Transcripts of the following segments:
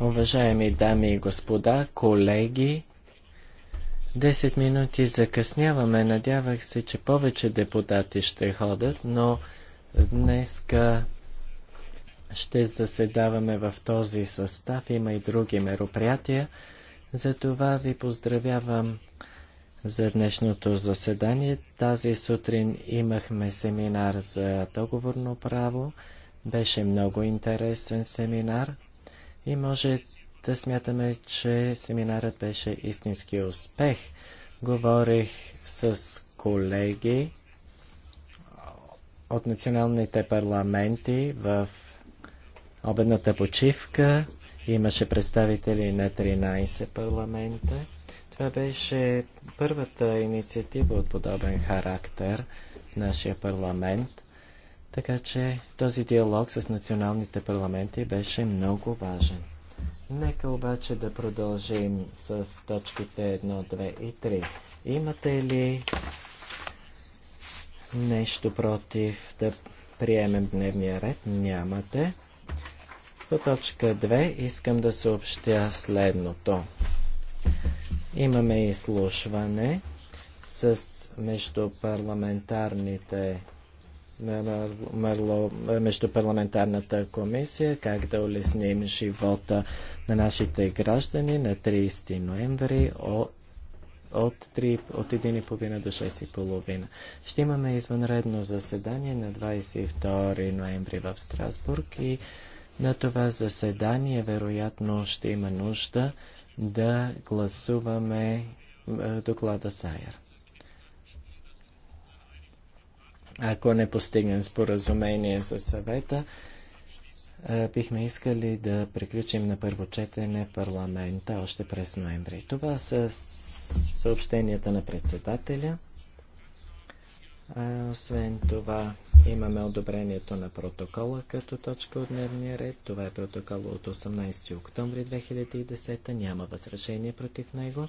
Уважаеми дами и господа, колеги, 10 минути закъсняваме. Надявах се, че повече депутати ще ходят, но днес ще заседаваме в този състав. Има и други мероприятия. Затова ви поздравявам за днешното заседание. Тази сутрин имахме семинар за договорно право. Беше много интересен семинар и може да смятаме, че семинарът беше истински успех. Говорих с колеги от националните парламенти в обедната почивка. Имаше представители на 13 парламента. Това беше първата инициатива от подобен характер в нашия парламент, така че този диалог с националните парламенти беше много важен. Нека обаче да продължим с точките 1, 2 и 3. Имате ли нещо против да приемем дневния ред? Нямате. По точка 2 искам да съобщя следното. Имаме изслушване с междупарламентарните е, Междупарламентарната комисия, как да улесним живота на нашите граждани на 30 ноември от, от, 3, от 1.30 до 6.30. Ще имаме извънредно заседание на 22 ноември в Страсбург и на това заседание вероятно ще има нужда да гласуваме е, доклада Сайер. Ако не постигнем споразумение за съвета, е, бихме искали да приключим на първо четене в парламента още през ноември. Това са съобщенията на председателя. Освен това, имаме одобрението на протокола като точка от дневния ред. Това е протокол от 18 октомври 2010. Няма възражение против него.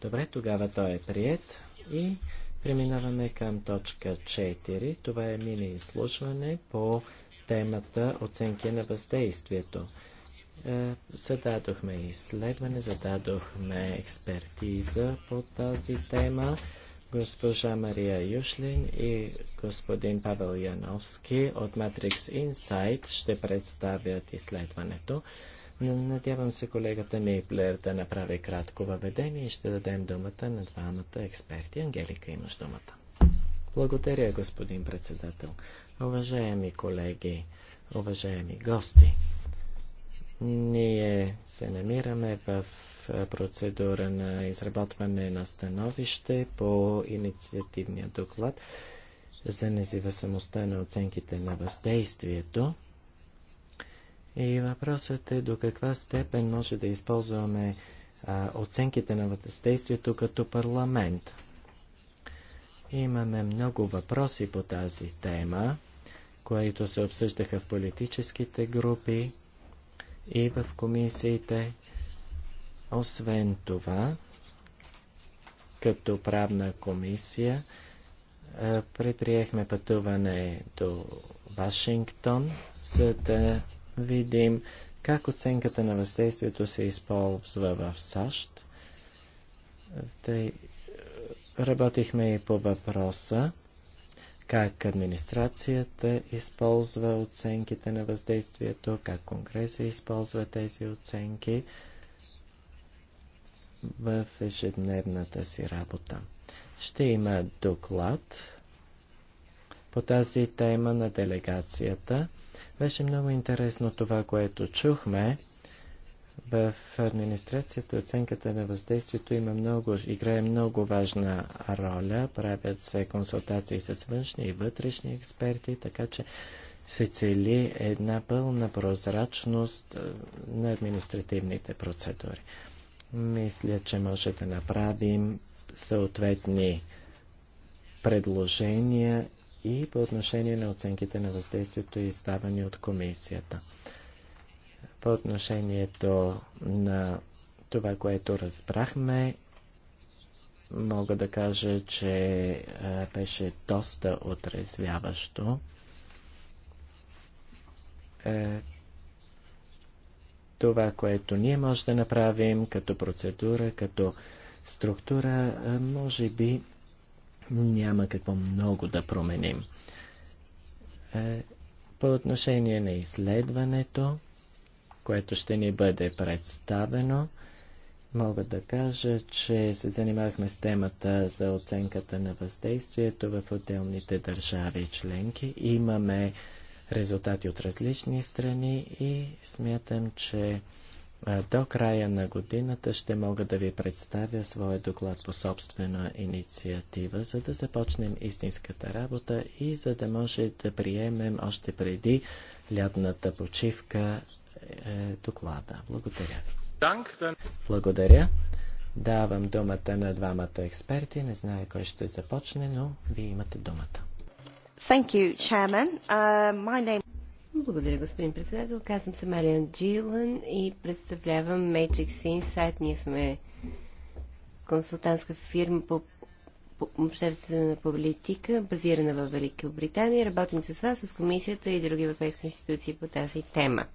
Добре, тогава той е прият и преминаваме към точка 4. Това е мини изслушване по темата оценки на въздействието. Е, зададохме изследване, зададохме експертиза по тази тема госпожа Мария Юшлин и господин Павел Яновски от Matrix Insight ще представят изследването. Надявам се колегата Нейплер да направи кратко въведение и ще дадем думата на двамата експерти. Ангелика, имаш думата. Благодаря, господин председател. Уважаеми колеги, уважаеми гости, ние се намираме в процедура на изработване на становище по инициативния доклад за независимостта на оценките на въздействието. И въпросът е до каква степен може да използваме а, оценките на въздействието като парламент. Имаме много въпроси по тази тема, които се обсъждаха в политическите групи и в комисиите. Освен това, като правна комисия, е, предприехме пътуване до Вашингтон, за да видим как оценката на въздействието се използва в САЩ. Е, работихме и по въпроса как администрацията използва оценките на въздействието, как Конгреса използва тези оценки в ежедневната си работа. Ще има доклад по тази тема на делегацията. Беше много интересно това, което чухме. В администрацията оценката на въздействието има много, играе много важна роля. Правят се консултации с външни и вътрешни експерти, така че се цели една пълна прозрачност е, на административните процедури. Мисля, че може да направим съответни предложения и по отношение на оценките на въздействието, издавани от комисията. По отношението на това, което разбрахме, мога да кажа, че беше доста отрезвяващо. Е, това, което ние може да направим като процедура, като структура, може би няма какво много да променим. По отношение на изследването, което ще ни бъде представено, мога да кажа, че се занимавахме с темата за оценката на въздействието в отделните държави членки. Имаме резултати от различни страни и смятам, че до края на годината ще мога да ви представя своя доклад по собствена инициатива, за да започнем истинската работа и за да може да приемем още преди лятната почивка е, доклада. Благодаря ви. Благодаря. Давам думата на двамата експерти. Не знае кой ще започне, но вие имате думата. Thank you, Chairman. Uh, my name... Благодаря, господин председател. Казвам се Мариан Джилан и представлявам Matrix Insight. Ние сме консултантска фирма по, по обществена политика, базирана в Великобритания. Работим с вас, с комисията и други европейски институции по тази тема.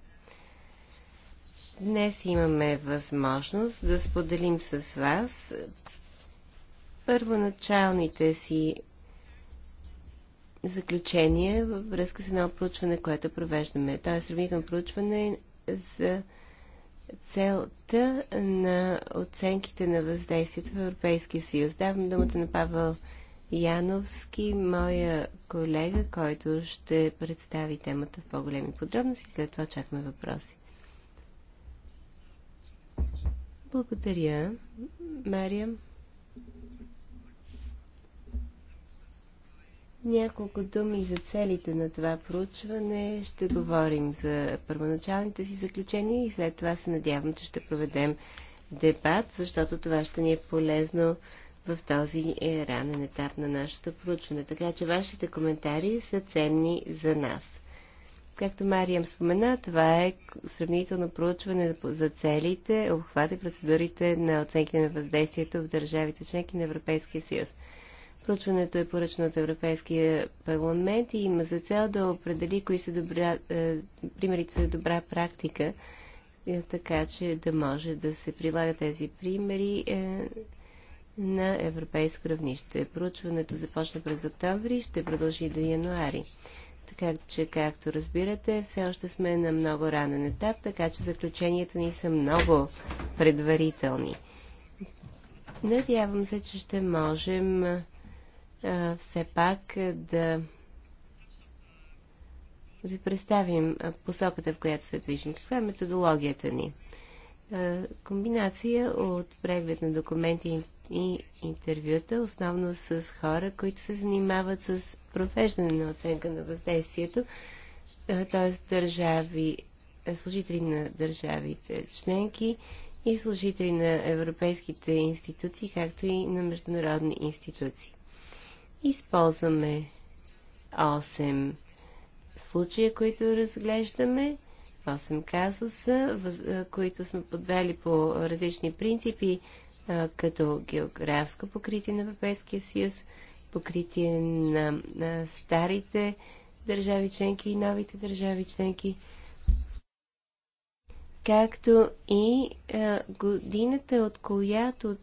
Днес имаме възможност да споделим с вас първоначалните си заключение във връзка с едно проучване, което провеждаме. То е сравнително проучване за целта на оценките на въздействието в Европейския съюз. Давам думата на Павел Яновски, моя колега, който ще представи темата в по-големи подробности. След това чакаме въпроси. Благодаря, Мария. Няколко думи за целите на това проучване. Ще говорим за първоначалните си заключения и след това се надявам, че ще проведем дебат, защото това ще ни е полезно в този е, ранен етап на нашето проучване. Така че вашите коментари са ценни за нас. Както Мариям спомена, това е сравнително проучване за целите, обхвата и процедурите на оценките на въздействието в държавите членки на Европейския съюз. Проучването е поръчно от Европейския парламент и има за цел да определи кои са добра, е, примерите за добра практика, е, така че да може да се прилага тези примери е, на европейско равнище. Проучването започна през октомври и ще продължи до януари. Така че, както разбирате, все още сме на много ранен етап, така че заключенията ни са много предварителни. Надявам се, че ще можем все пак да ви представим посоката, в която се движим. Каква е методологията ни? Комбинация от преглед на документи и интервюта, основно с хора, които се занимават с провеждане на оценка на въздействието, т.е. държави, служители на държавите членки и служители на европейските институции, както и на международни институции. Използваме 8 случая, които разглеждаме, 8 казуса, които сме подбрали по различни принципи, като географско покритие на Европейския съюз, покритие на, на старите държави членки и новите държави членки – както и годината, от която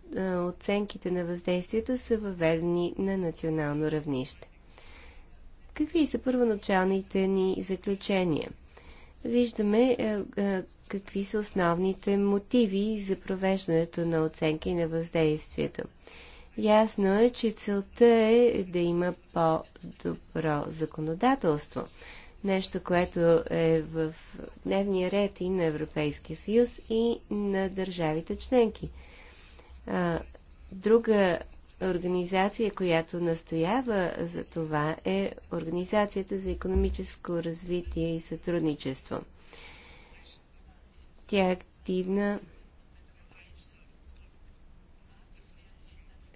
оценките на въздействието са въведени на национално равнище. Какви са първоначалните ни заключения? Виждаме какви са основните мотиви за провеждането на оценки на въздействието. Ясно е, че целта е да има по-добро законодателство нещо, което е в дневния ред и на Европейския съюз и на държавите членки. Друга организация, която настоява за това е Организацията за економическо развитие и сътрудничество. Тя е активна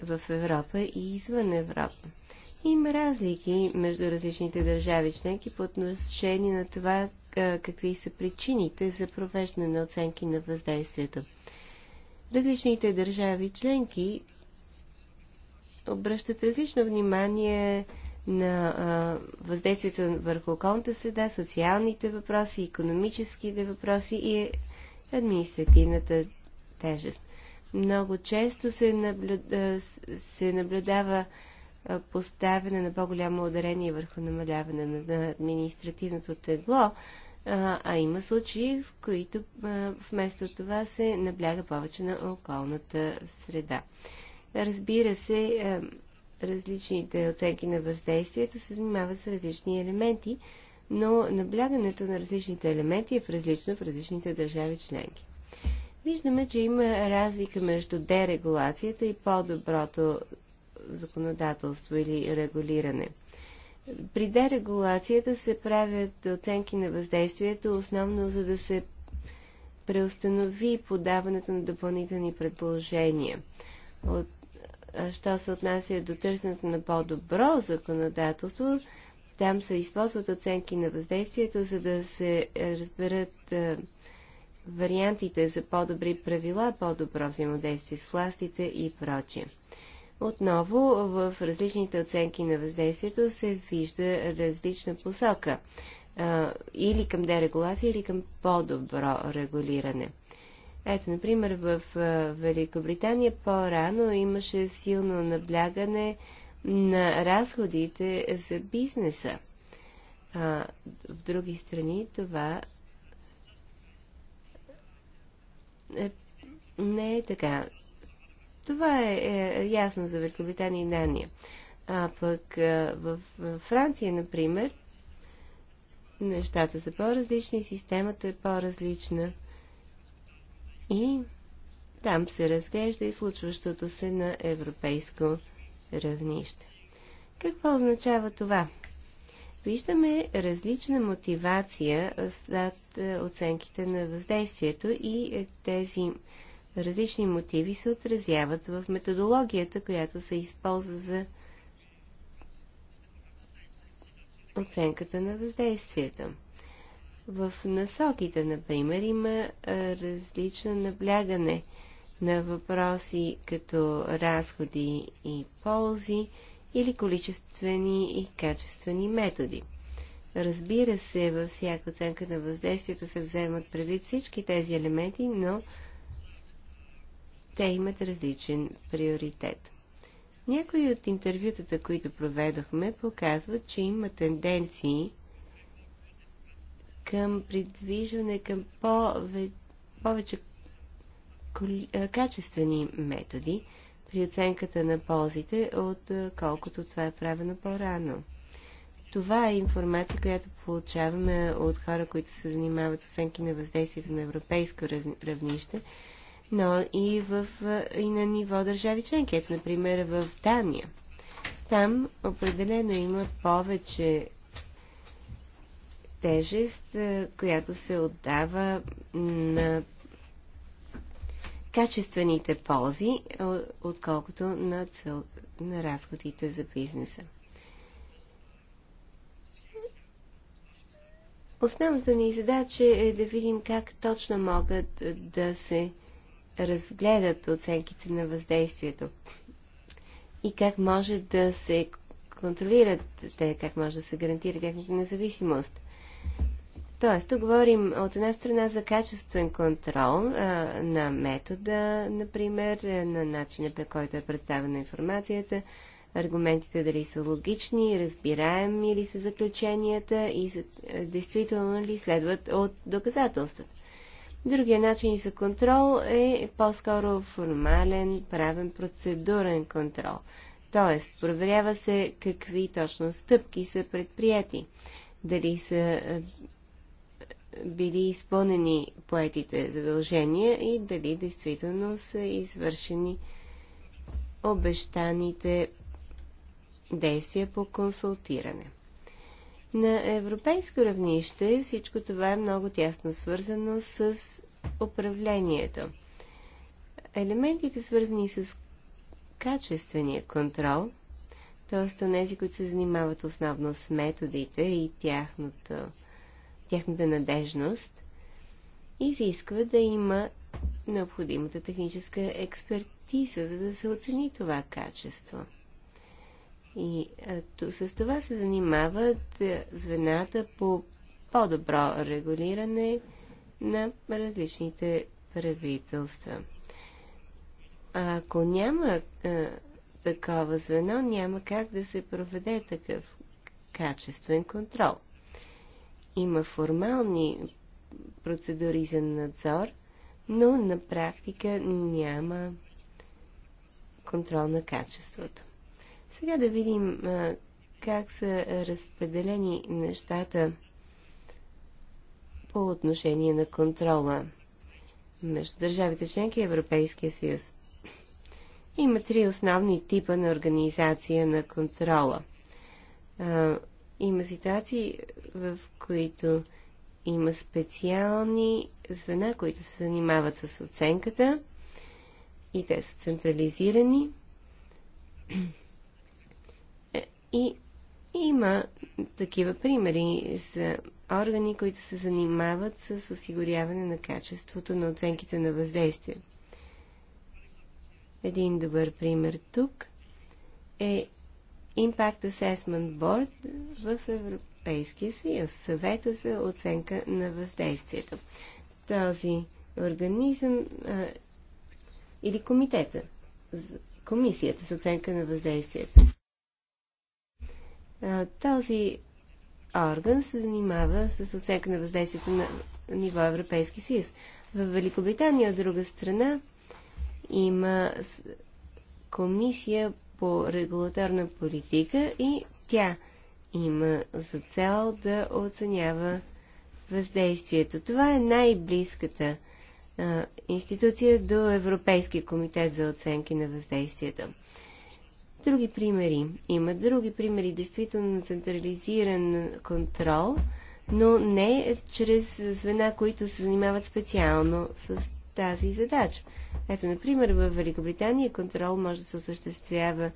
в Европа и извън Европа. Има разлики между различните държави членки по отношение на това какви са причините за провеждане на оценки на въздействието. Различните държави членки обръщат различно внимание на въздействието върху околната среда, социалните въпроси, економическите въпроси и административната тежест. Много често се, наблюдава, се наблюдава поставяне на по-голямо ударение върху намаляване на административното тегло, а има случаи, в които вместо това се набляга повече на околната среда. Разбира се, различните оценки на въздействието се занимават с различни елементи, но наблягането на различните елементи е в различно в различните държави членки. Виждаме, че има разлика между дерегулацията и по-доброто законодателство или регулиране. При дерегулацията се правят оценки на въздействието, основно за да се преустанови подаването на допълнителни предложения. От, що се отнася до търсенето на по-добро законодателство, там се използват оценки на въздействието, за да се разберат а, вариантите за по-добри правила, по-добро взаимодействие с властите и прочие отново в различните оценки на въздействието се вижда различна посока. Или към дерегулация, или към по-добро регулиране. Ето, например, в Великобритания по-рано имаше силно наблягане на разходите за бизнеса. А, в други страни това е, не е така. Това е, е ясно за Великобритания и Дания. А пък е, в, в Франция, например, нещата са по-различни, системата е по-различна и там се разглежда и случващото се на европейско равнище. Какво означава това? Виждаме различна мотивация след оценките на въздействието и тези различни мотиви се отразяват в методологията, която се използва за оценката на въздействието. В насоките, например, има различно наблягане на въпроси като разходи и ползи или количествени и качествени методи. Разбира се, във всяка оценка на въздействието се вземат предвид всички тези елементи, но те имат различен приоритет. Някои от интервютата, които проведохме, показват, че има тенденции към придвижване към пове... повече качествени методи при оценката на ползите, от колкото това е правено по-рано. Това е информация, която получаваме от хора, които се занимават с оценки на въздействието на европейско равнище, но и, в, и на ниво държави членки. Ето, например, в Дания. Там определено има повече тежест, която се отдава на качествените ползи, отколкото на, цел, на разходите за бизнеса. Основната ни задача е да видим как точно могат да се разгледат оценките на въздействието и как може да се контролират те, как може да се гарантира тяхната независимост. Тоест, тук говорим от една страна за качествен контрол а, на метода, например, на начина по който е представена информацията, аргументите дали са логични, разбираеми ли са заключенията и действително ли следват от доказателствата. Другия начин за контрол е по-скоро формален, правен, процедурен контрол. Тоест, проверява се какви точно стъпки са предприяти. Дали са е, били изпълнени поетите задължения и дали действително са извършени обещаните действия по консултиране. На европейско равнище всичко това е много тясно свързано с управлението. Елементите, свързани с качествения контрол, т.е. тези, които се занимават основно с методите и тяхното, тяхната надежност, изисква да има необходимата техническа експертиза, за да се оцени това качество – и а, с това се занимават е, звената по по-добро регулиране на различните правителства. А ако няма а, такова звено, няма как да се проведе такъв качествен контрол. Има формални процедури за надзор, но на практика няма контрол на качеството. Сега да видим как са разпределени нещата по отношение на контрола между държавите членки и Европейския съюз. Има три основни типа на организация на контрола. А, има ситуации, в които има специални звена, които се занимават с оценката и те са централизирани. И има такива примери за органи, които се занимават с осигуряване на качеството на оценките на въздействие. Един добър пример тук е Impact Assessment Board в Европейския съюз, съвета за оценка на въздействието. Този организъм а, или комитета, комисията за оценка на въздействието е, този орган се занимава с оценка на въздействието на ниво Европейски съюз. В Великобритания, от друга страна, има комисия по регулаторна политика и тя има за цел да оценява въздействието. Това е най-близката е, институция до Европейския комитет за оценки на въздействието други примери. Има други примери, действително централизиран контрол, но не чрез звена, които се занимават специално с тази задача. Ето, например, в Великобритания контрол може да се осъществява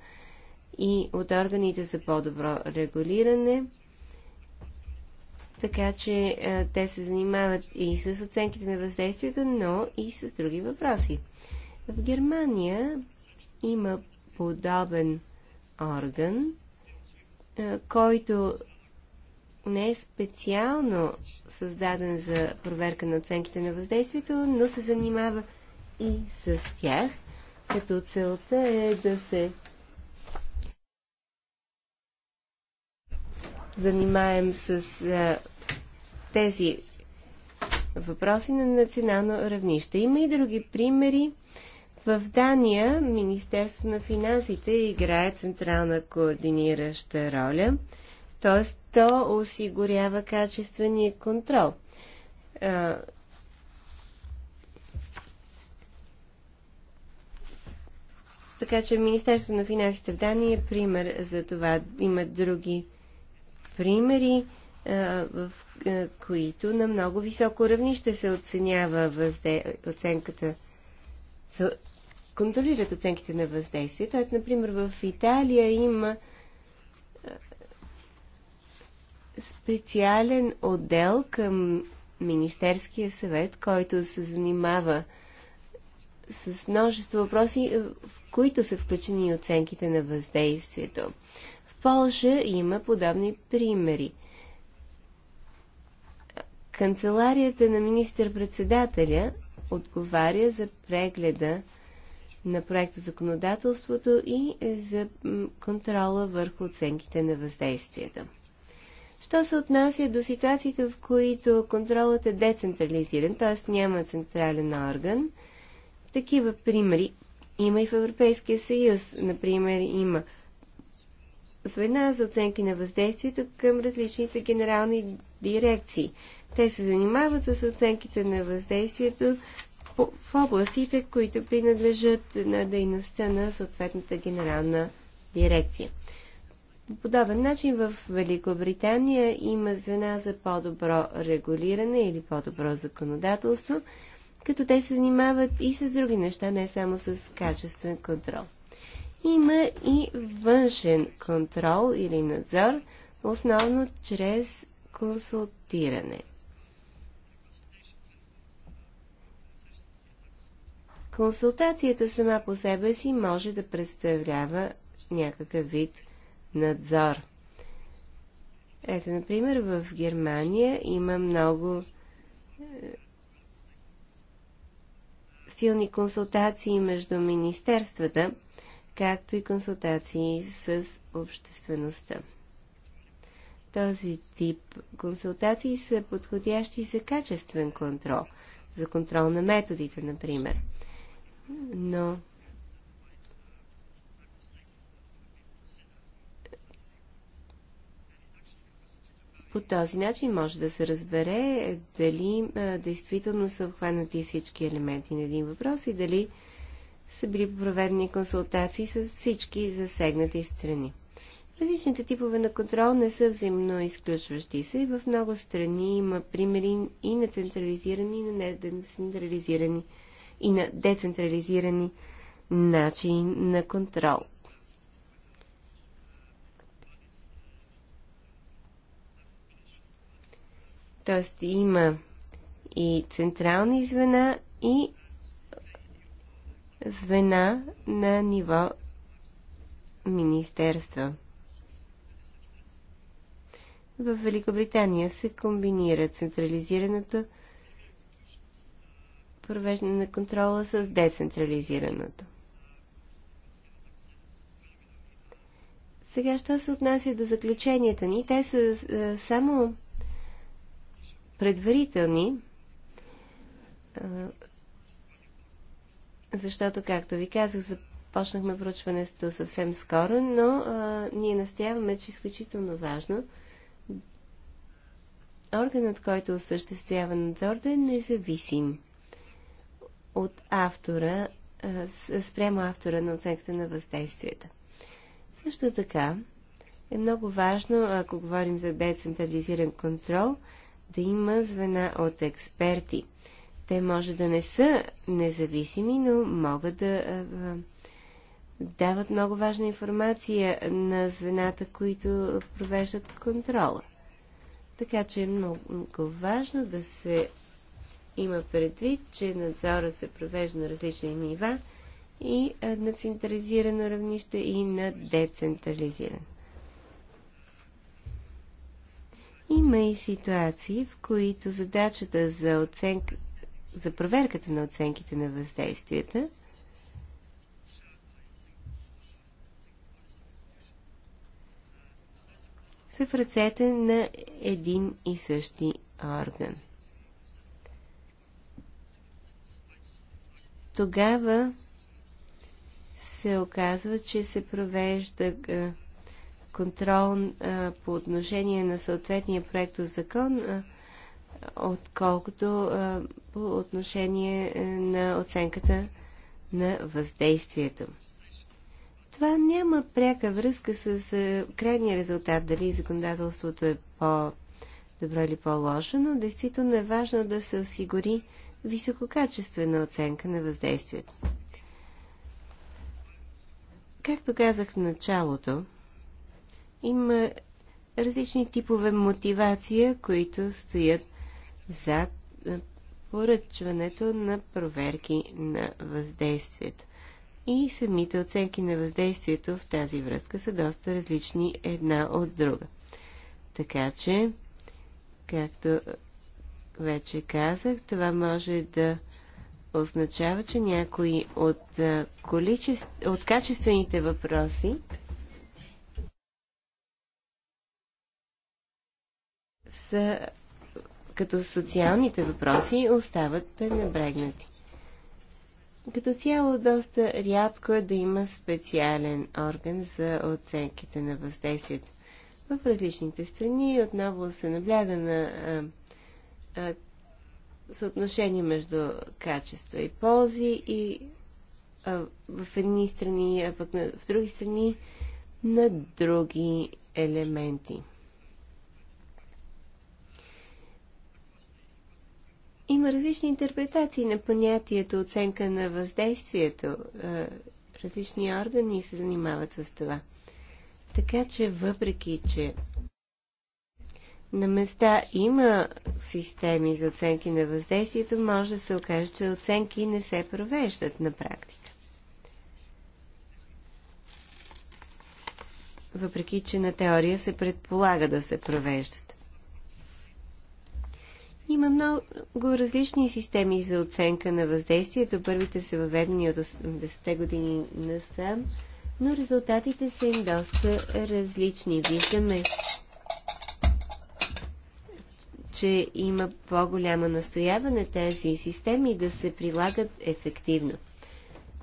и от органите за по-добро регулиране, така че а, те се занимават и с оценките на въздействието, но и с други въпроси. В Германия има подобен орган, е, който не е специално създаден за проверка на оценките на въздействието, но се занимава и с тях, като целта е да се занимаем с а, е, тези въпроси на национално равнище. Има и други примери в Дания Министерство на финансите играе централна координираща роля, т.е. то осигурява качествения контрол. Така че Министерство на финансите в Дания е пример за това. Има други примери, в които на много високо равнище се оценява възде... оценката, контролират оценките на въздействие. Тоест, например, в Италия има специален отдел към Министерския съвет, който се занимава с множество въпроси, в които са включени оценките на въздействието. В Польша има подобни примери. Канцеларията на министър-председателя отговаря за прегледа на проекта законодателството и за контрола върху оценките на въздействията. Що се отнася до ситуациите, в които контролът е децентрализиран, т.е. няма централен орган, такива примери има и в Европейския съюз. Например, има звена за оценки на въздействието към различните генерални дирекции. Те се занимават с оценките на въздействието в областите, които принадлежат на дейността на съответната генерална дирекция. По подобен начин в Великобритания има звена за по-добро регулиране или по-добро законодателство, като те се занимават и с други неща, не само с качествен контрол. Има и външен контрол или надзор, основно чрез консултиране. Консултацията сама по себе си може да представлява някакъв вид надзор. Ето, например, в Германия има много е, силни консултации между министерствата, както и консултации с обществеността. Този тип консултации са подходящи за качествен контрол, за контрол на методите, например – но по този начин може да се разбере е, дали а, е, действително са обхванати всички елементи на един въпрос и дали са били проведени консултации с всички засегнати страни. Различните типове на контрол не са взаимно изключващи се и в много страни има примери и на централизирани, и на недецентрализирани и на децентрализирани начини на контрол. Тоест има и централни звена и звена на ниво министерства. В Великобритания се комбинира централизираното провеждане на контрола с децентрализираното. Сега, що се отнася до заключенията ни, те са е, само предварителни, е, защото, както ви казах, започнахме проучването съвсем скоро, но е, ние настояваме, че е изключително важно органът, който осъществява надзор, да е независим от автора, спрямо автора на оценката на въздействията. Също така е много важно, ако говорим за децентрализиран контрол, да има звена от експерти. Те може да не са независими, но могат да дават много важна информация на звената, които провеждат контрола. Така че е много важно да се има предвид, че надзора се провежда на различни нива и на централизирано равнище и на децентрализиран. Има и ситуации, в които задачата за, оценка, за проверката на оценките на въздействията са в ръцете на един и същи орган – тогава се оказва, че се провежда контрол по отношение на съответния проект закон, отколкото по отношение на оценката на въздействието. Това няма пряка връзка с крайния резултат, дали законодателството е по-добро или по-лошо, но действително е важно да се осигури висококачествена оценка на въздействието. Както казах в началото, има различни типове мотивация, които стоят зад поръчването на проверки на въздействието. И самите оценки на въздействието в тази връзка са доста различни една от друга. Така че, както вече казах, това може да означава, че някои от, количеств... от качествените въпроси са като социалните въпроси остават пренебрегнати. Като цяло доста рядко е да има специален орган за оценките на въздействието. В различните страни отново се набляга на съотношение между качество и ползи и а, в едни страни, а пък на, в други страни на други елементи. Има различни интерпретации на понятието оценка на въздействието. Различни органи се занимават с това. Така че, въпреки, че на места има системи за оценки на въздействието, може да се окаже, че оценки не се провеждат на практика. Въпреки, че на теория се предполага да се провеждат. Има много различни системи за оценка на въздействието. Първите са въведени от 80-те години насам, но резултатите са им доста различни. Виждаме че има по-голямо настояване тези системи да се прилагат ефективно.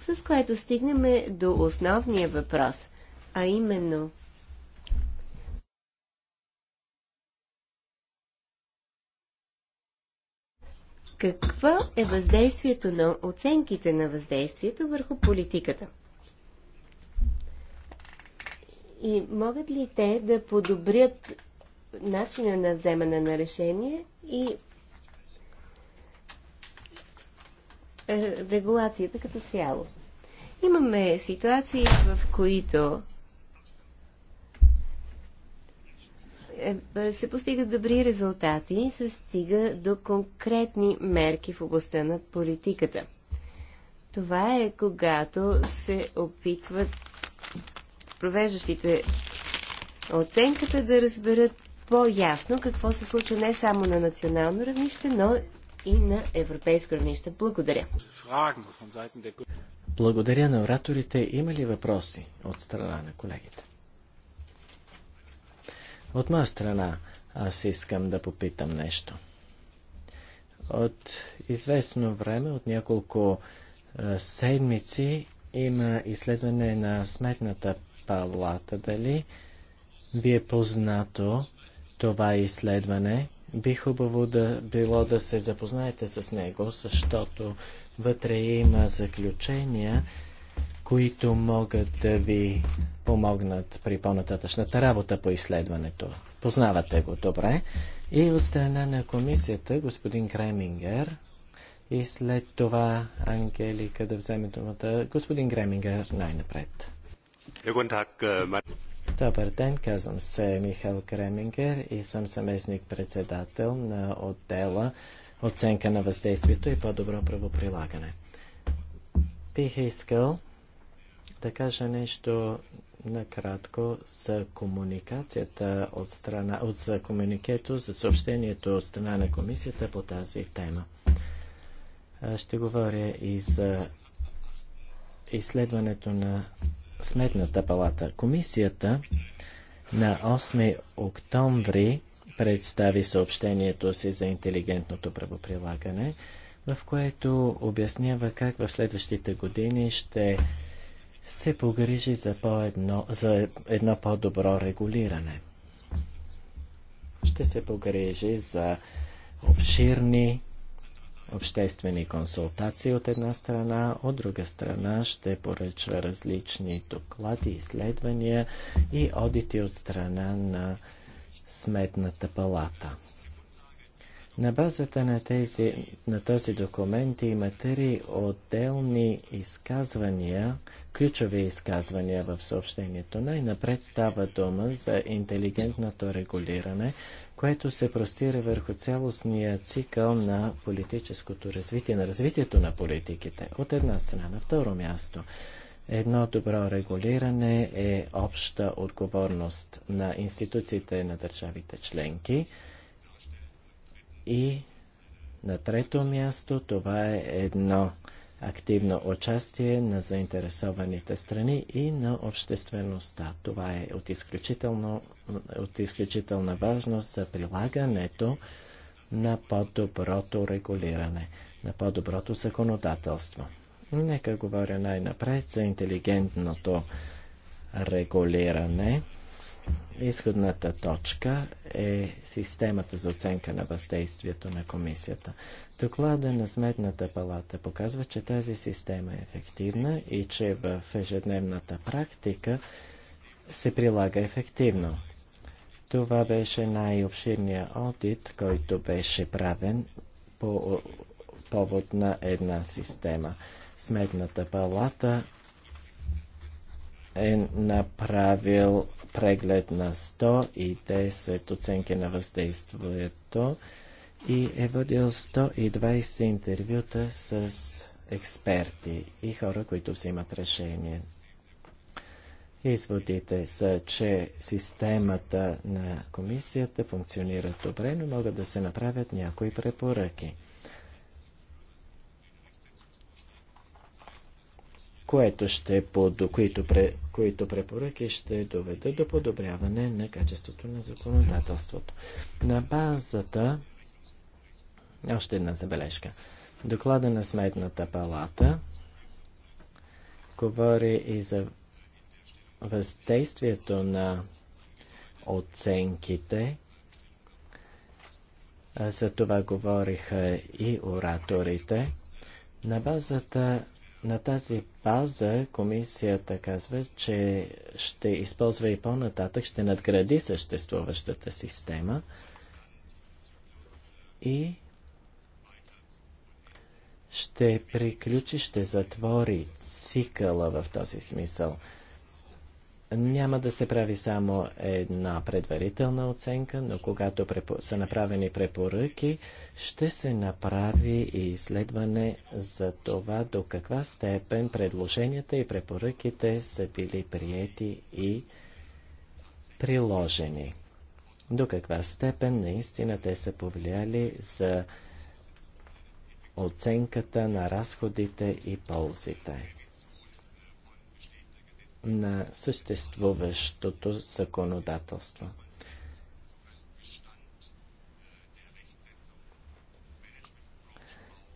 С което стигнаме до основния въпрос, а именно Какво е въздействието на оценките на въздействието върху политиката? И могат ли те да подобрят начина на вземане на решение и е, регулацията като цяло. Имаме ситуации, в които е, се постигат добри резултати и се стига до конкретни мерки в областта на политиката. Това е когато се опитват провеждащите оценката да разберат по-ясно какво се случва не само на национално равнище, но и на европейско равнище. Благодаря. Благодаря на ораторите. Има ли въпроси от страна на колегите? От моя страна аз искам да попитам нещо. От известно време, от няколко е, седмици, има изследване на сметната палата. Дали ви е познато това изследване. Би хубаво да било да се запознаете с него, защото вътре има заключения, които могат да ви помогнат при по-нататъчната работа по изследването. Познавате го добре. И от страна на комисията, господин Кремингер, и след това Ангелика да вземе думата. Господин Гремингер, най-напред. Е, Добър ден, казвам се Михал Кремингер и съм съместник-председател на отдела оценка на въздействието и по-добро правоприлагане. Бих искал да кажа нещо накратко за комуникацията от страна, от за комуникето, за съобщението от страна на комисията по тази тема. Ще говоря и за изследването на Сметната палата. Комисията на 8 октомври представи съобщението си за интелигентното правоприлагане, в което обяснява как в следващите години ще се погрижи за, по едно, за едно по-добро регулиране. Ще се погрижи за обширни обществени консултации от една страна, от друга страна ще поръчва различни доклади, изследвания и одити от страна на Сметната палата. На базата на, тези, на този документ има три отделни изказвания, ключови изказвания в съобщението. Най-напред става дума за интелигентното регулиране, което се простира върху цялостния цикъл на политическото развитие, на развитието на политиките. От една страна. На второ място. Едно добро регулиране е обща отговорност на институциите на държавите членки и на трето място това е едно активно участие на заинтересованите страни и на обществеността. Това е от, изключително, от изключителна важност за прилагането на по-доброто регулиране, на по-доброто законодателство. Нека говоря най-напред за интелигентното регулиране. Изходната точка е системата за оценка на въздействието на комисията. Доклада на Сметната палата показва, че тази система е ефективна и че в ежедневната практика се прилага ефективно. Това беше най-обширният одит, който беше правен по повод на една система. Сметната палата е направил преглед на 110 оценки на въздействието и е водил 120 интервюта с експерти и хора, които взимат решение. Изводите са, че системата на комисията функционира добре, но могат да се направят някои препоръки. което ще под, които, пре, които препоръки ще доведат до подобряване на качеството на законодателството. На базата, още една забележка, доклада на Сметната палата говори и за въздействието на оценките. За това говориха и ораторите. На базата на тази база комисията казва, че ще използва и по-нататък, ще надгради съществуващата система и ще приключи, ще затвори цикъла в този смисъл няма да се прави само една предварителна оценка, но когато препо... са направени препоръки, ще се направи и изследване за това до каква степен предложенията и препоръките са били приети и приложени. До каква степен наистина те са повлияли за оценката на разходите и ползите на съществуващото законодателство.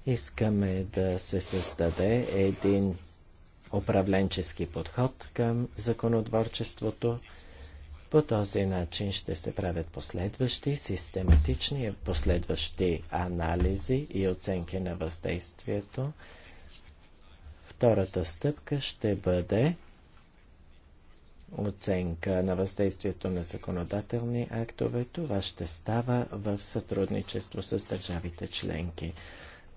Искаме да се създаде един управленчески подход към законотворчеството. По този начин ще се правят последващи, систематични последващи анализи и оценки на въздействието. Втората стъпка ще бъде оценка на въздействието на законодателни актове. Това ще става в сътрудничество с държавите членки.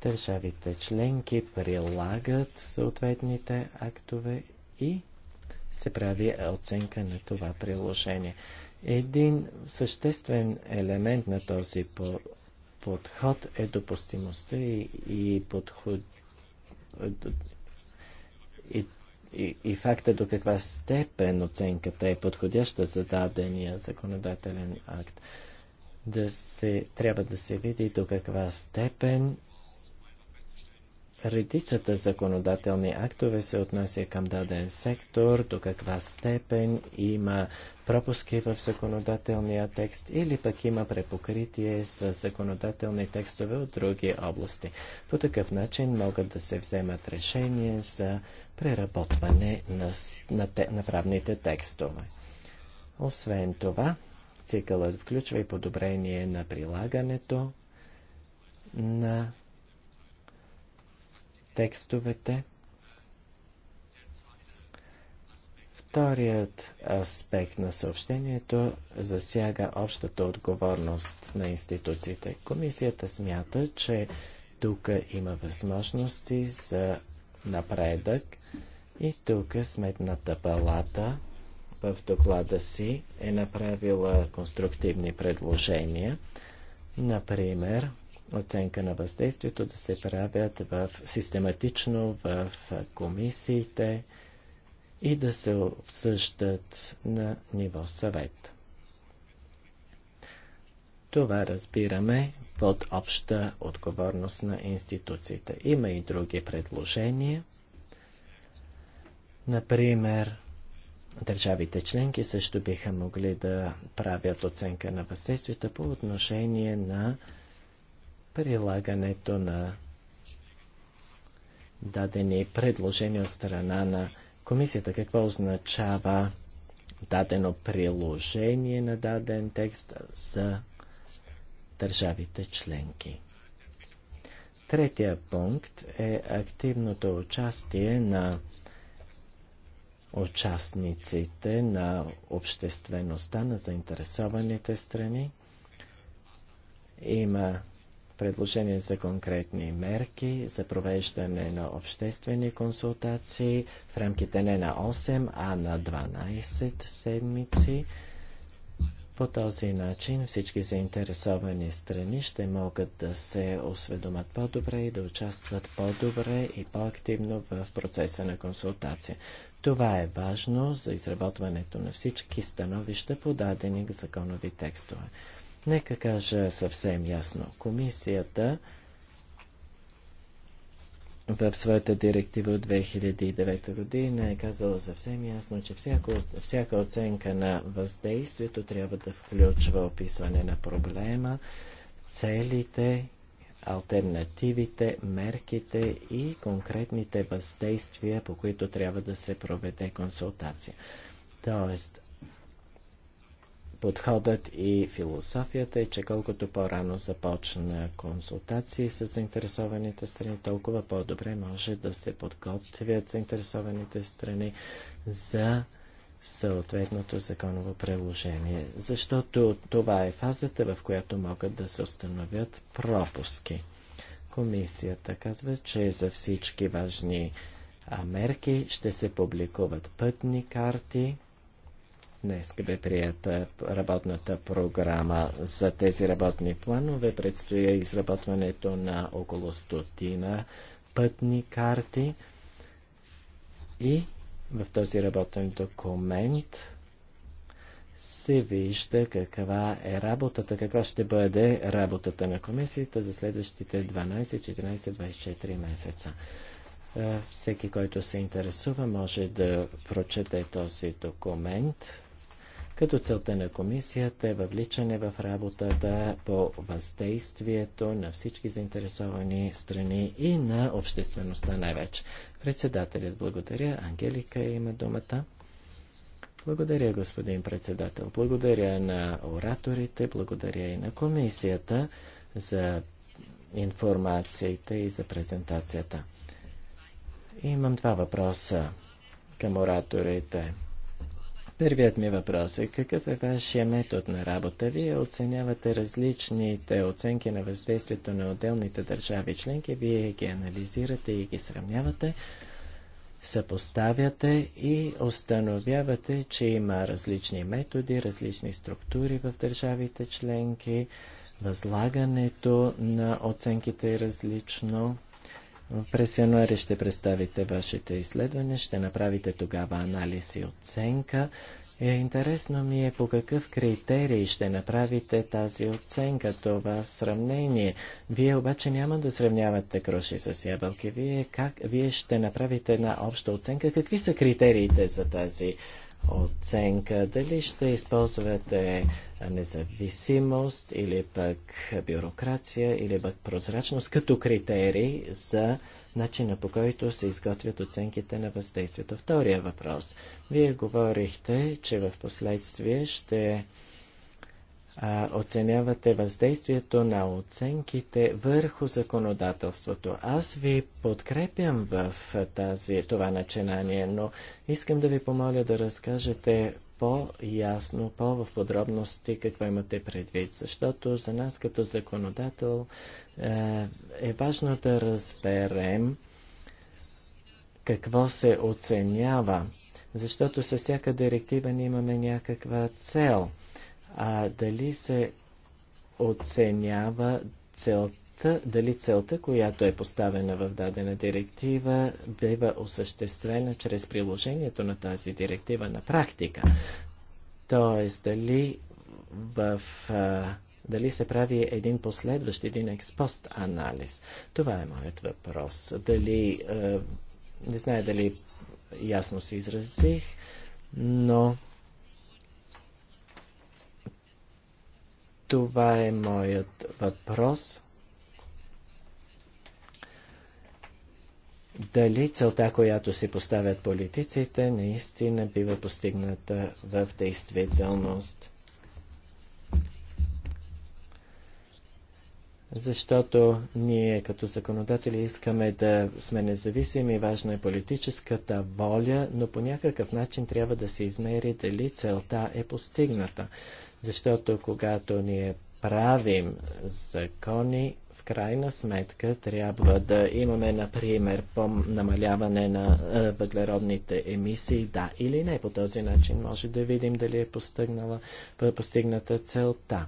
Държавите членки прилагат съответните актове и се прави оценка на това приложение. Един съществен елемент на този по подход е допустимостта и, и подход и и, и факта до каква степен оценката е подходяща за дадения законодателен акт. Да се, трябва да се види до каква степен редицата законодателни актове се отнася към даден сектор, до каква степен има пропуски в законодателния текст или пък има препокритие с законодателни текстове от други области. По такъв начин могат да се вземат решения за преработване на, на, те, на правните текстове. Освен това, цикълът включва и подобрение на прилагането на текстовете. Вторият аспект на съобщението засяга общата отговорност на институциите. Комисията смята, че тук има възможности за напредък и тук сметната палата в доклада си е направила конструктивни предложения. Например, оценка на въздействието да се правят в, систематично в комисиите и да се обсъждат на ниво съвет. Това разбираме под обща отговорност на институциите. Има и други предложения. Например, държавите членки също биха могли да правят оценка на въздействията по отношение на прилагането на дадени предложения от страна на комисията. Какво означава дадено приложение на даден текст за държавите членки? Третия пункт е активното участие на участниците на обществеността, на заинтересованите страни. Има предложения за конкретни мерки за провеждане на обществени консултации в рамките не на 8, а на 12 седмици. По този начин всички заинтересовани страни ще могат да се осведомат по-добре и да участват по-добре и по-активно в процеса на консултация. Това е важно за изработването на всички становища, подадени к законови текстове. Нека кажа съвсем ясно. Комисията в своята директива от 2009 година е казала съвсем ясно, че всяко, всяка оценка на въздействието трябва да включва описване на проблема, целите, альтернативите, мерките и конкретните въздействия, по които трябва да се проведе консултация. Тоест, Подходът и философията е, че колкото по-рано започна консултации с заинтересованите страни, толкова по-добре може да се подготвят заинтересованите страни за съответното законово приложение, защото това е фазата, в която могат да се установят пропуски. Комисията казва, че за всички важни мерки ще се публикуват пътни карти, Днес бе прията работната програма за тези работни планове. Предстои изработването на около стотина пътни карти и в този работен документ се вижда каква е работата, каква ще бъде работата на комисията за следващите 12, 14, 24 месеца. Е, всеки, който се интересува, може да прочете този документ като целта на комисията е въвличане в работата по въздействието на всички заинтересовани страни и на обществеността най-вече. Председателят благодаря. Ангелика има думата. Благодаря, господин председател. Благодаря на ораторите, благодаря и на комисията за информацията и за презентацията. Имам два въпроса към ораторите. Първият ми въпрос е какъв е вашия метод на работа? Вие оценявате различните оценки на въздействието на отделните държави членки, вие ги анализирате и ги сравнявате, съпоставяте и установявате, че има различни методи, различни структури в държавите членки, възлагането на оценките е различно. През януари ще представите вашето изследване, ще направите тогава анализ и оценка. Е, интересно ми е по какъв критерий ще направите тази оценка, това сравнение. Вие обаче няма да сравнявате кроши с ябълки. Вие, как, вие ще направите една обща оценка. Какви са критериите за тази оценка, дали ще използвате независимост или пък бюрокрация или пък прозрачност като критерий за начина по който се изготвят оценките на въздействието. Втория въпрос. Вие говорихте, че в последствие ще а, оценявате въздействието на оценките върху законодателството. Аз ви подкрепям в тази, това начинание, но искам да ви помоля да разкажете по-ясно, по-в подробности какво имате предвид, защото за нас като законодател е, важно да разберем какво се оценява, защото със всяка директива ние имаме някаква цел – а дали се оценява целта, дали целта, която е поставена в дадена директива, бива осъществена чрез приложението на тази директива на практика. Тоест, дали в а, дали се прави един последващ, един експост анализ. Това е моят въпрос. Дали, не знае дали ясно се изразих, но Това е моят въпрос. Дали целта, която си поставят политиците, наистина бива постигната в действителност? защото ние като законодатели искаме да сме независими, важна е политическата воля, но по някакъв начин трябва да се измери дали целта е постигната. Защото когато ние правим закони, в крайна сметка трябва да имаме, например, по намаляване на е, въглеродните емисии, да или не. По този начин може да видим дали е, е постигната целта.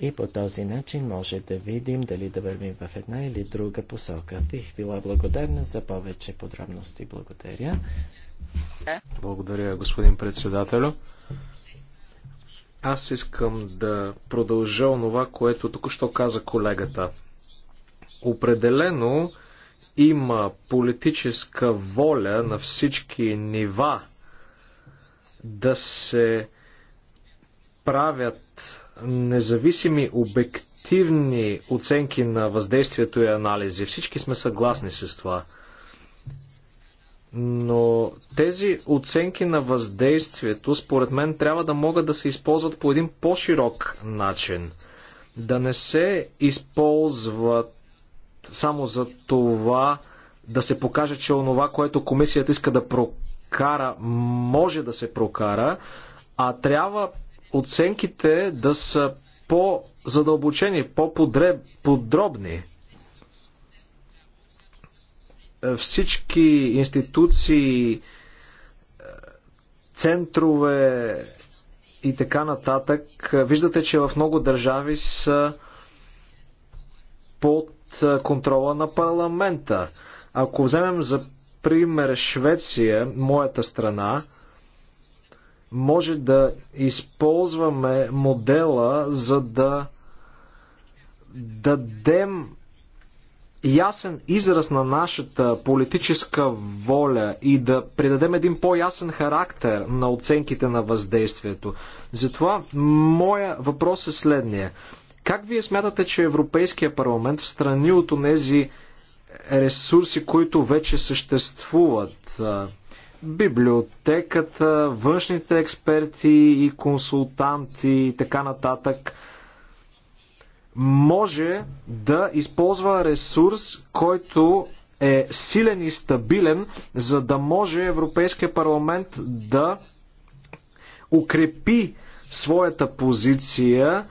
И по този начин може да видим дали да вървим в една или друга посока. Бих била благодарна за повече подробности. Благодаря. Благодаря, господин председателю. Аз искам да продължа онова, което току-що каза колегата. Определено има политическа воля на всички нива да се правят независими обективни оценки на въздействието и анализи. Всички сме съгласни с това. Но тези оценки на въздействието, според мен, трябва да могат да се използват по един по-широк начин. Да не се използват само за това да се покаже, че онова, което комисията иска да прокара, може да се прокара, а трябва оценките да са по-задълбочени, по-подробни. Всички институции, центрове и така нататък, виждате, че в много държави са под контрола на парламента. Ако вземем за пример Швеция, моята страна, може да използваме модела, за да дадем ясен израз на нашата политическа воля и да придадем един по-ясен характер на оценките на въздействието. Затова моя въпрос е следния. Как вие смятате, че Европейския парламент в страни от тези ресурси, които вече съществуват, библиотеката, външните експерти и консултанти и така нататък може да използва ресурс, който е силен и стабилен, за да може Европейския парламент да укрепи своята позиция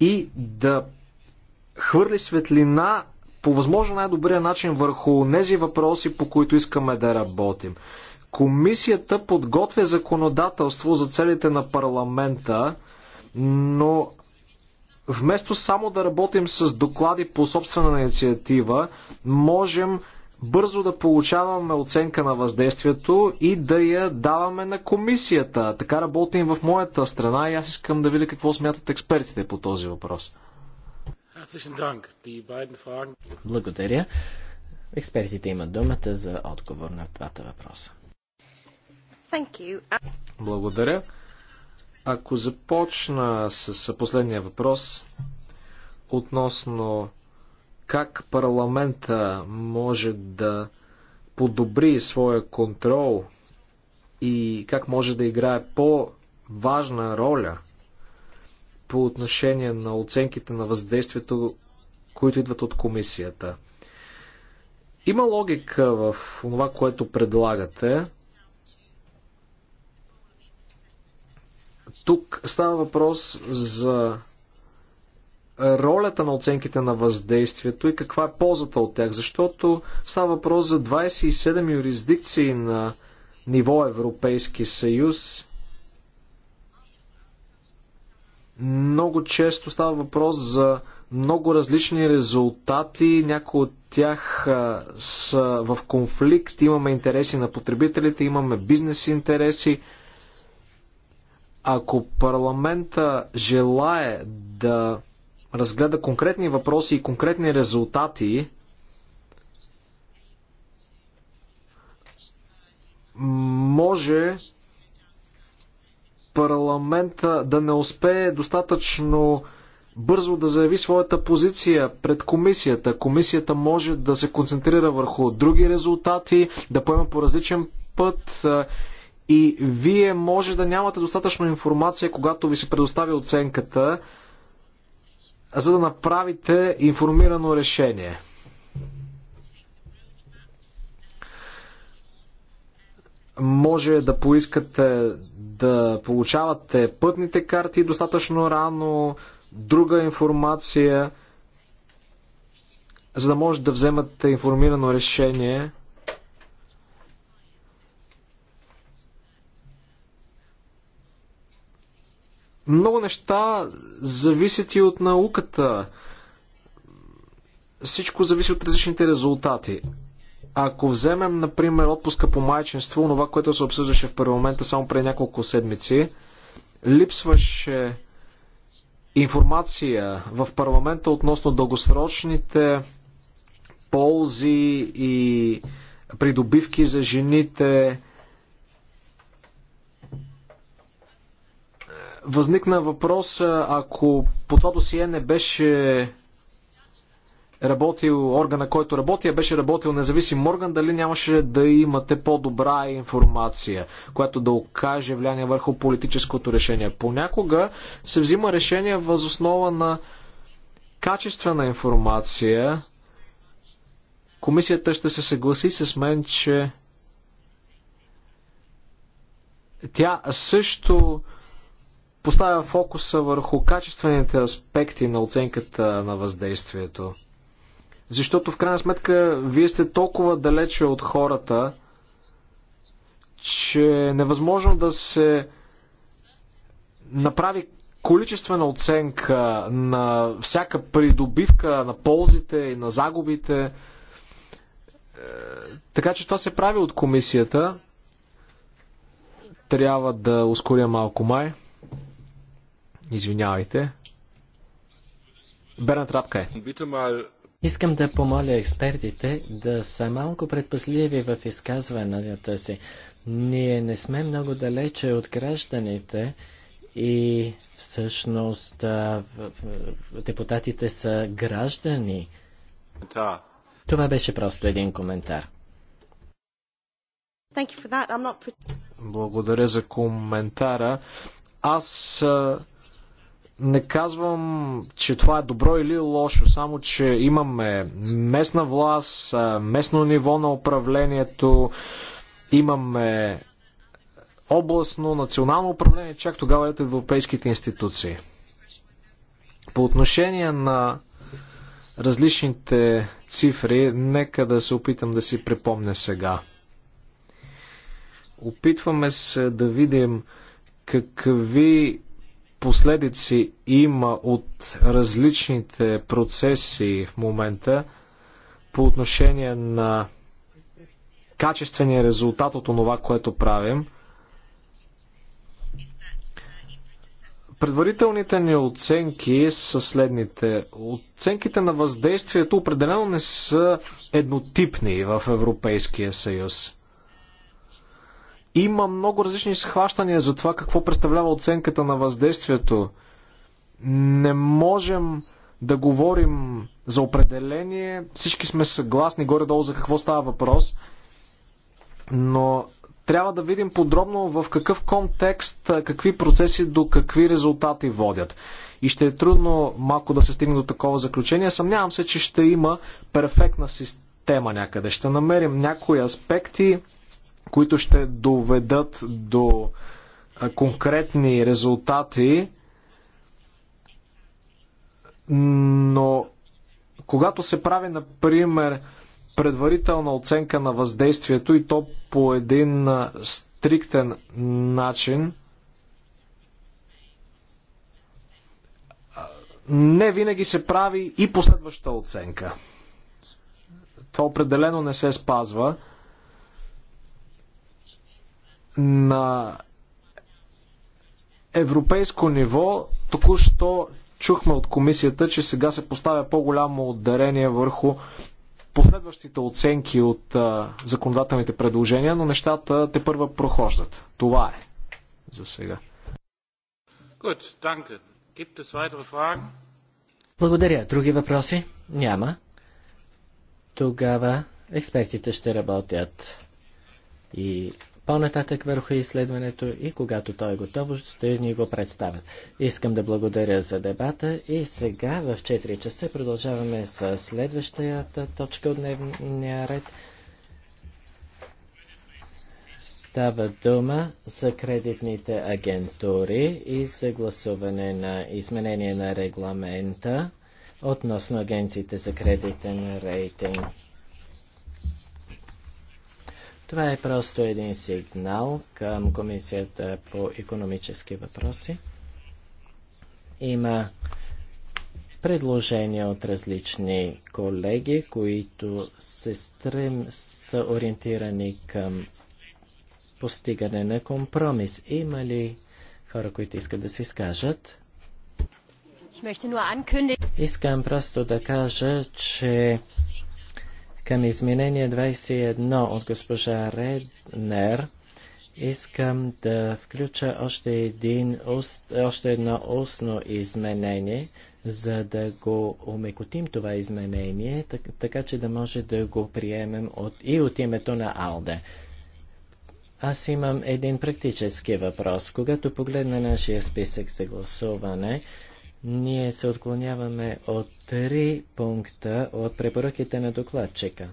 и да хвърли светлина по възможно най-добрия начин върху тези въпроси, по които искаме да работим. Комисията подготвя законодателство за целите на парламента, но вместо само да работим с доклади по собствена инициатива, можем бързо да получаваме оценка на въздействието и да я даваме на комисията. Така работим в моята страна и аз искам да видя какво смятат експертите по този въпрос. Благодаря. Експертите имат думата за отговор на двата въпроса. Благодаря. Ако започна с последния въпрос относно как парламента може да подобри своя контрол и как може да играе по-важна роля по отношение на оценките на въздействието, които идват от комисията. Има логика в това, което предлагате. Тук става въпрос за ролята на оценките на въздействието и каква е ползата от тях, защото става въпрос за 27 юрисдикции на ниво Европейски съюз. Много често става въпрос за много различни резултати, някои от тях а, са в конфликт, имаме интереси на потребителите, имаме бизнес интереси. Ако парламента желае да разгледа конкретни въпроси и конкретни резултати, може парламента да не успее достатъчно бързо да заяви своята позиция пред комисията. Комисията може да се концентрира върху други резултати, да поема по различен път е, и вие може да нямате достатъчно информация, когато ви се предостави оценката, за да направите информирано решение. Може да поискате да получавате пътните карти достатъчно рано, друга информация, за да може да вземате информирано решение – Много неща зависят и от науката. Всичко зависи от различните резултати. Ако вземем, например, отпуска по майчинство, това, което се обсъждаше в парламента само преди няколко седмици, липсваше информация в парламента относно дългосрочните ползи и придобивки за жените, Възникна въпрос, ако по това досие не беше работил органа, който работи, а беше работил независим орган, дали нямаше да имате по-добра информация, която да окаже влияние върху политическото решение. Понякога се взима решение възоснова на качествена информация. Комисията ще се съгласи с мен, че тя също поставя фокуса върху качествените аспекти на оценката на въздействието. Защото в крайна сметка вие сте толкова далече от хората, че е невъзможно да се направи количествена оценка на всяка придобивка, на ползите и на загубите. Е, така че това се прави от комисията. Трябва да ускоря малко май. Извинявайте. Бернат Рапка е. Искам да помоля експертите да са малко предпазливи в изказванията си. Ние не сме много далече от гражданите и всъщност депутатите са граждани. Това беше просто един коментар. Благодаря за коментара. Аз не казвам, че това е добро или лошо, само че имаме местна власт, местно ниво на управлението, имаме областно, национално управление, чак тогава ето европейските институции. По отношение на различните цифри, нека да се опитам да си припомня сега. Опитваме се да видим какви последици има от различните процеси в момента по отношение на качествения резултат от това, което правим. Предварителните ни оценки са следните. Оценките на въздействието определено не са еднотипни в Европейския съюз. Има много различни схващания за това какво представлява оценката на въздействието. Не можем да говорим за определение. Всички сме съгласни горе-долу за какво става въпрос. Но трябва да видим подробно в какъв контекст, какви процеси до какви резултати водят. И ще е трудно малко да се стигне до такова заключение. Съмнявам се, че ще има перфектна система някъде. Ще намерим някои аспекти, които ще доведат до конкретни резултати, но когато се прави, например, предварителна оценка на въздействието и то по един стриктен начин, не винаги се прави и последваща оценка. Това определено не се спазва на европейско ниво току-що чухме от комисията, че сега се поставя по-голямо ударение върху последващите оценки от а, законодателните предложения, но нещата те първа прохождат. Това е за сега. Благодаря. Други въпроси? Няма. Тогава експертите ще работят и по-нататък върху изследването и когато той е готово, ще ни го представят. Искам да благодаря за дебата и сега в 4 часа продължаваме с следващата точка от дневния ред. Става дума за кредитните агентури и за гласуване на изменение на регламента относно агенциите за кредитен рейтинг. Това е просто един сигнал към Комисията по економически въпроси. Има предложения от различни колеги, които се стрем, са ориентирани към постигане на компромис. Има ли хора, които искат да се изкажат? Искам просто да кажа, че към изменение 21 от госпожа Реднер искам да включа още, един, още едно устно изменение, за да го омекотим това изменение, така, така че да може да го приемем от, и от името на Алде. Аз имам един практически въпрос. Когато погледна нашия списък за гласуване, ние се отклоняваме от три пункта от препоръките на докладчика.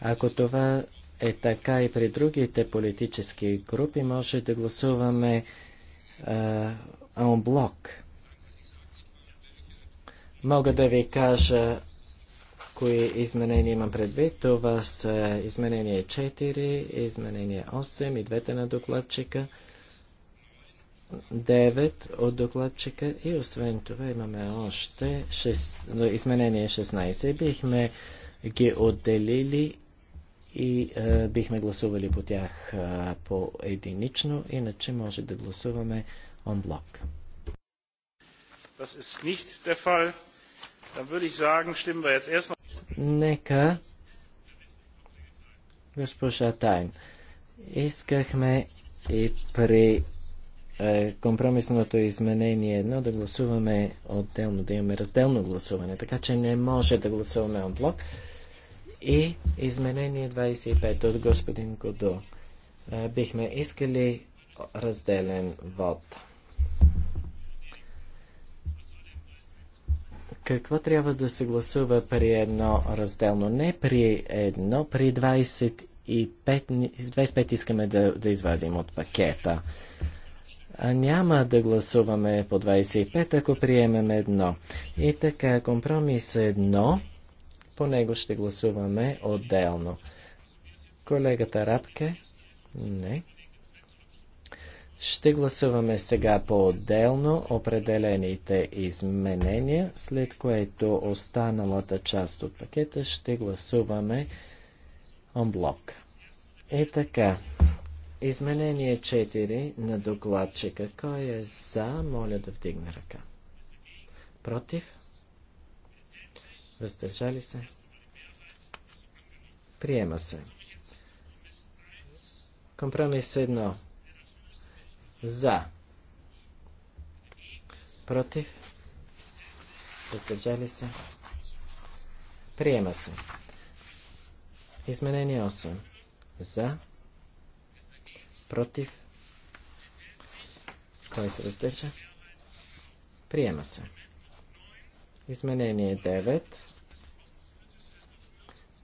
Ако това е така и при другите политически групи, може да гласуваме блок. Мога да ви кажа кои изменения имам предвид. Това са изменение 4, изменение 8 и двете на докладчика – 9 от докладчика и освен това имаме още 6, изменение 16. Бихме ги отделили и а, е, бихме гласували по тях е, по единично, иначе може да гласуваме онблок. Нека госпожа Тайн. Искахме и при е, компромисното изменение е едно да гласуваме отделно, да имаме разделно гласуване, така че не може да гласуваме блок. И изменение 25 от господин Годо. Е, бихме искали разделен вод. Какво трябва да се гласува при едно разделно? Не при едно, при 25, 25 искаме да, да извадим от пакета няма да гласуваме по 25, ако приемем едно. И така, компромис едно, по него ще гласуваме отделно. Колегата Рапке? Не. Ще гласуваме сега по-отделно определените изменения, след което останалата част от пакета ще гласуваме онблок. Е така, Изменение 4 на докладчика. Кой е за? Моля да вдигне ръка. Против? Въздържали се? Приема се. Компромис 1. За. Против? Въздържали се? Приема се. Изменение 8. За. Против. Кой се въздържа? Приема се. Изменение 9.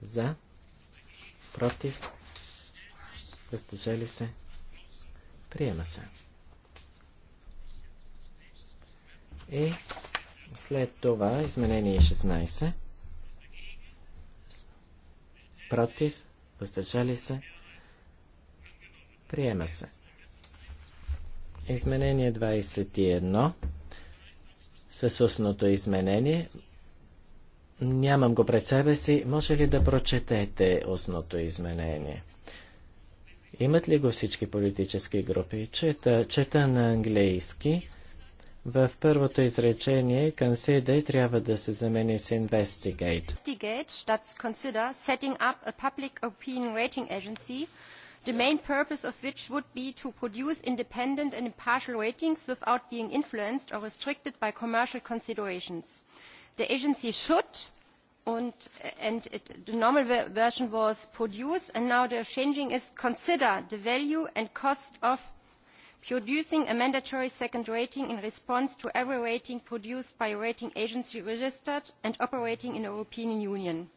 За. Против. Въздържали се. Приема се. И след това изменение 16. Против. Въздържали се. Приема се. Изменение 21 с устното изменение. Нямам го пред себе си. Може ли да прочетете устното изменение? Имат ли го всички политически групи? Чета, чета на английски. В първото изречение consider трябва да се замени с investigate. Investigate, that's consider setting up a public opinion rating agency the main purpose of which would be to produce independent and impartial ratings without being influenced or restricted by commercial considerations. The agency should, and, it, the normal version was produce, and now the changing is consider the value and cost of producing a mandatory second rating in response to every rating produced by a rating agency registered and operating in the European Union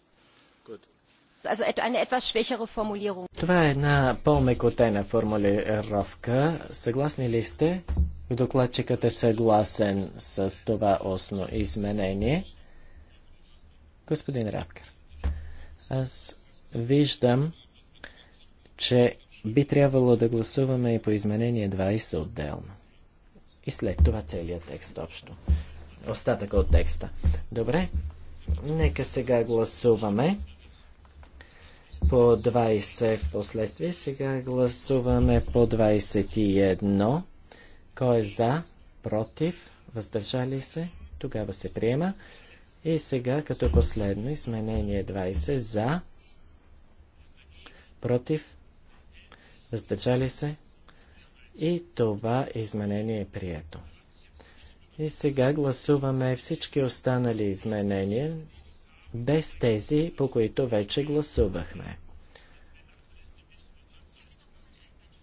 also eine etwas schwächere Formulierung. Това е една по-мекотена формулировка. Съгласни ли сте? Докладчикът е съгласен с това осно изменение. Господин Рапкер, аз виждам, че би трябвало да гласуваме и по изменение 20 отделно. И след това целият текст общо. Остатъка от текста. Добре, нека сега гласуваме по 20 в последствие. Сега гласуваме по 21. Кой е за? Против? Въздържали се? Тогава се приема. И сега като последно изменение 20 за, против, въздържали се и това изменение е прието. И сега гласуваме всички останали изменения без тези, по които вече гласувахме.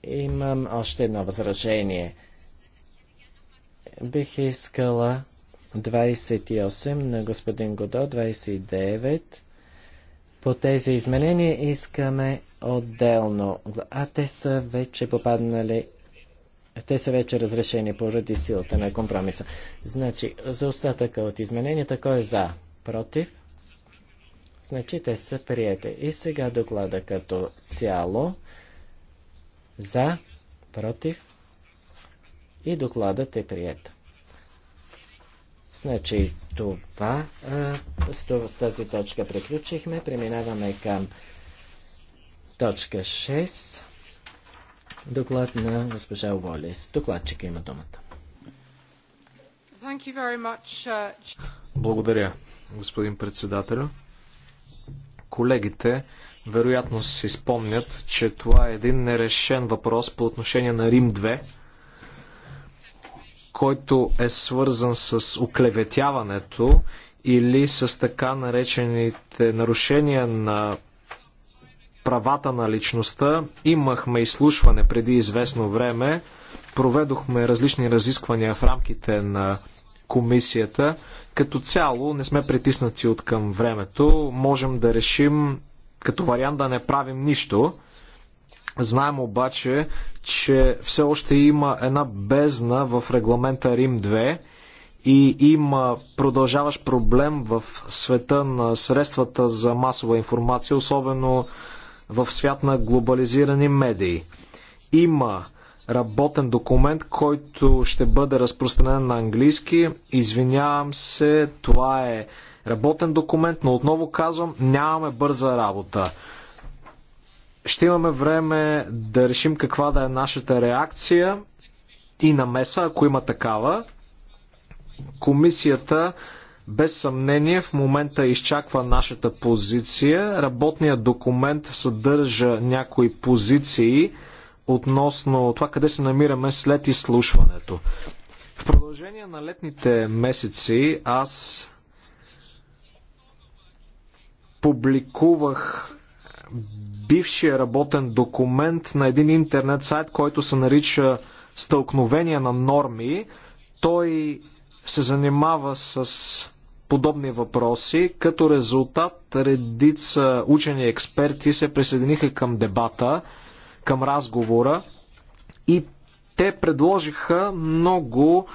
Имам още едно възражение. Бих искала 28 на господин Годо, 29. По тези изменения искаме отделно, а те са вече попаднали те са вече разрешени поради силата на компромиса. Значи, за остатъка от измененията, кой е за? Против? Значи те са приятели. И сега доклада като цяло за, против и докладът е прият. Значи това, с, с тази точка приключихме. Преминаваме към точка 6. Доклад на госпожа Уолис. Докладчика има думата. Uh, Благодаря, господин председателя. Колегите вероятно си спомнят, че това е един нерешен въпрос по отношение на Рим 2, който е свързан с оклеветяването или с така наречените нарушения на правата на личността. Имахме изслушване преди известно време, проведохме различни разисквания в рамките на комисията. Като цяло не сме притиснати от към времето. Можем да решим като вариант да не правим нищо. Знаем обаче, че все още има една бездна в регламента Рим 2 и има продължаващ проблем в света на средствата за масова информация, особено в свят на глобализирани медии. Има работен документ, който ще бъде разпространен на английски. Извинявам се, това е работен документ, но отново казвам, нямаме бърза работа. Ще имаме време да решим каква да е нашата реакция и намеса, ако има такава. Комисията без съмнение в момента изчаква нашата позиция. Работният документ съдържа някои позиции, относно това къде се намираме след изслушването. В продължение на летните месеци аз публикувах бившия работен документ на един интернет сайт, който се нарича Стълкновение на норми. Той се занимава с подобни въпроси. Като резултат редица учени експерти се присъединиха към дебата към разговора и те предложиха много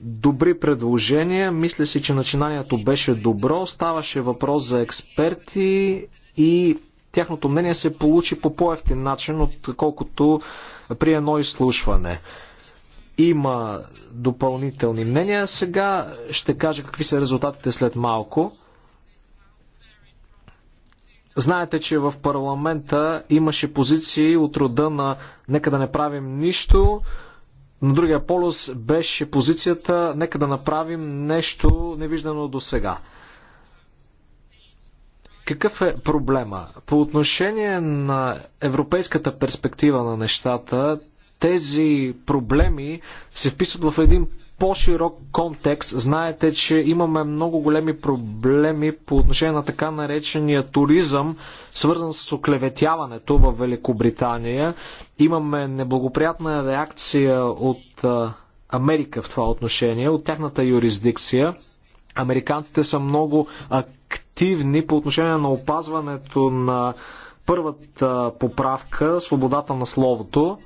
добри предложения. Мисля си, че начинанието беше добро. Ставаше въпрос за експерти и тяхното мнение се получи по по-ефтин начин, отколкото при едно изслушване. Има допълнителни мнения. Сега ще кажа какви са резултатите след малко. Знаете, че в парламента имаше позиции от рода на нека да не правим нищо. На другия полюс беше позицията нека да направим нещо невиждано до сега. Какъв е проблема? По отношение на европейската перспектива на нещата, тези проблеми се вписват в един по-широк контекст, знаете, че имаме много големи проблеми по отношение на така наречения туризъм, свързан с оклеветяването в Великобритания. Имаме неблагоприятна реакция от Америка в това отношение, от тяхната юрисдикция. Американците са много активни по отношение на опазването на първата поправка, свободата на словото.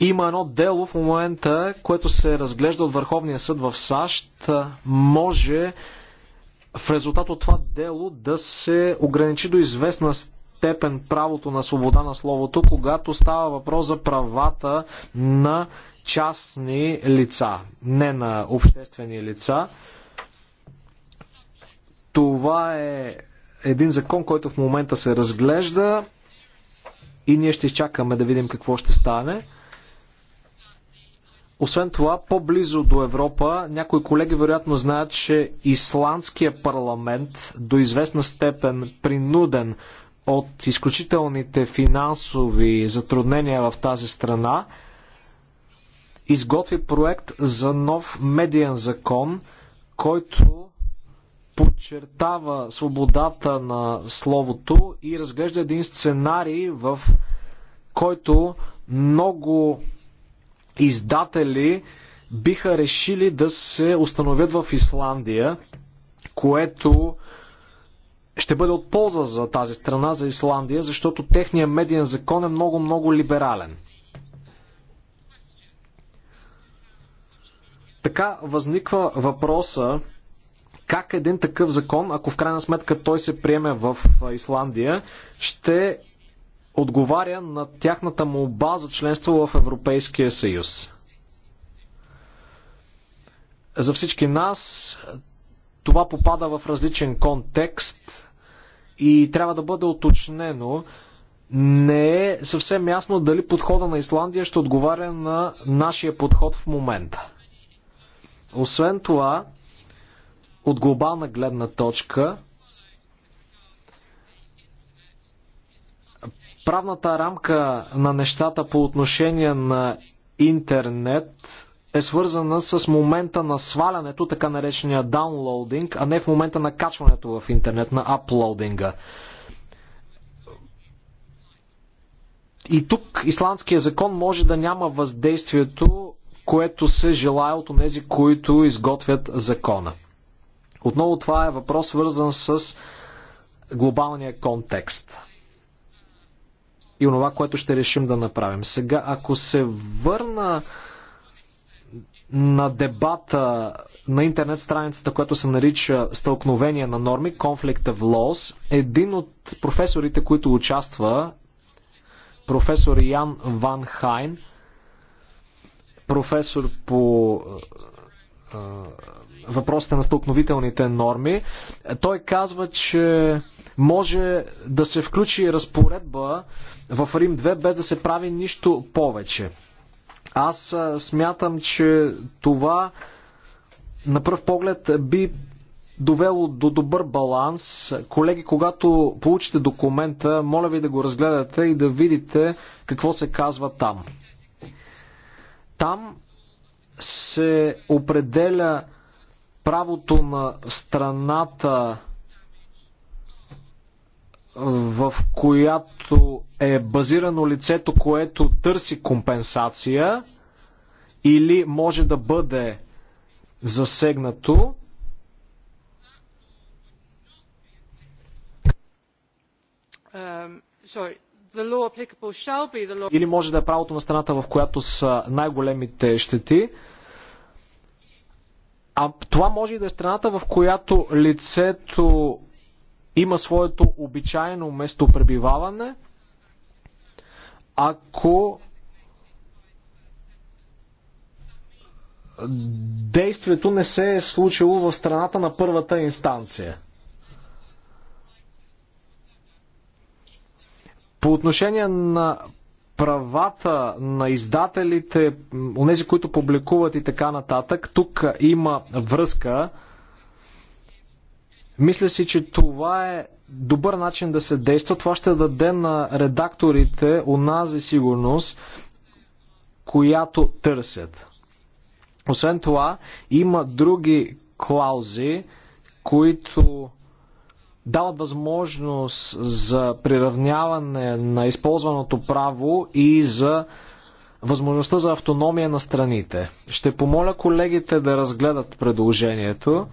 Има едно дело в момента, което се разглежда от Върховния съд в САЩ. Може в резултат от това дело да се ограничи до известна степен правото на свобода на словото, когато става въпрос за правата на частни лица, не на обществени лица. Това е един закон, който в момента се разглежда и ние ще изчакаме да видим какво ще стане. Освен това, по-близо до Европа, някои колеги вероятно знаят, че Исландския парламент до известна степен принуден от изключителните финансови затруднения в тази страна, изготви проект за нов медиен закон, който подчертава свободата на словото и разглежда един сценарий, в който много издатели биха решили да се установят в Исландия, което ще бъде от полза за тази страна, за Исландия, защото техният медиен закон е много-много либерален. Така възниква въпроса как един такъв закон, ако в крайна сметка той се приеме в Исландия, ще отговаря на тяхната молба за членство в Европейския съюз. За всички нас това попада в различен контекст и трябва да бъде уточнено. Не е съвсем ясно дали подхода на Исландия ще отговаря на нашия подход в момента. Освен това, от глобална гледна точка, правната рамка на нещата по отношение на интернет е свързана с момента на свалянето, така наречения даунлоудинг, а не в момента на качването в интернет, на аплоудинга. И тук исландския закон може да няма въздействието, което се желая от тези, които изготвят закона. Отново това е въпрос свързан с глобалния контекст и онова, което ще решим да направим. Сега, ако се върна на дебата на интернет страницата, която се нарича Стълкновение на норми, Conflict of Laws, един от професорите, които участва, професор Ян Ван Хайн, професор по въпросите на стълкновителните норми. Той казва, че може да се включи разпоредба в Рим 2 без да се прави нищо повече. Аз смятам, че това на пръв поглед би довело до добър баланс. Колеги, когато получите документа, моля ви да го разгледате и да видите какво се казва там. Там се определя правото на страната, в която е базирано лицето, което търси компенсация или може да бъде засегнато. Или може да е правото на страната, в която са най-големите щети. А това може и да е страната, в която лицето има своето обичайно местопребиваване, ако действието не се е случило в страната на първата инстанция. По отношение на правата на издателите, онези, които публикуват и така нататък, тук има връзка. Мисля си, че това е добър начин да се действа. Това ще даде на редакторите онази сигурност, която търсят. Освен това, има други клаузи, които дават възможност за приравняване на използваното право и за възможността за автономия на страните. Ще помоля колегите да разгледат предложението.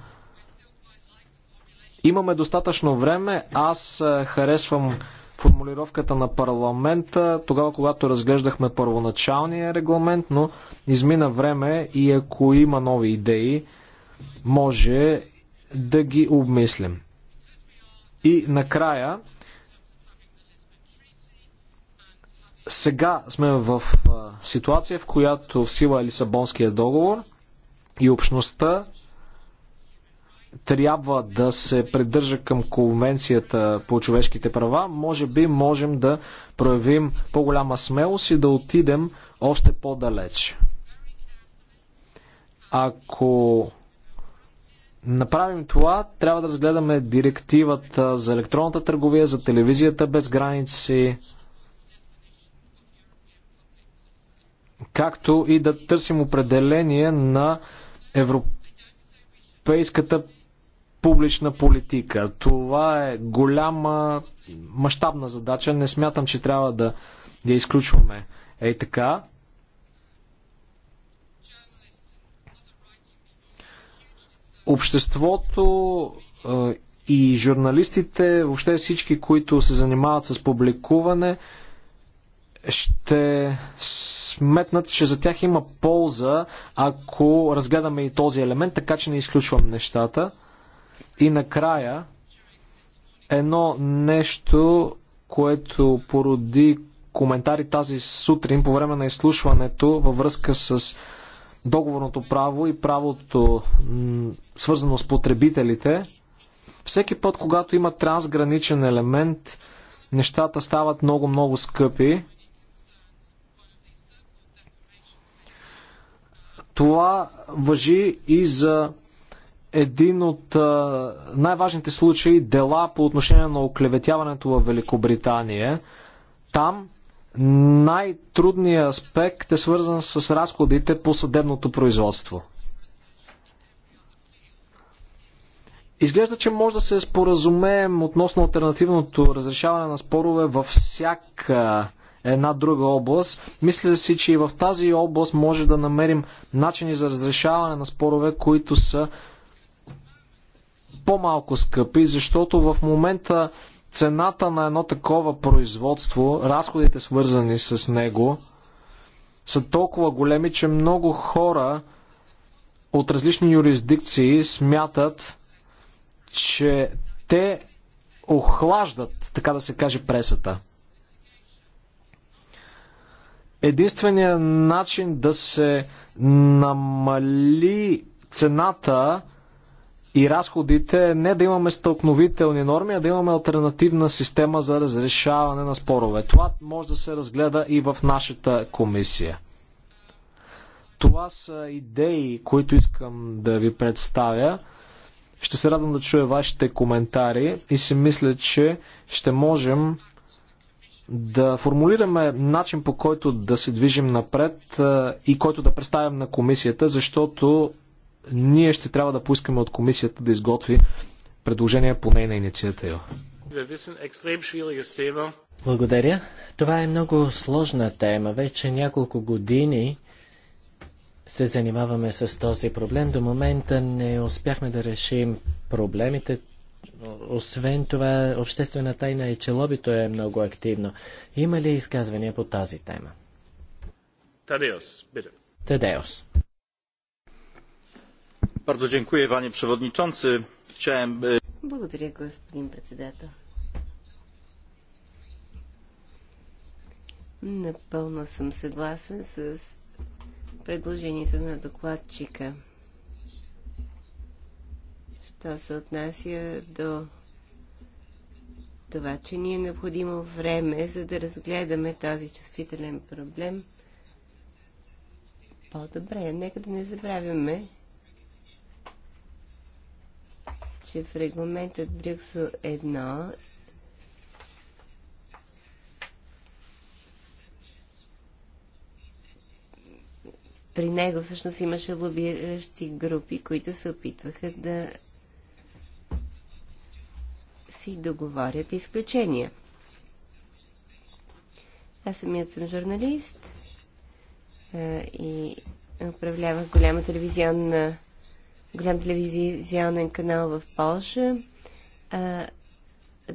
Имаме достатъчно време. Аз е, харесвам формулировката на парламента, тогава когато разглеждахме първоначалния регламент, но измина време и ако има нови идеи, може да ги обмислим. И накрая, сега сме в ситуация, в която в сила е Лисабонския договор и общността трябва да се придържа към Конвенцията по човешките права, може би можем да проявим по-голяма смелост и да отидем още по-далеч. Ако направим това, трябва да разгледаме директивата за електронната търговия, за телевизията без граници, както и да търсим определение на европейската публична политика. Това е голяма, мащабна задача. Не смятам, че трябва да я изключваме. Ей така. обществото и журналистите, въобще всички, които се занимават с публикуване, ще сметнат, че за тях има полза, ако разгледаме и този елемент, така че не изключвам нещата. И накрая, едно нещо, което породи коментари тази сутрин по време на изслушването във връзка с договорното право и правото свързано с потребителите, всеки път, когато има трансграничен елемент, нещата стават много-много скъпи. Това въжи и за един от най-важните случаи дела по отношение на оклеветяването в Великобритания. Там най-трудният аспект е свързан с разходите по съдебното производство. Изглежда, че може да се споразумеем относно альтернативното разрешаване на спорове във всяка една друга област. Мисля си, че и в тази област може да намерим начини за разрешаване на спорове, които са по-малко скъпи, защото в момента цената на едно такова производство, разходите свързани с него, са толкова големи, че много хора от различни юрисдикции смятат, че те охлаждат, така да се каже, пресата. Единственият начин да се намали цената и разходите не да имаме стълкновителни норми, а да имаме альтернативна система за разрешаване на спорове. Това може да се разгледа и в нашата комисия. Това са идеи, които искам да ви представя. Ще се радвам да чуя вашите коментари и си мисля, че ще можем да формулираме начин по който да се движим напред и който да представим на комисията, защото ние ще трябва да поискаме от комисията да изготви предложение по нейна инициатива. Благодаря. Това е много сложна тема. Вече няколко години се занимаваме с този проблем. До момента не успяхме да решим проблемите. Освен това, обществена тайна и лобито е много активно. Има ли изказвания по тази тема? Тадеос, бите. Тадеос. Bardzo dziękuję, panie przewodniczący. Chciałem... E, Благодаря, господин председател. Напълно съм съгласен с предложението на докладчика. Що се отнася до това, че ни е необходимо време, за да разгледаме този чувствителен проблем по-добре. Е. Нека да не забравяме, че в регламентът Брюксел 1 при него всъщност имаше лобиращи групи, които се опитваха да си договорят изключения. Аз самият съм журналист а, и управлявах голяма телевизионна голям телевизионен канал в Польша. А,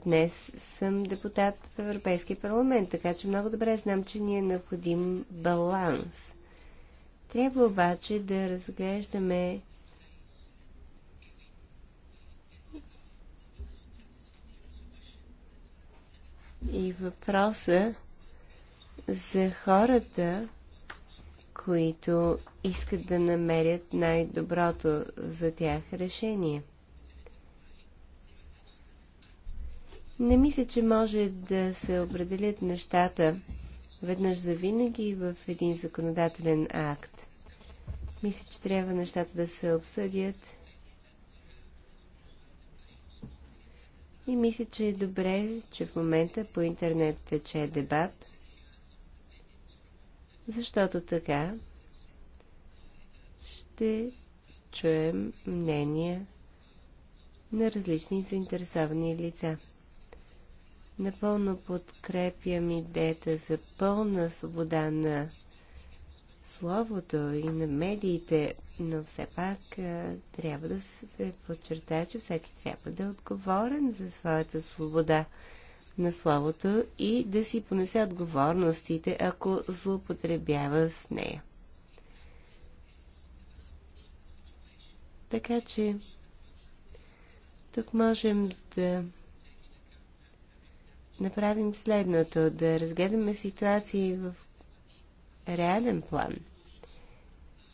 днес съм депутат в Европейския парламент, така че много добре знам, че ни е необходим баланс. Трябва обаче да разглеждаме и въпроса за хората, които искат да намерят най-доброто за тях решение. Не мисля, че може да се определят нещата веднъж за винаги в един законодателен акт. Мисля, че трябва нещата да се обсъдят и мисля, че е добре, че в момента по интернет тече дебат, защото така ще чуем мнения на различни заинтересовани лица. Напълно подкрепям идеята за пълна свобода на словото и на медиите, но все пак трябва да се подчертая, че всеки трябва да е отговорен за своята свобода на словото и да си понесе отговорностите, ако злоупотребява с нея. Така че тук можем да направим следното, да разгледаме ситуации в реален план,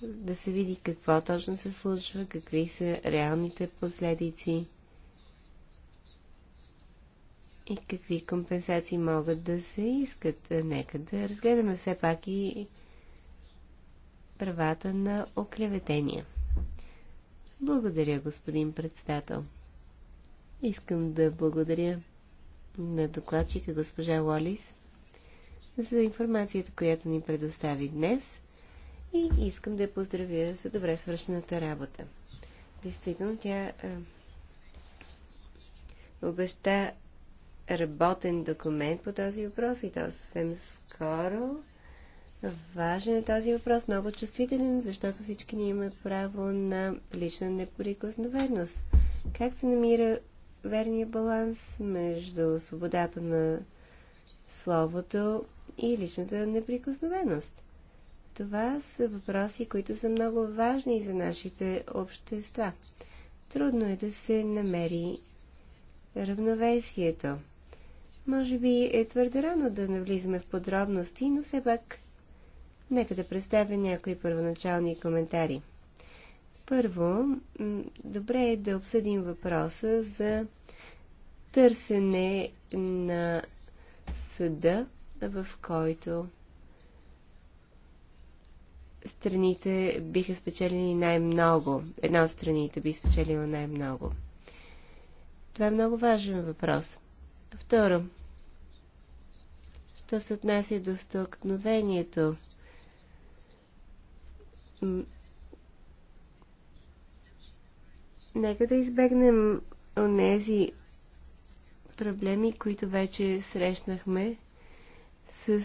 да се види какво точно се случва, какви са реалните последици и какви компенсации могат да се искат. Нека да разгледаме все пак и правата на оклеветения. Благодаря, господин председател. Искам да благодаря на докладчика госпожа Лолис за информацията, която ни предостави днес и искам да я поздравя за добре свършената работа. Действително, тя а, обеща работен документ по този въпрос и то съвсем скоро. Важен е този въпрос, много чувствителен, защото всички ние имаме право на лична неприкосновеност. Как се намира верния баланс между свободата на словото и личната неприкосновеност? Това са въпроси, които са много важни за нашите общества. Трудно е да се намери равновесието. Може би е твърде рано да навлизаме в подробности, но все пак Нека да представя някои първоначални коментари. Първо, добре е да обсъдим въпроса за търсене на съда, в който страните биха спечелили най-много. Една от страните би спечелила най-много. Това е много важен въпрос. Второ, що се отнася до стълкновението Нека да избегнем онези проблеми, които вече срещнахме с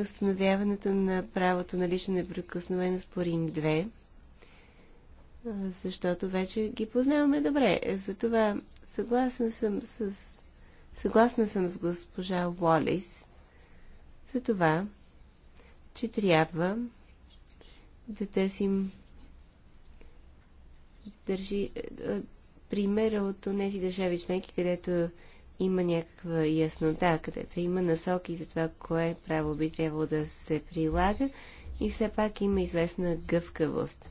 установяването на правото на лична неприкосновеност по Рим 2, защото вече ги познаваме добре. Е, затова съгласна съм с, съгласна съм с госпожа Уолис за това, че трябва да търсим държи, е, е, примера от тези държави членки, където има някаква яснота, където има насоки за това, кое право би трябвало да се прилага и все пак има известна гъвкавост.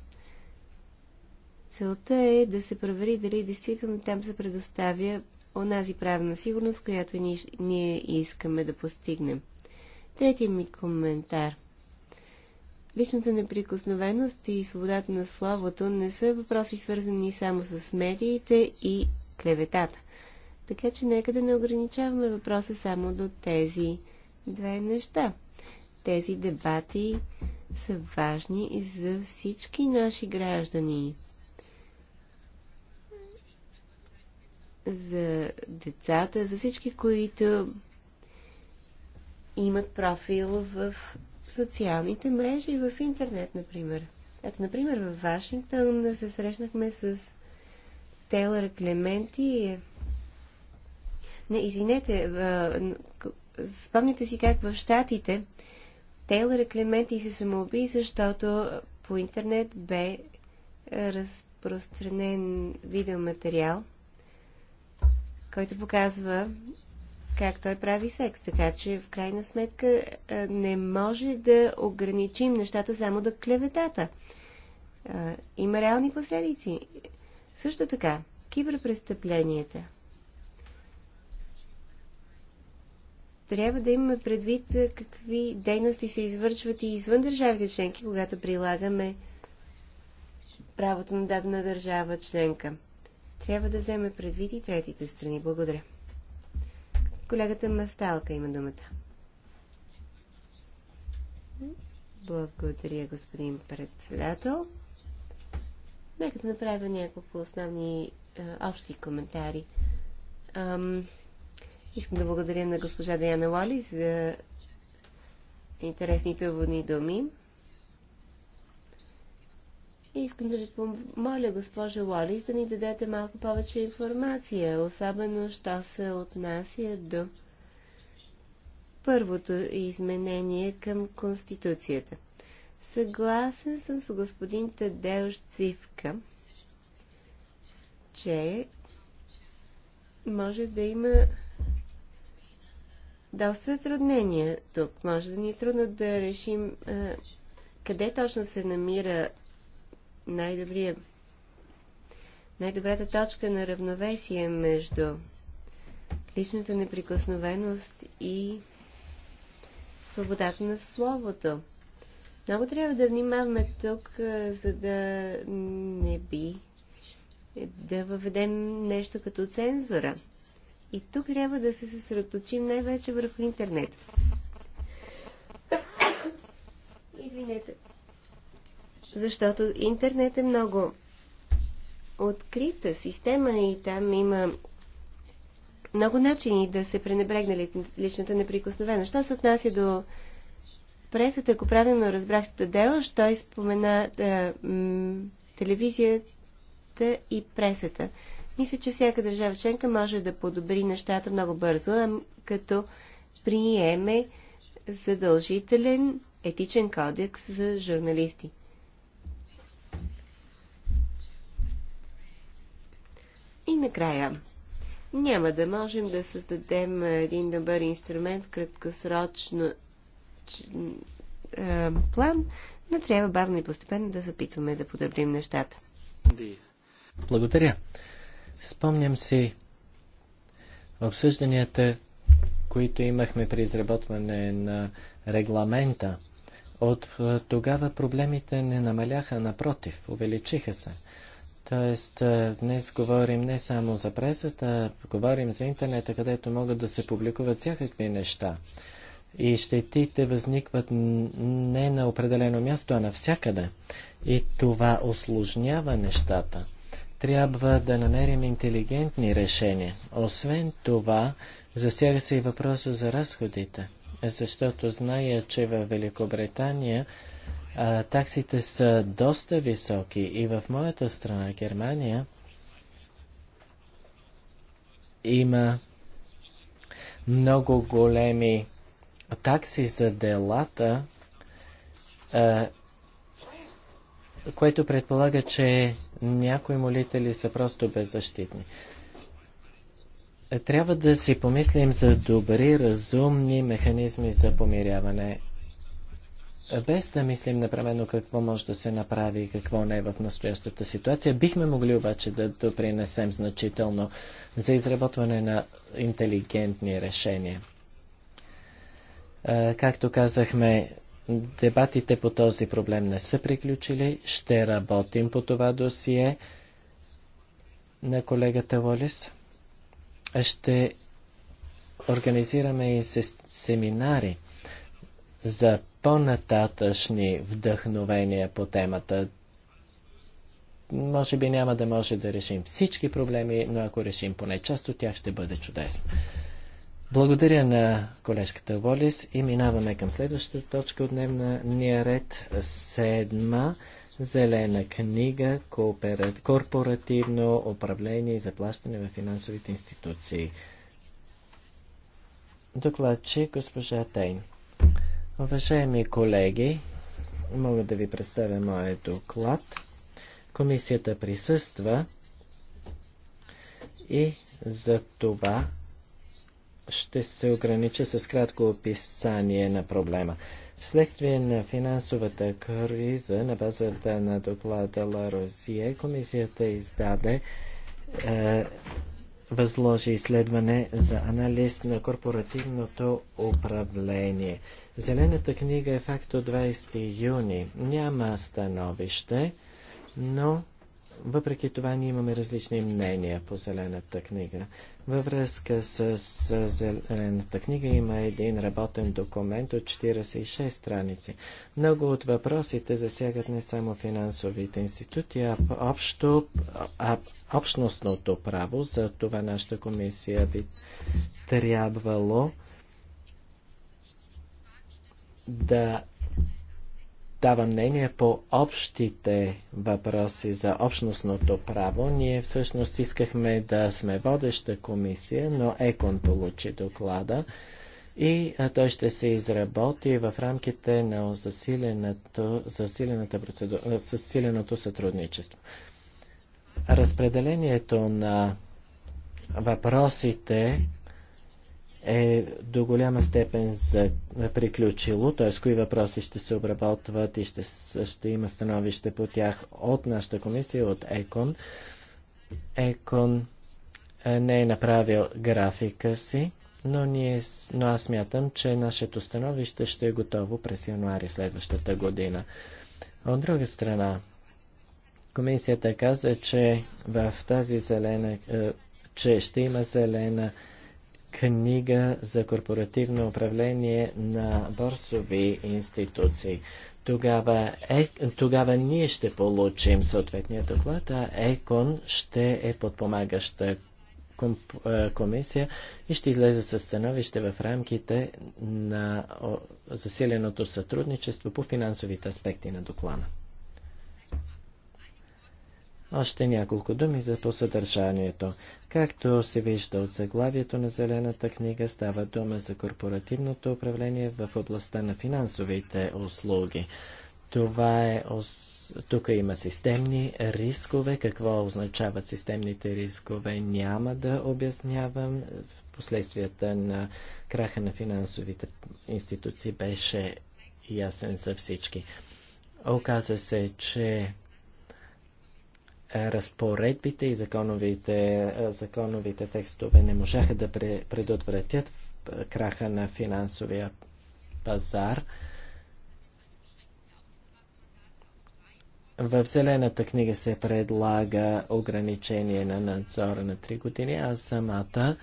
Целта е да се провери дали действително там се предоставя онази правна сигурност, която ние искаме да постигнем. Третия ми коментар – Личната неприкосновеност и свободата на словото не са въпроси свързани само с медиите и клеветата. Така че нека да не ограничаваме въпроса само до тези две неща. Тези дебати са важни за всички наши граждани. За децата, за всички, които имат профил в социалните мрежи и в интернет, например. Ето, например, в Вашингтон се срещнахме с Тейлър Клементи. Не, извинете, спомняте си как в Штатите Тейлър Клементи се самоуби, защото по интернет бе разпространен видеоматериал, който показва как той прави секс. Така че, в крайна сметка, не може да ограничим нещата само до клеветата. Има реални последици. Също така, киберпрестъпленията. Трябва да имаме предвид какви дейности се извършват и извън държавите членки, когато прилагаме правото на дадена държава членка. Трябва да вземе предвид и третите страни. Благодаря. Колегата Масталка има думата. Благодаря, господин председател. Нека да направя няколко основни а, общи коментари. Ам, искам да благодаря на госпожа Даяна Лали за интересните водни думи. И искам да ви помоля, госпожа Лолис, да ни дадете малко повече информация, особено, що се отнася до първото изменение към Конституцията. Съгласен съм с господин Тадеуш Цивка, че може да има доста затруднения тук. Може да ни е трудно да решим а, къде точно се намира най-добрия най-добрата точка на равновесие между личната неприкосновеност и свободата на словото. Много трябва да внимаваме тук, за да не би да въведем нещо като цензура. И тук трябва да се съсредоточим най-вече върху интернет. защото интернет е много открита система и там има много начини да се пренебрегне личната неприкосновеност. Що се отнася до пресата, ако правилно разбрах дело, той спомена да, телевизията и пресата. Мисля, че всяка държава членка може да подобри нещата много бързо, а като приеме задължителен етичен кодекс за журналисти. И накрая, няма да можем да създадем един добър инструмент в краткосрочно план, но трябва бавно и постепенно да се опитваме да подобрим нещата. Благодаря. Спомням си обсъжданията, които имахме при изработване на регламента. От тогава проблемите не намаляха, напротив, увеличиха се. Тоест, днес говорим не само за пресата, говорим за интернета, където могат да се публикуват всякакви неща. И щетите възникват не на определено място, а навсякъде. И това осложнява нещата. Трябва да намерим интелигентни решения. Освен това, засяга се и въпроса за разходите. Защото зная, че в Великобритания таксите са доста високи и в моята страна, Германия, има много големи такси за делата, а, което предполага, че някои молители са просто беззащитни. Трябва да си помислим за добри, разумни механизми за помиряване без да мислим непременно какво може да се направи и какво не е в настоящата ситуация, бихме могли обаче да допринесем значително за изработване на интелигентни решения. Както казахме, дебатите по този проблем не са приключили. Ще работим по това досие на колегата Волис. Ще организираме и семинари за по-нататъчни вдъхновения по темата. Може би няма да може да решим всички проблеми, но ако решим поне част от тях, ще бъде чудесно. Благодаря на колежката Волис и минаваме към следващата точка от дневния ред. Седма зелена книга Корпоративно управление и заплащане в финансовите институции. Докладчик госпожа Тейн. Уважаеми колеги, мога да ви представя моят доклад. Комисията присъства и за това ще се огранича с кратко описание на проблема. Вследствие на финансовата криза на базата на доклада Ла Розие, комисията издаде е, възложи изследване за анализ на корпоративното управление. Зелената книга е факт от 20 юни. Няма становище, но въпреки това ние имаме различни мнения по Зелената книга. Във връзка с, Зелената книга има един работен документ от 46 страници. Много от въпросите засягат не само финансовите институти, а, общо, а общностното право. За това нашата комисия би трябвало да дава мнение по общите въпроси за общностното право. Ние всъщност искахме да сме водеща комисия, но ЕКОН получи доклада и той ще се изработи в рамките на засиленото, засилената процеду... засиленото сътрудничество. Разпределението на въпросите е до голяма степен за, е приключило, т.е. кои въпроси ще се обработват и ще, ще има становище по тях от нашата комисия, от ЕКОН. ЕКОН е, не е направил графика си, но, ние, но аз мятам, че нашето становище ще е готово през януари следващата година. От друга страна, комисията каза, че в тази зелена, е, че ще има зелена книга за корпоративно управление на борсови институции. Тогава, е, тогава ние ще получим съответния доклад, а ЕКОН ще е подпомагаща комисия и ще излезе със становище в рамките на засиленото сътрудничество по финансовите аспекти на доклада. Още няколко думи за посъдържанието. Както се вижда от заглавието на Зелената книга, става дума за корпоративното управление в областта на финансовите услуги. Това е, тук има системни рискове. Какво означават системните рискове? Няма да обяснявам. Последствията на краха на финансовите институции беше ясен за всички. Оказа се, че разпоредбите и законовите, законовите текстове не можаха да предотвратят краха на финансовия пазар. В Зелената книга се предлага ограничение на надзора на 3 години, а самата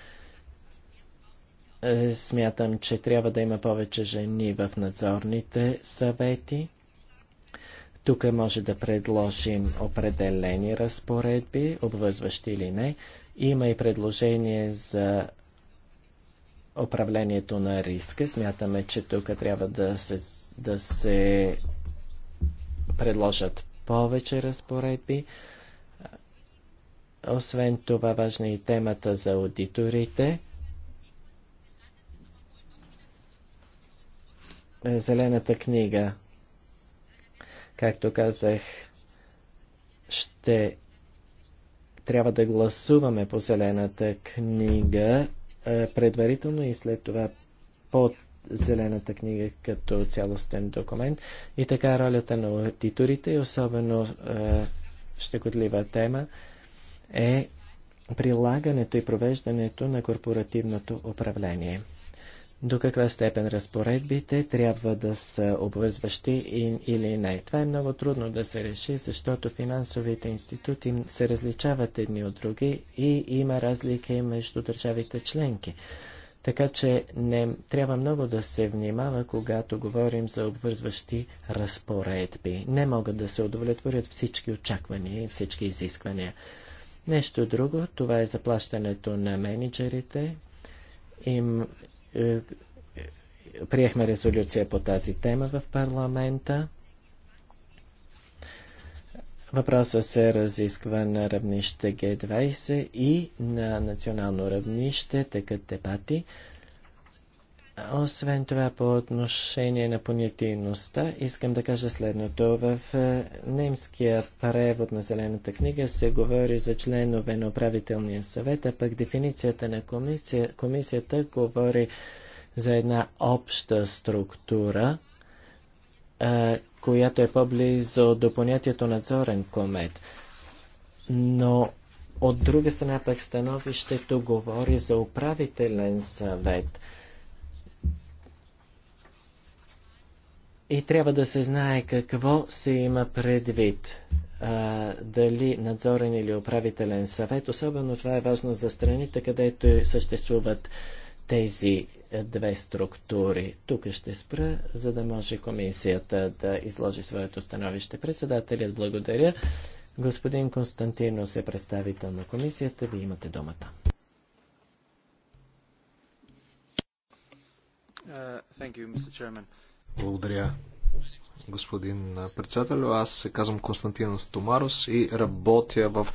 е, смятам, че трябва да има повече жени в надзорните съвети. Тук може да предложим определени разпоредби, обвързващи или не. Има и предложение за управлението на риска. Смятаме, че тук трябва да се, да се предложат повече разпоредби. Освен това, важна е и темата за аудиторите. Зелената книга Както казах, ще трябва да гласуваме по зелената книга предварително и след това под зелената книга като цялостен документ. И така ролята на аудиторите, и особено е, щекотлива тема, е прилагането и провеждането на корпоративното управление до каква степен разпоредбите трябва да са обвързващи или не. Това е много трудно да се реши, защото финансовите институти се различават едни от други и има разлики между държавите членки. Така че не, трябва много да се внимава, когато говорим за обвързващи разпоредби. Не могат да се удовлетворят всички очаквания и всички изисквания. Нещо друго, това е заплащането на менеджерите. Им е, е, приехме резолюция по тази тема в парламента. Въпросът се разисква на равнище Г20 и на национално равнище текат дебати. Освен това, по отношение на понятийността, искам да кажа следното. В е, немския превод на Зелената книга се говори за членове на управителния съвет, а пък дефиницията на комисия, комисията говори за една обща структура, е, която е по-близо до понятието надзорен комет. Но от друга страна пък становището говори за управителен съвет – И трябва да се знае какво се има предвид. А, дали надзорен или управителен съвет. Особено това е важно за страните, където съществуват тези е, две структури. Тук ще спра, за да може комисията да изложи своето становище. Председателят благодаря. Господин Константино е представител на комисията. Вие имате думата. Uh, you, благодаря, господин председател. Аз се казвам Константин Томарос и работя в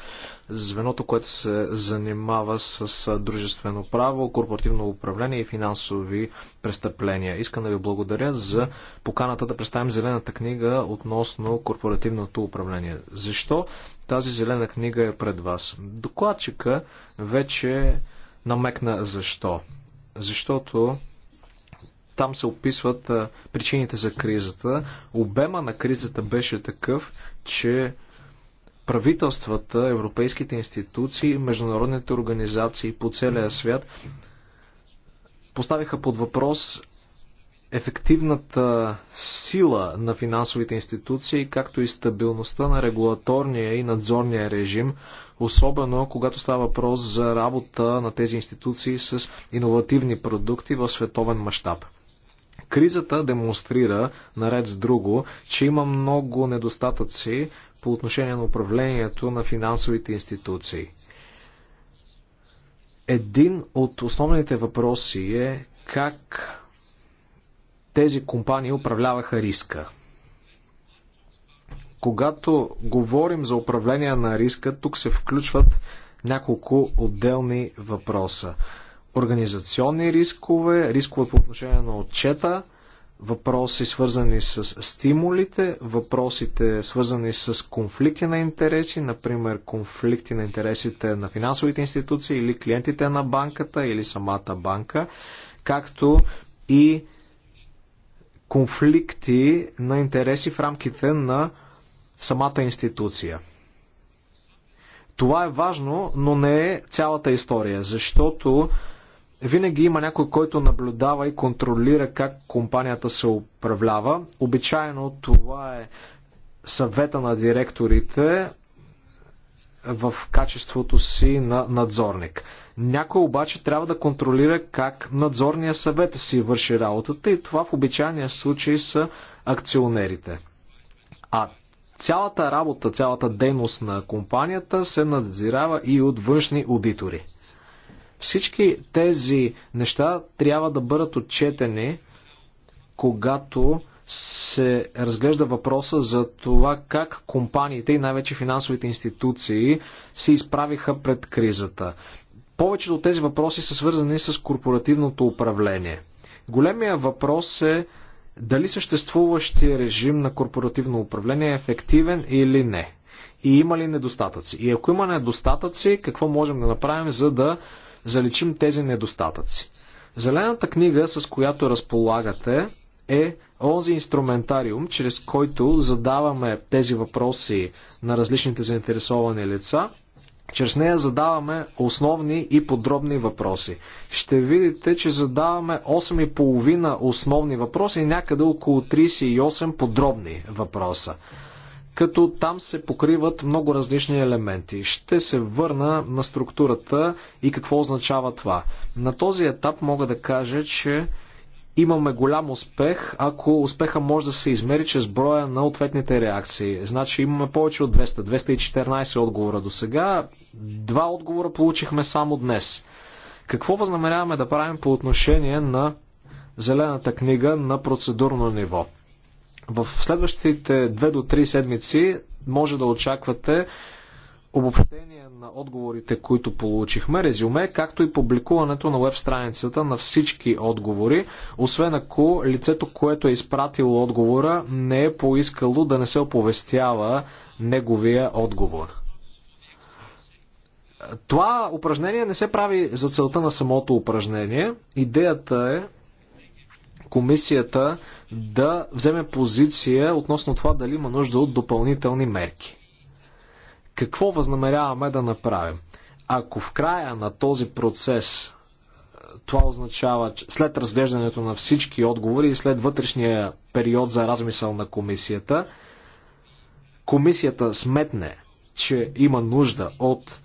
звеното, което се занимава с дружествено право, корпоративно управление и финансови престъпления. Искам да ви благодаря за поканата да представим зелената книга относно корпоративното управление. Защо тази зелена книга е пред вас? Докладчика вече намекна защо. Защото там се описват причините за кризата. Обема на кризата беше такъв, че правителствата, европейските институции, международните организации по целия свят поставиха под въпрос ефективната сила на финансовите институции, както и стабилността на регулаторния и надзорния режим, особено когато става въпрос за работа на тези институции с иновативни продукти в световен мащаб. Кризата демонстрира, наред с друго, че има много недостатъци по отношение на управлението на финансовите институции. Един от основните въпроси е как тези компании управляваха риска. Когато говорим за управление на риска, тук се включват няколко отделни въпроса организационни рискове, рискове по отношение на отчета, въпроси свързани с стимулите, въпросите свързани с конфликти на интереси, например конфликти на интересите на финансовите институции или клиентите на банката или самата банка, както и конфликти на интереси в рамките на самата институция. Това е важно, но не е цялата история, защото винаги има някой, който наблюдава и контролира как компанията се управлява. Обичайно това е съвета на директорите в качеството си на надзорник. Някой обаче трябва да контролира как надзорния съвет си върши работата и това в обичайния случай са акционерите. А цялата работа, цялата дейност на компанията се надзирава и от външни аудитори. Всички тези неща трябва да бъдат отчетени, когато се разглежда въпроса за това как компаниите и най-вече финансовите институции се изправиха пред кризата. Повечето от тези въпроси са свързани с корпоративното управление. Големия въпрос е дали съществуващия режим на корпоративно управление е ефективен или не. И има ли недостатъци? И ако има недостатъци, какво можем да направим, за да заличим тези недостатъци. Зелената книга, с която разполагате, е онзи инструментариум, чрез който задаваме тези въпроси на различните заинтересовани лица. Чрез нея задаваме основни и подробни въпроси. Ще видите, че задаваме 8,5 основни въпроси и някъде около 38 подробни въпроса като там се покриват много различни елементи. Ще се върна на структурата и какво означава това. На този етап мога да кажа, че имаме голям успех, ако успеха може да се измери чрез броя на ответните реакции. Значи имаме повече от 200, 214 отговора до сега, два отговора получихме само днес. Какво възнамеряваме да правим по отношение на зелената книга на процедурно ниво? В следващите 2 до 3 седмици може да очаквате обобщение на отговорите, които получихме, резюме, както и публикуването на веб страницата на всички отговори, освен ако лицето, което е изпратило отговора, не е поискало да не се оповестява неговия отговор. Това упражнение не се прави за целта на самото упражнение. Идеята е комисията да вземе позиция относно това дали има нужда от допълнителни мерки. Какво възнамеряваме да направим? Ако в края на този процес е, това означава, че след разглеждането на всички отговори и след вътрешния период за размисъл на комисията, комисията сметне, че има нужда от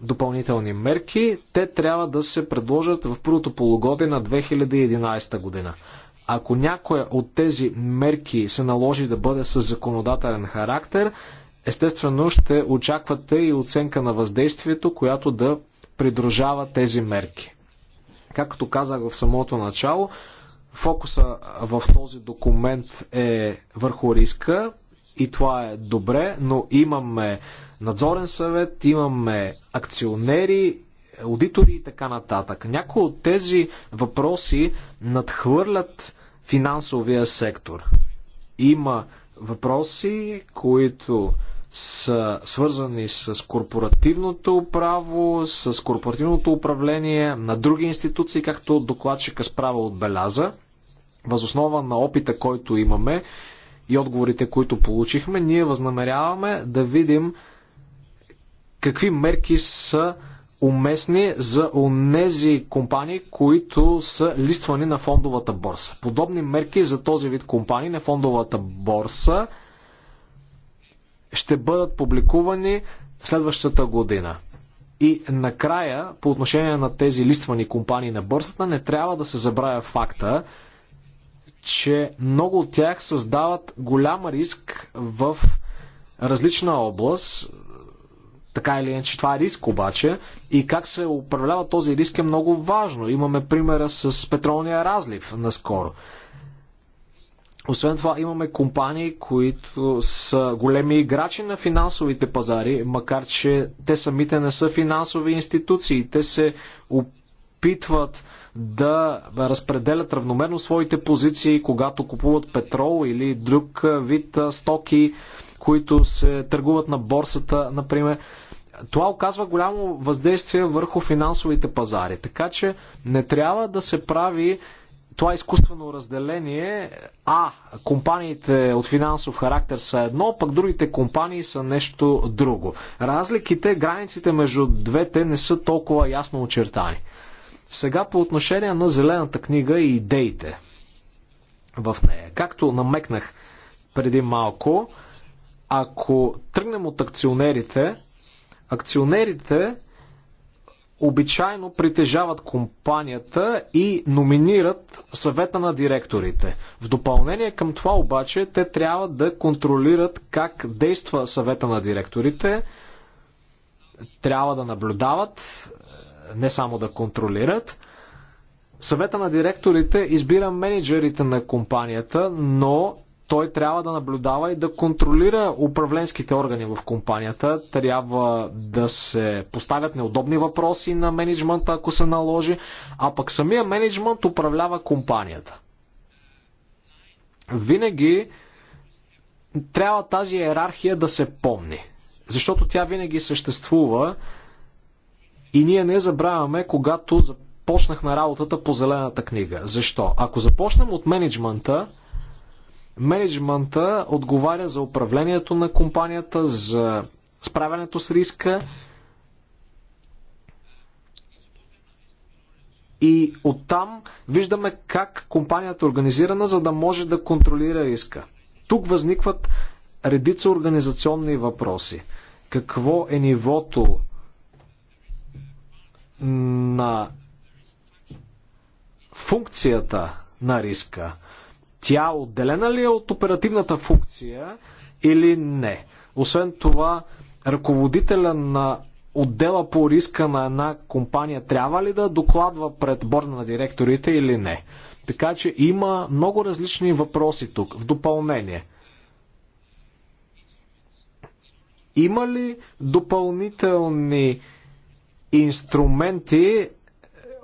допълнителни мерки, те трябва да се предложат в първото полугодие на 2011 година. Ако някоя от тези мерки се наложи да бъде с законодателен характер, естествено ще очаквате и оценка на въздействието, която да придружава тези мерки. Както казах в самото начало, фокуса в този документ е върху риска и това е добре, но имаме надзорен съвет, имаме акционери, аудитори и така нататък. Някои от тези въпроси надхвърлят финансовия сектор. Има въпроси, които са свързани с корпоративното право, с корпоративното управление на други институции, както докладчика справа отбеляза. Възоснова на опита, който имаме и отговорите, които получихме, ние възнамеряваме да видим какви мерки са уместни за онези компании, които са листвани на фондовата борса. Подобни мерки за този вид компании на фондовата борса ще бъдат публикувани следващата година. И накрая, по отношение на тези листвани компании на борсата, не трябва да се забравя факта, че много от тях създават голям риск в различна област, така или иначе, това е риск обаче. И как се управлява този риск е много важно. Имаме примера с петролния разлив наскоро. Освен това, имаме компании, които са големи играчи на финансовите пазари, макар че те самите не са финансови институции. Те се опитват да разпределят равномерно своите позиции, когато купуват петрол или друг вид стоки, които се търгуват на борсата, например това оказва голямо въздействие върху финансовите пазари. Така че не трябва да се прави това изкуствено разделение, а компаниите от финансов характер са едно, пък другите компании са нещо друго. Разликите, границите между двете не са толкова ясно очертани. Сега по отношение на зелената книга и идеите в нея. Както намекнах преди малко, ако тръгнем от акционерите, Акционерите обичайно притежават компанията и номинират съвета на директорите. В допълнение към това обаче те трябва да контролират как действа съвета на директорите, трябва да наблюдават, не само да контролират. Съвета на директорите избира менеджерите на компанията, но той трябва да наблюдава и да контролира управленските органи в компанията. Трябва да се поставят неудобни въпроси на менеджмента, ако се наложи, а пък самия менеджмент управлява компанията. Винаги трябва тази иерархия да се помни, защото тя винаги съществува и ние не забравяме, когато започнахме работата по Зелената книга. Защо? Ако започнем от менеджмента, Менеджмента отговаря за управлението на компанията, за справянето с риска и оттам виждаме как компанията е организирана, за да може да контролира риска. Тук възникват редица организационни въпроси. Какво е нивото на функцията на риска? Тя отделена ли е от оперативната функция или не? Освен това, ръководителя на отдела по риска на една компания трябва ли да докладва пред борда на директорите или не? Така че има много различни въпроси тук. В допълнение. Има ли допълнителни инструменти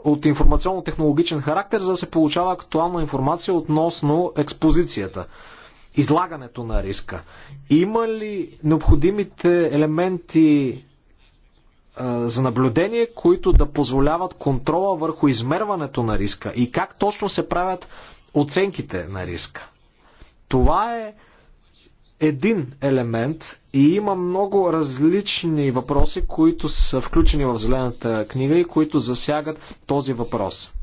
от информационно-технологичен характер, за да се получава актуална информация относно експозицията, излагането на риска. Има ли необходимите елементи за наблюдение, които да позволяват контрола върху измерването на риска и как точно се правят оценките на риска. Това е един елемент и има много различни въпроси, които са включени в Зелената книга и които засягат този въпрос.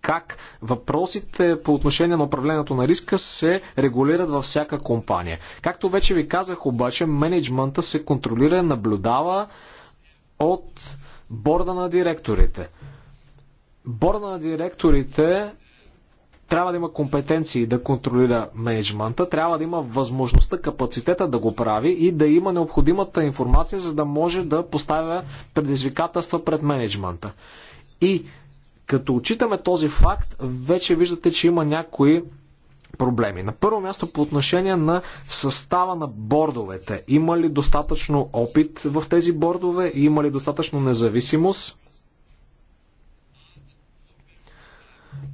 Как въпросите по отношение на управлението на риска се регулират във всяка компания. Както вече ви казах, обаче, менеджмента се контролира, наблюдава от борда на директорите. Борда на директорите трябва да има компетенции да контролира менеджмента, трябва да има възможността, капацитета да го прави и да има необходимата информация, за да може да поставя предизвикателства пред менеджмента. И като отчитаме този факт, вече виждате, че има някои проблеми. На първо място по отношение на състава на бордовете. Има ли достатъчно опит в тези бордове? Има ли достатъчно независимост?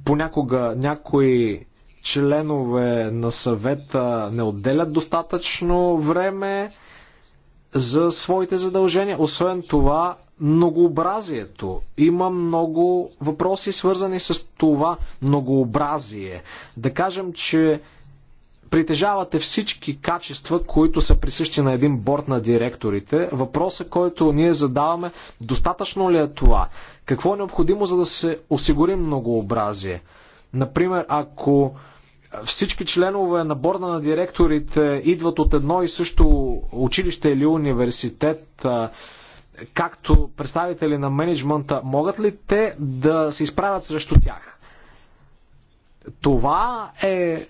Понякога някои членове на съвета не отделят достатъчно време за своите задължения. Освен това, многообразието. Има много въпроси, свързани с това многообразие. Да кажем, че притежавате всички качества, които са присъщи на един борт на директорите. Въпросът, който ние задаваме, достатъчно ли е това? Какво е необходимо, за да се осигури многообразие? Например, ако всички членове на борда на директорите идват от едно и също училище или университет, както представители на менеджмента, могат ли те да се изправят срещу тях? Това е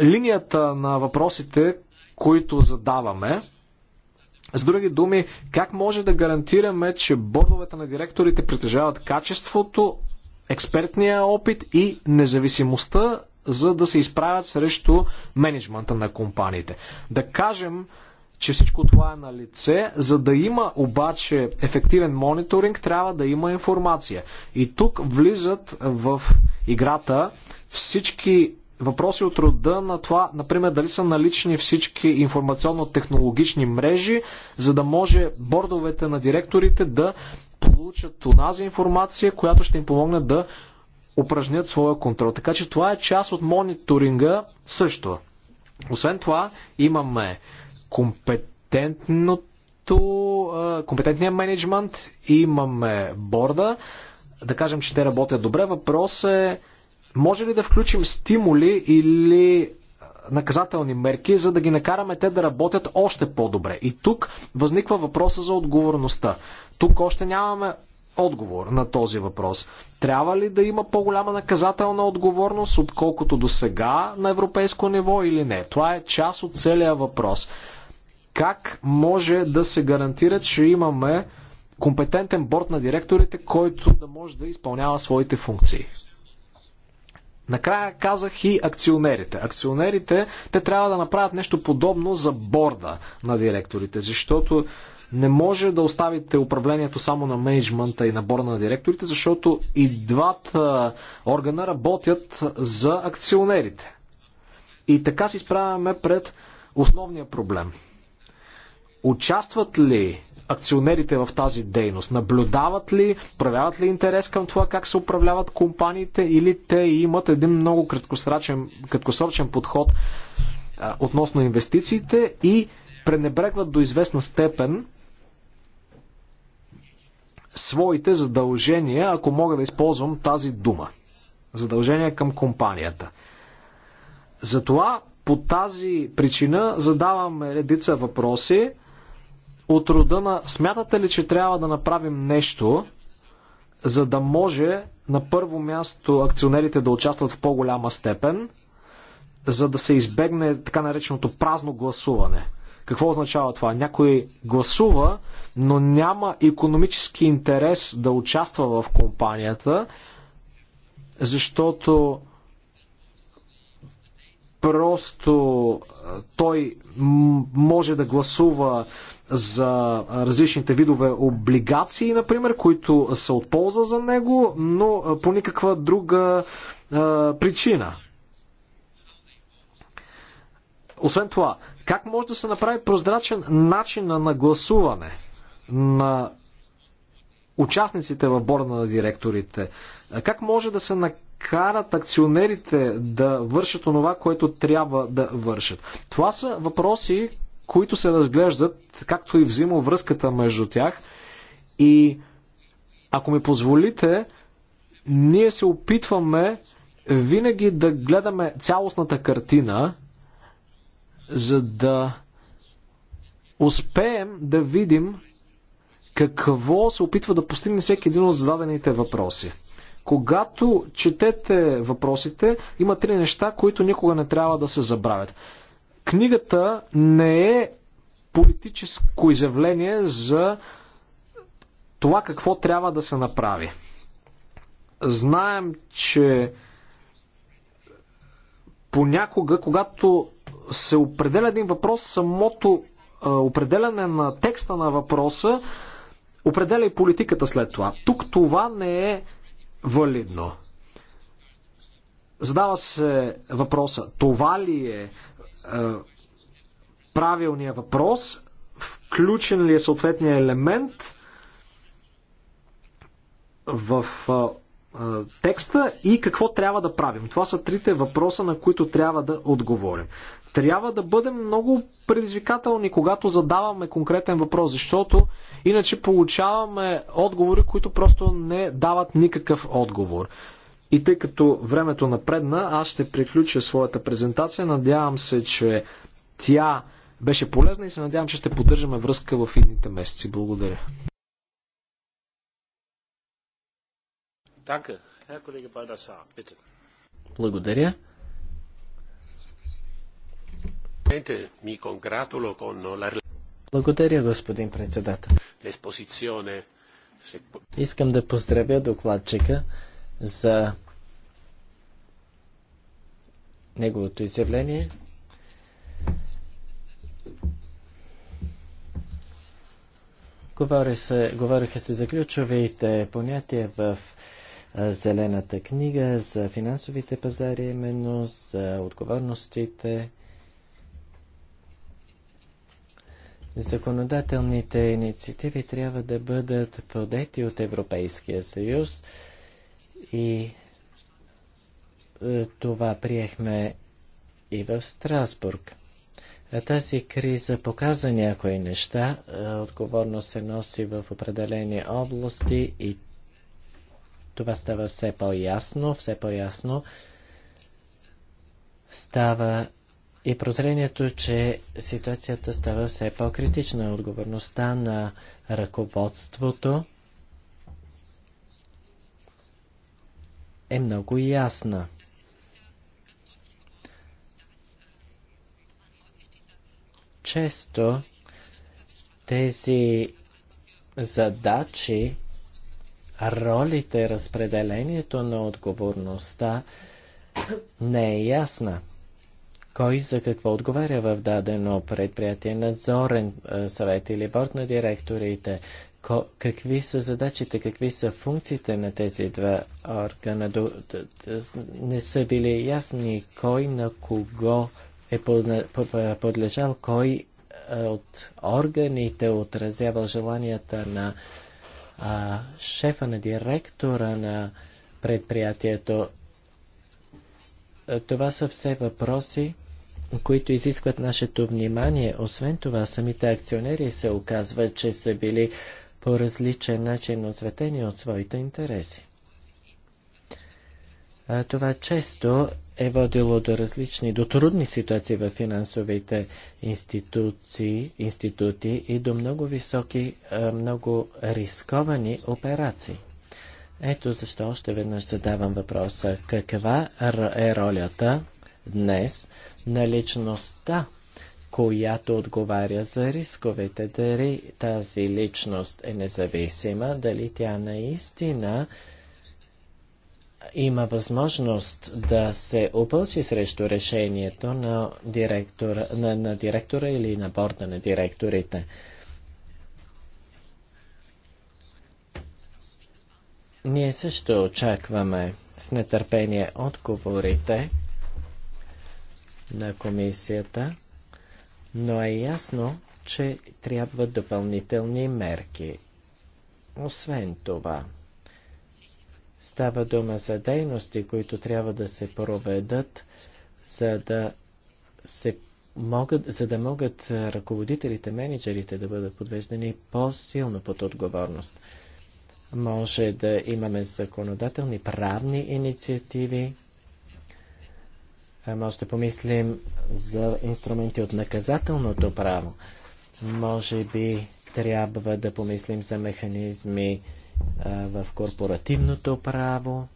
линията на въпросите, които задаваме. С други думи, как може да гарантираме, че бордовете на директорите притежават качеството, експертния опит и независимостта, за да се изправят срещу менеджмента на компаниите? Да кажем, че всичко това е на лице. За да има обаче ефективен мониторинг, трябва да има информация. И тук влизат в играта всички въпроси от рода на това, например, дали са налични всички информационно-технологични мрежи, за да може бордовете на директорите да получат онази информация, която ще им помогне да упражнят своя контрол. Така че това е част от мониторинга също. Освен това, имаме компетентното, компетентния менеджмент, имаме борда. Да кажем, че те работят добре. Въпрос е може ли да включим стимули или наказателни мерки, за да ги накараме те да работят още по-добре? И тук възниква въпроса за отговорността. Тук още нямаме отговор на този въпрос. Трябва ли да има по-голяма наказателна отговорност, отколкото до сега на европейско ниво или не? Това е част от целия въпрос. Как може да се гарантира, че имаме компетентен борт на директорите, който да може да изпълнява своите функции? Накрая казах и акционерите. Акционерите, те трябва да направят нещо подобно за борда на директорите, защото не може да оставите управлението само на менеджмента и на борда на директорите, защото и двата органа работят за акционерите. И така се изправяме пред основния проблем. Участват ли акционерите в тази дейност? Наблюдават ли, проявяват ли интерес към това как се управляват компаниите или те имат един много краткосрочен подход а, относно инвестициите и пренебрегват до известна степен своите задължения, ако мога да използвам тази дума. Задължения към компанията. Затова по тази причина задавам редица въпроси от рода на смятате ли, че трябва да направим нещо, за да може на първо място акционерите да участват в по-голяма степен, за да се избегне така нареченото празно гласуване. Какво означава това? Някой гласува, но няма економически интерес да участва в компанията, защото просто той може да гласува за различните видове облигации, например, които са от полза за него, но по никаква друга а, причина. Освен това, как може да се направи прозрачен начин на гласуване на участниците в борда на директорите? Как може да се накарат акционерите да вършат онова, което трябва да вършат? Това са въпроси, които се разглеждат, както и връзката между тях. И ако ми позволите, ние се опитваме винаги да гледаме цялостната картина, за да успеем да видим какво се опитва да постигне всеки един от зададените въпроси. Когато четете въпросите, има три неща, които никога не трябва да се забравят. Книгата не е политическо изявление за това какво трябва да се направи. Знаем, че понякога, когато се определя един въпрос, самото а, определяне на текста на въпроса определя и политиката след това. Тук това не е валидно. Задава се въпроса, това ли е е, правилния въпрос, включен ли е съответния елемент в е, е, текста и какво трябва да правим. Това са трите въпроса, на които трябва да отговорим. Трябва да бъдем много предизвикателни, когато задаваме конкретен въпрос, защото иначе получаваме отговори, които просто не дават никакъв отговор. И тъй като времето напредна, аз ще приключа своята презентация. Надявам се, че тя беше полезна и се надявам, че ще поддържаме връзка в идните месеци. Благодаря. Благодаря. Благодаря, господин председател. Искам да поздравя докладчика за неговото изявление. говориха се за ключовите понятия в Зелената книга за финансовите пазари, именно за отговорностите, законодателните инициативи трябва да бъдат подети от Европейския съюз и е, това приехме и в Страсбург. Тази криза показа някои неща. Е, Отговорност се носи в определени области и това става все по-ясно, все по-ясно. Става и прозрението, че ситуацията става все по-критична. Отговорността на ръководството е много ясна. Често тези задачи, ролите, разпределението на отговорността не е ясна. Кой за какво отговаря в дадено предприятие, надзорен съвет или борт на директорите, какви са задачите, какви са функциите на тези два органа. Не са били ясни кой на кого е подлежал, кой от органите отразявал желанията на а, шефа на директора на предприятието. Това са все въпроси, които изискват нашето внимание. Освен това, самите акционери се оказват, че са били по различен начин отцветени от своите интереси. А това често е водило до различни, до трудни ситуации в финансовите институции, институти и до много високи, много рисковани операции. Ето защо още веднъж задавам въпроса. Каква е ролята днес на личността която отговаря за рисковете. Дали тази личност е независима, дали тя наистина има възможност да се опълчи срещу решението на директора, на, на директора или на борда на директорите. Ние също очакваме с нетърпение отговорите на комисията но е ясно, че трябва допълнителни мерки. Освен това, става дума за дейности, които трябва да се проведат, за да се могат, за да могат ръководителите, менеджерите да бъдат подвеждани по-силно под отговорност. Може да имаме законодателни правни инициативи, е, може да помислим за инструменти от наказателното право. Може би трябва да помислим за механизми а, е, в корпоративното право.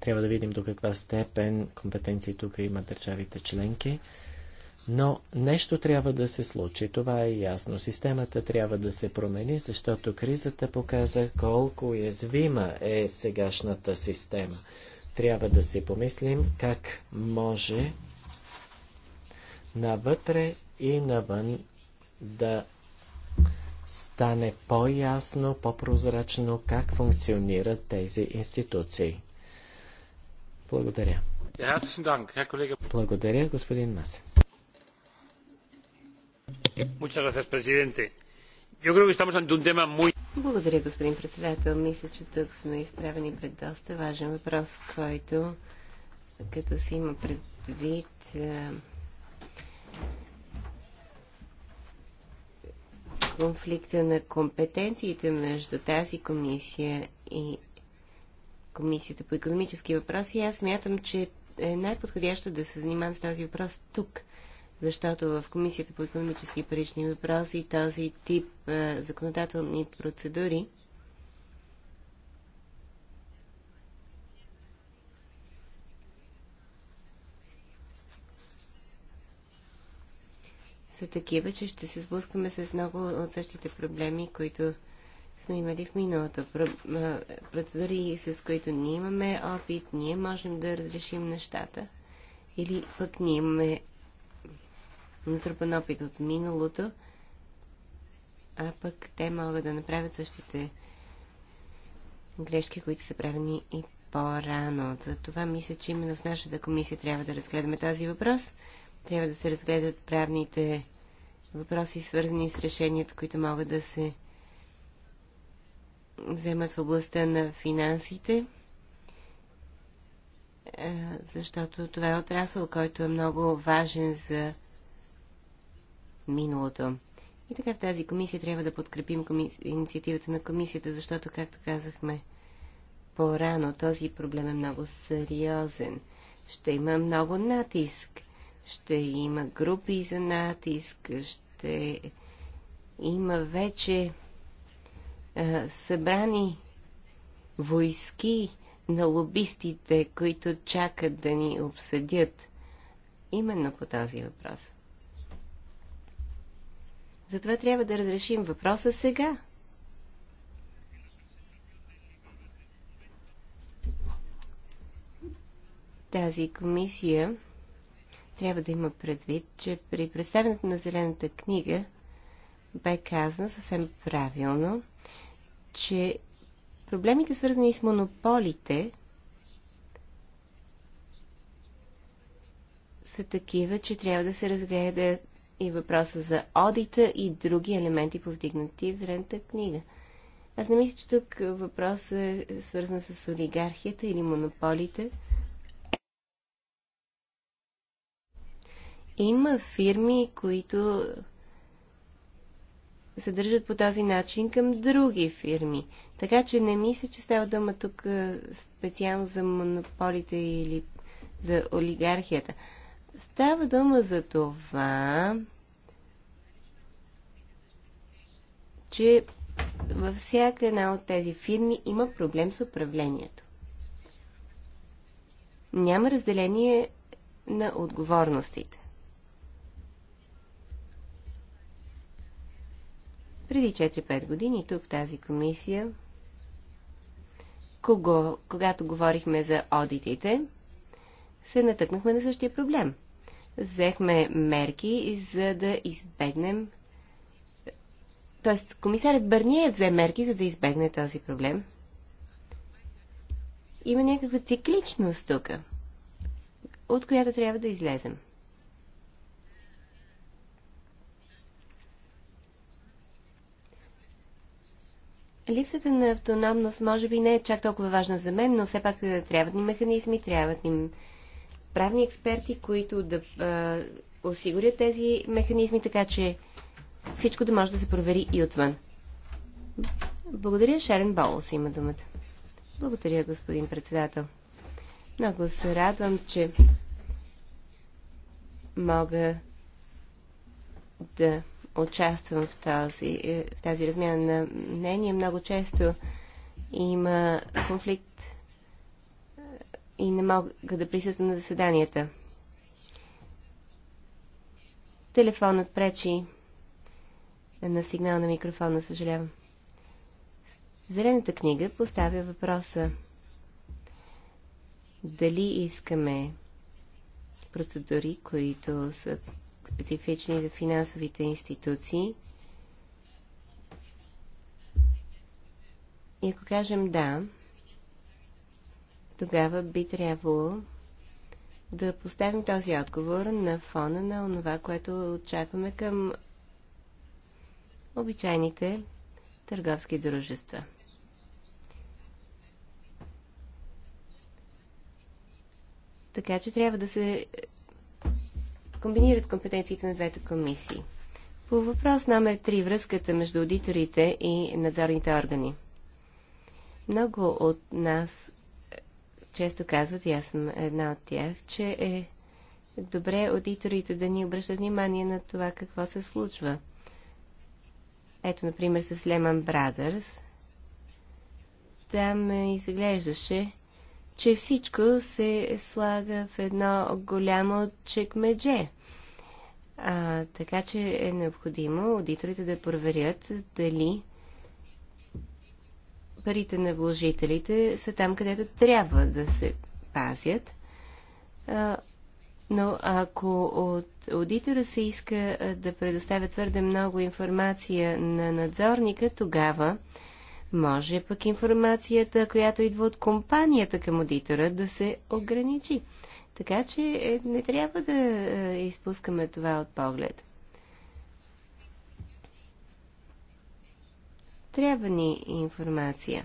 Трябва да видим до каква степен компетенции тук има държавите членки. Но нещо трябва да се случи, това е ясно. Системата трябва да се промени, защото кризата показа колко уязвима е сегашната система. Трябва да си помислим как може навътре и навън да стане по-ясно, по-прозрачно как функционират тези институции. Благодаря. Благодаря, господин Масен. Благодаря, господин председател. Мисля, че тук сме изправени пред доста важен въпрос, който като се има предвид е, конфликта на компетенциите между тази комисия и Комисията по економически въпроси, аз мятам, че е най-подходящо да се занимавам с този въпрос тук защото в Комисията по економически и парични въпроси този тип е, законодателни процедури са такива, че ще се сблъскаме с много от същите проблеми, които сме имали в миналото. Е, процедури, с които ние имаме опит, ние можем да разрешим нещата. Или пък ние имаме натрупан опит от миналото, а пък те могат да направят същите грешки, които са правени и по-рано. За това мисля, че именно в нашата комисия трябва да разгледаме този въпрос. Трябва да се разгледат правните въпроси, свързани с решенията, които могат да се вземат в областта на финансите, защото това е отрасъл, който е много важен за миналото. И така в тази комисия трябва да подкрепим коми... инициативата на комисията, защото, както казахме по-рано, този проблем е много сериозен. Ще има много натиск, ще има групи за натиск, ще има вече а, събрани войски на лобистите, които чакат да ни обсъдят именно по този въпрос. Затова трябва да разрешим въпроса сега. Тази комисия трябва да има предвид, че при представянето на Зелената книга бе казано съвсем правилно, че проблемите свързани с монополите са такива, че трябва да се разгледат и въпроса за одита и други елементи повдигнати в зрената книга. Аз не мисля, че тук въпросът е свързан с олигархията или монополите. Има фирми, които се държат по този начин към други фирми. Така че не мисля, че става дума тук специално за монополите или за олигархията. Става дума за това, че във всяка една от тези фирми има проблем с управлението. Няма разделение на отговорностите. Преди 4-5 години тук в тази комисия, кого, когато говорихме за одитите, се натъкнахме на същия проблем. Взехме мерки, за да избегнем. Тоест, комисарят Бърние взе мерки, за да избегне този проблем. Има някаква цикличност тук, от която трябва да излезем. Липсата на автономност може би не е чак толкова важна за мен, но все пак трябват ни механизми, трябват ни правни експерти, които да а, осигурят тези механизми, така че всичко да може да се провери и отвън. Благодаря, Шарен Баулс има думата. Благодаря, господин председател. Много се радвам, че мога да участвам в тази, в тази размяна на мнение. Много често има конфликт и не мога да присъствам на заседанията. Телефонът пречи на сигнал на микрофона, съжалявам. Зелената книга поставя въпроса дали искаме процедури, които са специфични за финансовите институции. И ако кажем да, тогава би трябвало да поставим този отговор на фона на това, което очакваме към обичайните търговски дружества. Така че трябва да се комбинират компетенциите на двете комисии. По въпрос номер 3 връзката между аудиторите и надзорните органи. Много от нас често казват, и аз съм една от тях, че е добре аудиторите да ни обръщат внимание на това какво се случва. Ето, например, с Lehman Brothers. Там е, изглеждаше, че всичко се слага в едно голямо чекмедже. А, така че е необходимо аудиторите да проверят дали парите на вложителите са там, където трябва да се пазят. Но ако от аудитора се иска да предоставя твърде много информация на надзорника, тогава може пък информацията, която идва от компанията към аудитора, да се ограничи. Така че е, не трябва да изпускаме това от поглед. Трябва ни информация.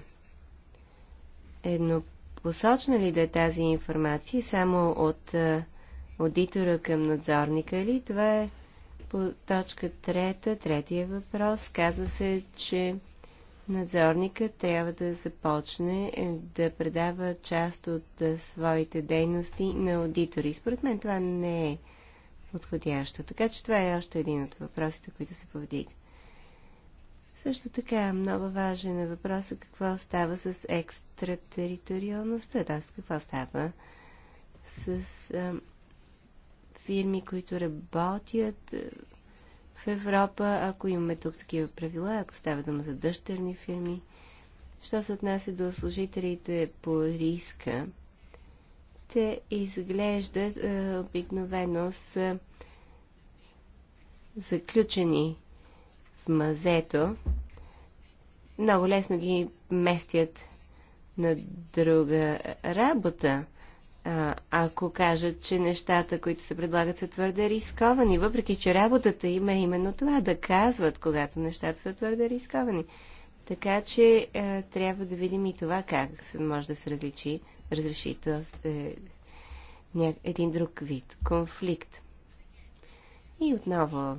Еднопосочна ли да е тази информация само от а, аудитора към надзорника или това е по точка трета, третия въпрос. Казва се, че надзорника трябва да започне е, да предава част от своите дейности на аудитори. Според мен това не е подходящо. Така че това е още един от въпросите, които се повдигат. Също така много важен е въпросът какво става с екстратериториалността, т.е. какво става с а, фирми, които работят в Европа, ако имаме тук такива правила, ако става дума за дъщерни фирми. Що се отнася до служителите по риска, те изглеждат обикновено с заключени мазето, много лесно ги местят на друга работа, а, ако кажат, че нещата, които се предлагат, са твърде рисковани, въпреки че работата им е именно това да казват, когато нещата са твърде рисковани. Така че а, е, трябва да видим и това как може да се различи, разреши този, е, ня... един друг вид конфликт. И отново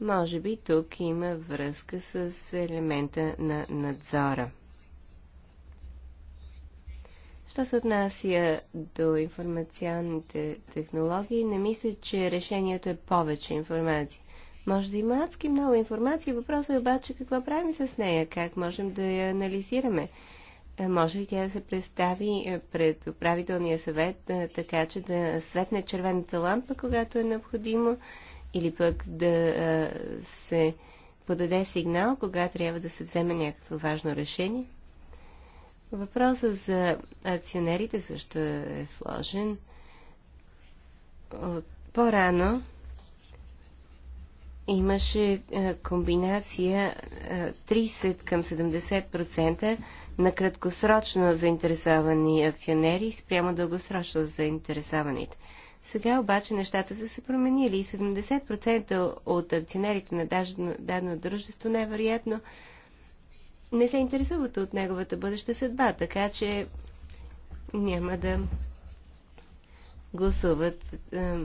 може би тук има връзка с елемента на надзора. Що се отнася до информационните технологии, не мисля, че решението е повече информация. Може да има адски много информация, въпросът е обаче какво правим с нея, как можем да я анализираме. Е, може ли тя да се представи е, пред управителния съвет, е, така че да светне червената лампа, когато е необходимо или пък да се подаде сигнал, кога трябва да се вземе някакво важно решение. Въпросът за акционерите също е сложен. по-рано имаше комбинация 30 към 70% на краткосрочно заинтересовани акционери спрямо дългосрочно заинтересованите. Сега обаче нещата са се променили и 70% от акционерите на дадено дружество най-вероятно не се интересуват от неговата бъдеща съдба, така че няма да гласуват е,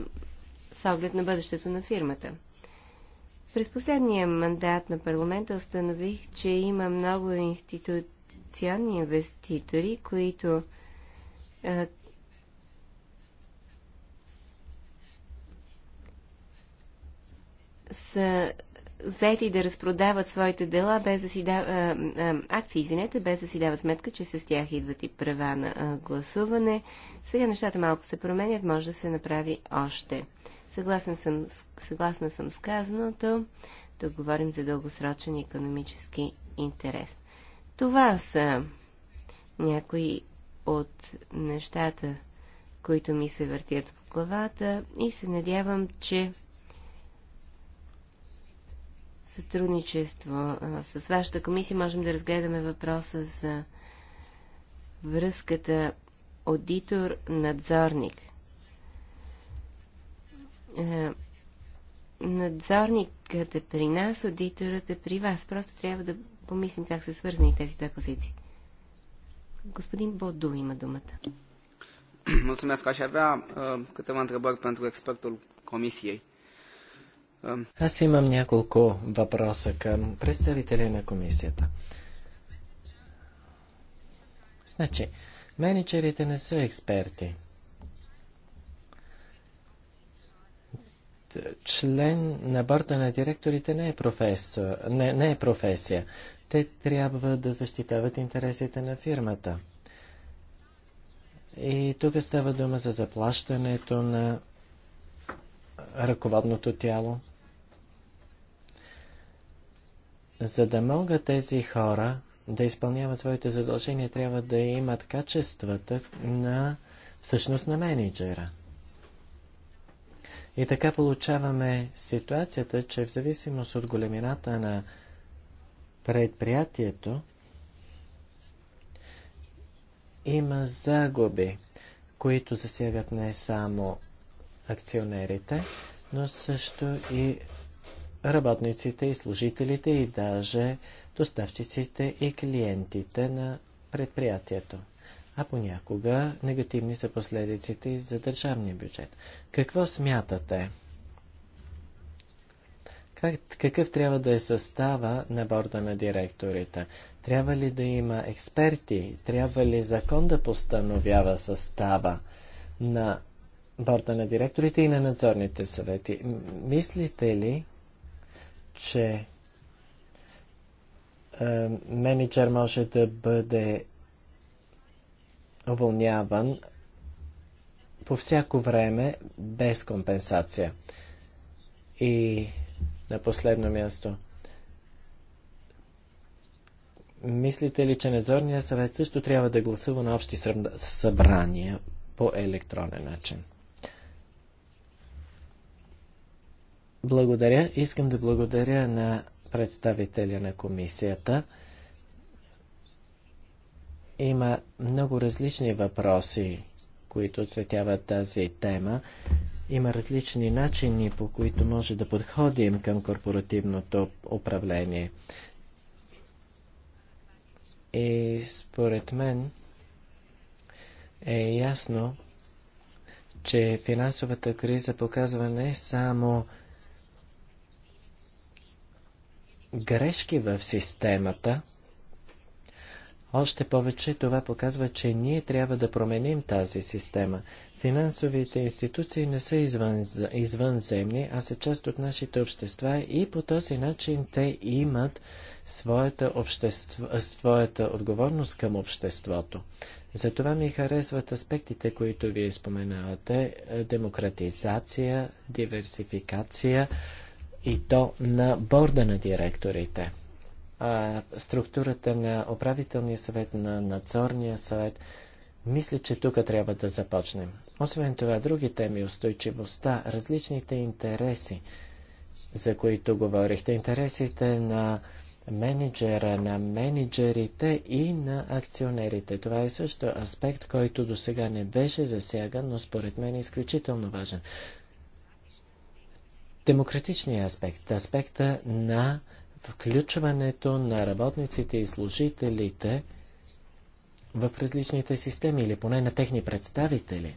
с оглед на бъдещето на фирмата. През последния мандат на парламента установих, че има много институционни инвеститори, които е, са заети да разпродават своите дела без да си дава, акции, извинете, без да си дава сметка, че с тях идват и права на а, гласуване. Сега нещата малко се променят, може да се направи още. Съгласна съм, съгласна съм с казаното. Тук говорим за дългосрочен економически интерес. Това са някои от нещата, които ми се въртят в главата и се надявам, че сътрудничество с вашата комисия можем да разгледаме въпроса за връзката аудитор-надзорник. Надзорникът е при нас, аудиторът е при вас. Просто трябва да помислим как са свързани тези две позиции. Господин Боду има думата. Mulțumesc. Aș avea uh, câteva întrebări pentru expertul Comisiei. Аз имам няколко въпроса към представители на комисията. Значи, менеджерите не са експерти. Член на борда на директорите не е, професор, не, не е професия. Те трябва да защитават интересите на фирмата. И тук става дума за заплащането на ръководното тяло. За да могат тези хора да изпълняват своите задължения, трябва да имат качествата на всъщност на менеджера. И така получаваме ситуацията, че в зависимост от големината на предприятието има загуби, които засягат не само акционерите, но също и работниците и служителите и даже доставчиците и клиентите на предприятието. А понякога негативни са последиците и за държавния бюджет. Какво смятате? Как, какъв трябва да е състава на борда на директорите? Трябва ли да има експерти? Трябва ли закон да постановява състава на борда на директорите и на надзорните съвети? Мислите ли, че е, менеджер може да бъде уволняван по всяко време без компенсация. И на последно място. Мислите ли, че надзорният съвет също трябва да гласува на общи събрания по електронен начин? Благодаря. Искам да благодаря на представителя на комисията. Има много различни въпроси, които цветяват тази тема. Има различни начини, по които може да подходим към корпоративното управление. И според мен е ясно, че финансовата криза показва не само грешки в системата. Още повече това показва, че ние трябва да променим тази система. Финансовите институции не са извън, извънземни, а са част от нашите общества и по този начин те имат своята, общество, своята отговорност към обществото. Затова ми харесват аспектите, които вие споменавате – демократизация, диверсификация – и то на борда на директорите. А, структурата на управителния съвет, на надзорния съвет, мисля, че тук трябва да започнем. Освен това, други теми, устойчивостта, различните интереси, за които говорихте, интересите на менеджера, на менеджерите и на акционерите. Това е също аспект, който до сега не беше засяган, но според мен е изключително важен демократичния аспект, аспекта на включването на работниците и служителите в различните системи или поне на техни представители.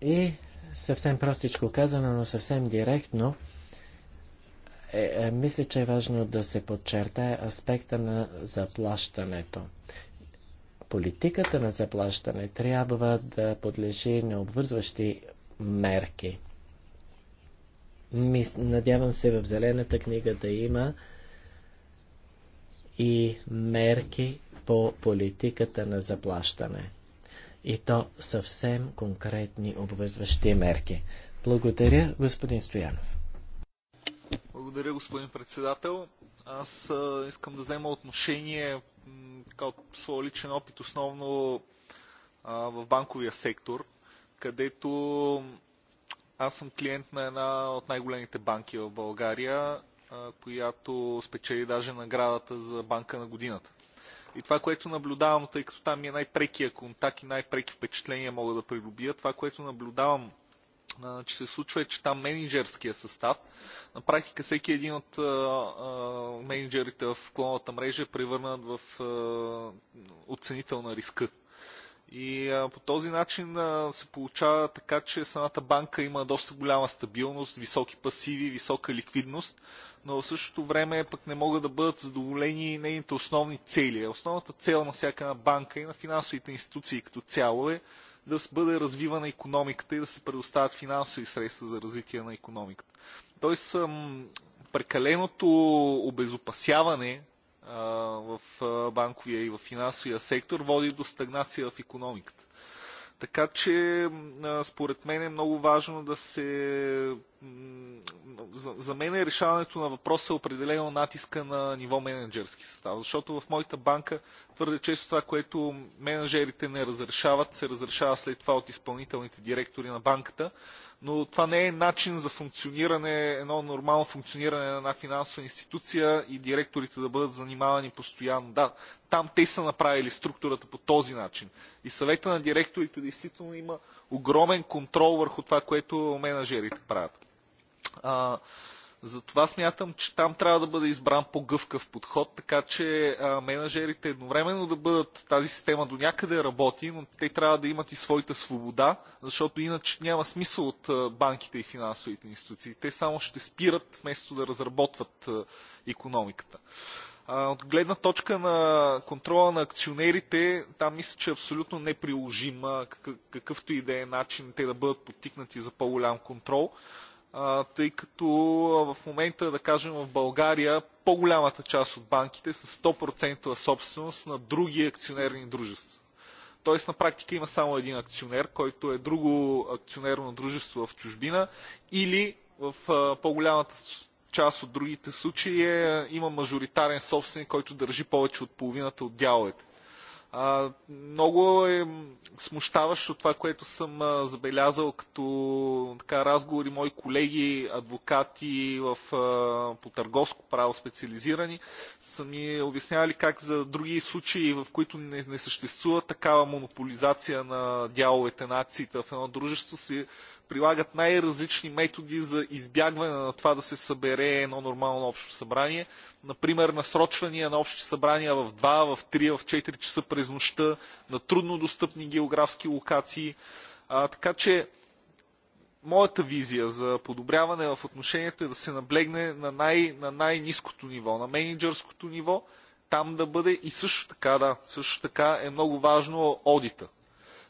И съвсем простичко казано, но съвсем директно, е, е, мисля, че е важно да се подчертае аспекта на заплащането. Политиката на заплащане трябва да подлежи на обвързващи мерки. Мис, надявам се в Зелената книга да има и мерки по политиката на заплащане. И то съвсем конкретни обвързващи мерки. Благодаря, господин Стоянов. Благодаря, господин председател. Аз а, искам да взема отношение от своя личен опит, основно а, в банковия сектор където аз съм клиент на една от най-големите банки в България, която спечели даже наградата за банка на годината. И това, което наблюдавам, тъй като там ми е най-прекия контакт и най-преки впечатления мога да придобия, това, което наблюдавам, че се случва е, че там менеджерския състав, на практика всеки един от менеджерите в клоновата мрежа е превърнат в оценител на риска. И а, по този начин а, се получава така, че самата банка има доста голяма стабилност, високи пасиви, висока ликвидност, но в същото време пък не могат да бъдат задоволени нейните основни цели. Основната цел на всяка една банка и на финансовите институции като цяло е да бъде развивана економиката и да се предоставят финансови средства за развитие на економиката. Тоест, прекаленото обезопасяване в банковия и в финансовия сектор води до стагнация в економиката. Така че, според мен е много важно да се... За мен е решаването на въпроса е определено натиска на ниво менеджерски състав. Защото в моята банка твърде често това, което менеджерите не разрешават, се разрешава след това от изпълнителните директори на банката но това не е начин за функциониране, едно нормално функциониране на една финансова институция и директорите да бъдат занимавани постоянно. Да, там те са направили структурата по този начин. И съвета на директорите действително има огромен контрол върху това, което менеджерите правят. Затова смятам, че там трябва да бъде избран по-гъвкав подход, така че а, менеджерите едновременно да бъдат тази система до някъде работи, но те трябва да имат и своята свобода, защото иначе няма смисъл от банките и финансовите институции. Те само ще спират, вместо да разработват а, економиката. От гледна точка на контрола на акционерите, там мисля, че е абсолютно неприложима какъвто и да е начин те да бъдат подтикнати за по-голям контрол тъй като в момента, да кажем, в България по-голямата част от банките са 100% собственост на други акционерни дружества. Тоест на практика има само един акционер, който е друго акционерно дружество в чужбина или в по-голямата част от другите случаи е, има мажоритарен собственик, който държи повече от половината от дяловете. А, много е смущаващо това, което съм а, забелязал като така, разговори мои колеги, адвокати в, а, по търговско право специализирани, са ми обяснявали как за други случаи, в които не, не съществува такава монополизация на дяловете на акциите в едно дружество, се прилагат най-различни методи за избягване на това да се събере едно нормално общо събрание. Например, насрочвания на общи събрания в 2, в 3, в 4 часа през нощта, на трудно достъпни географски локации. А, така че моята визия за подобряване в отношението е да се наблегне на, най- на най-низкото ниво, на менеджерското ниво, там да бъде и също така, да, също така е много важно одита.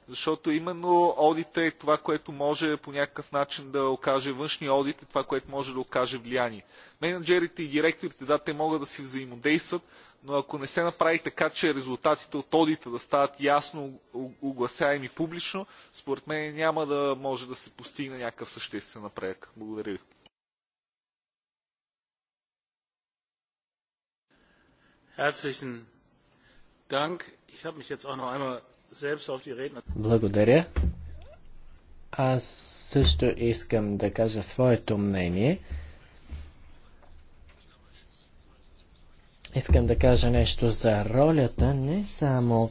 Защото именно одита е това, което може по някакъв начин да окаже външния одит, е това, което може да окаже влияние. Менеджерите и директорите, да, те могат да си взаимодействат, но ако не се направи така, че резултатите от одита да стават ясно огласяеми публично, според мен няма да може да се постигне някакъв съществен напредък. Благодаря ви. Herzlichen Dank. Ich habe mich jetzt auch noch einmal благодаря. Аз също искам да кажа своето мнение. Искам да кажа нещо за ролята, не само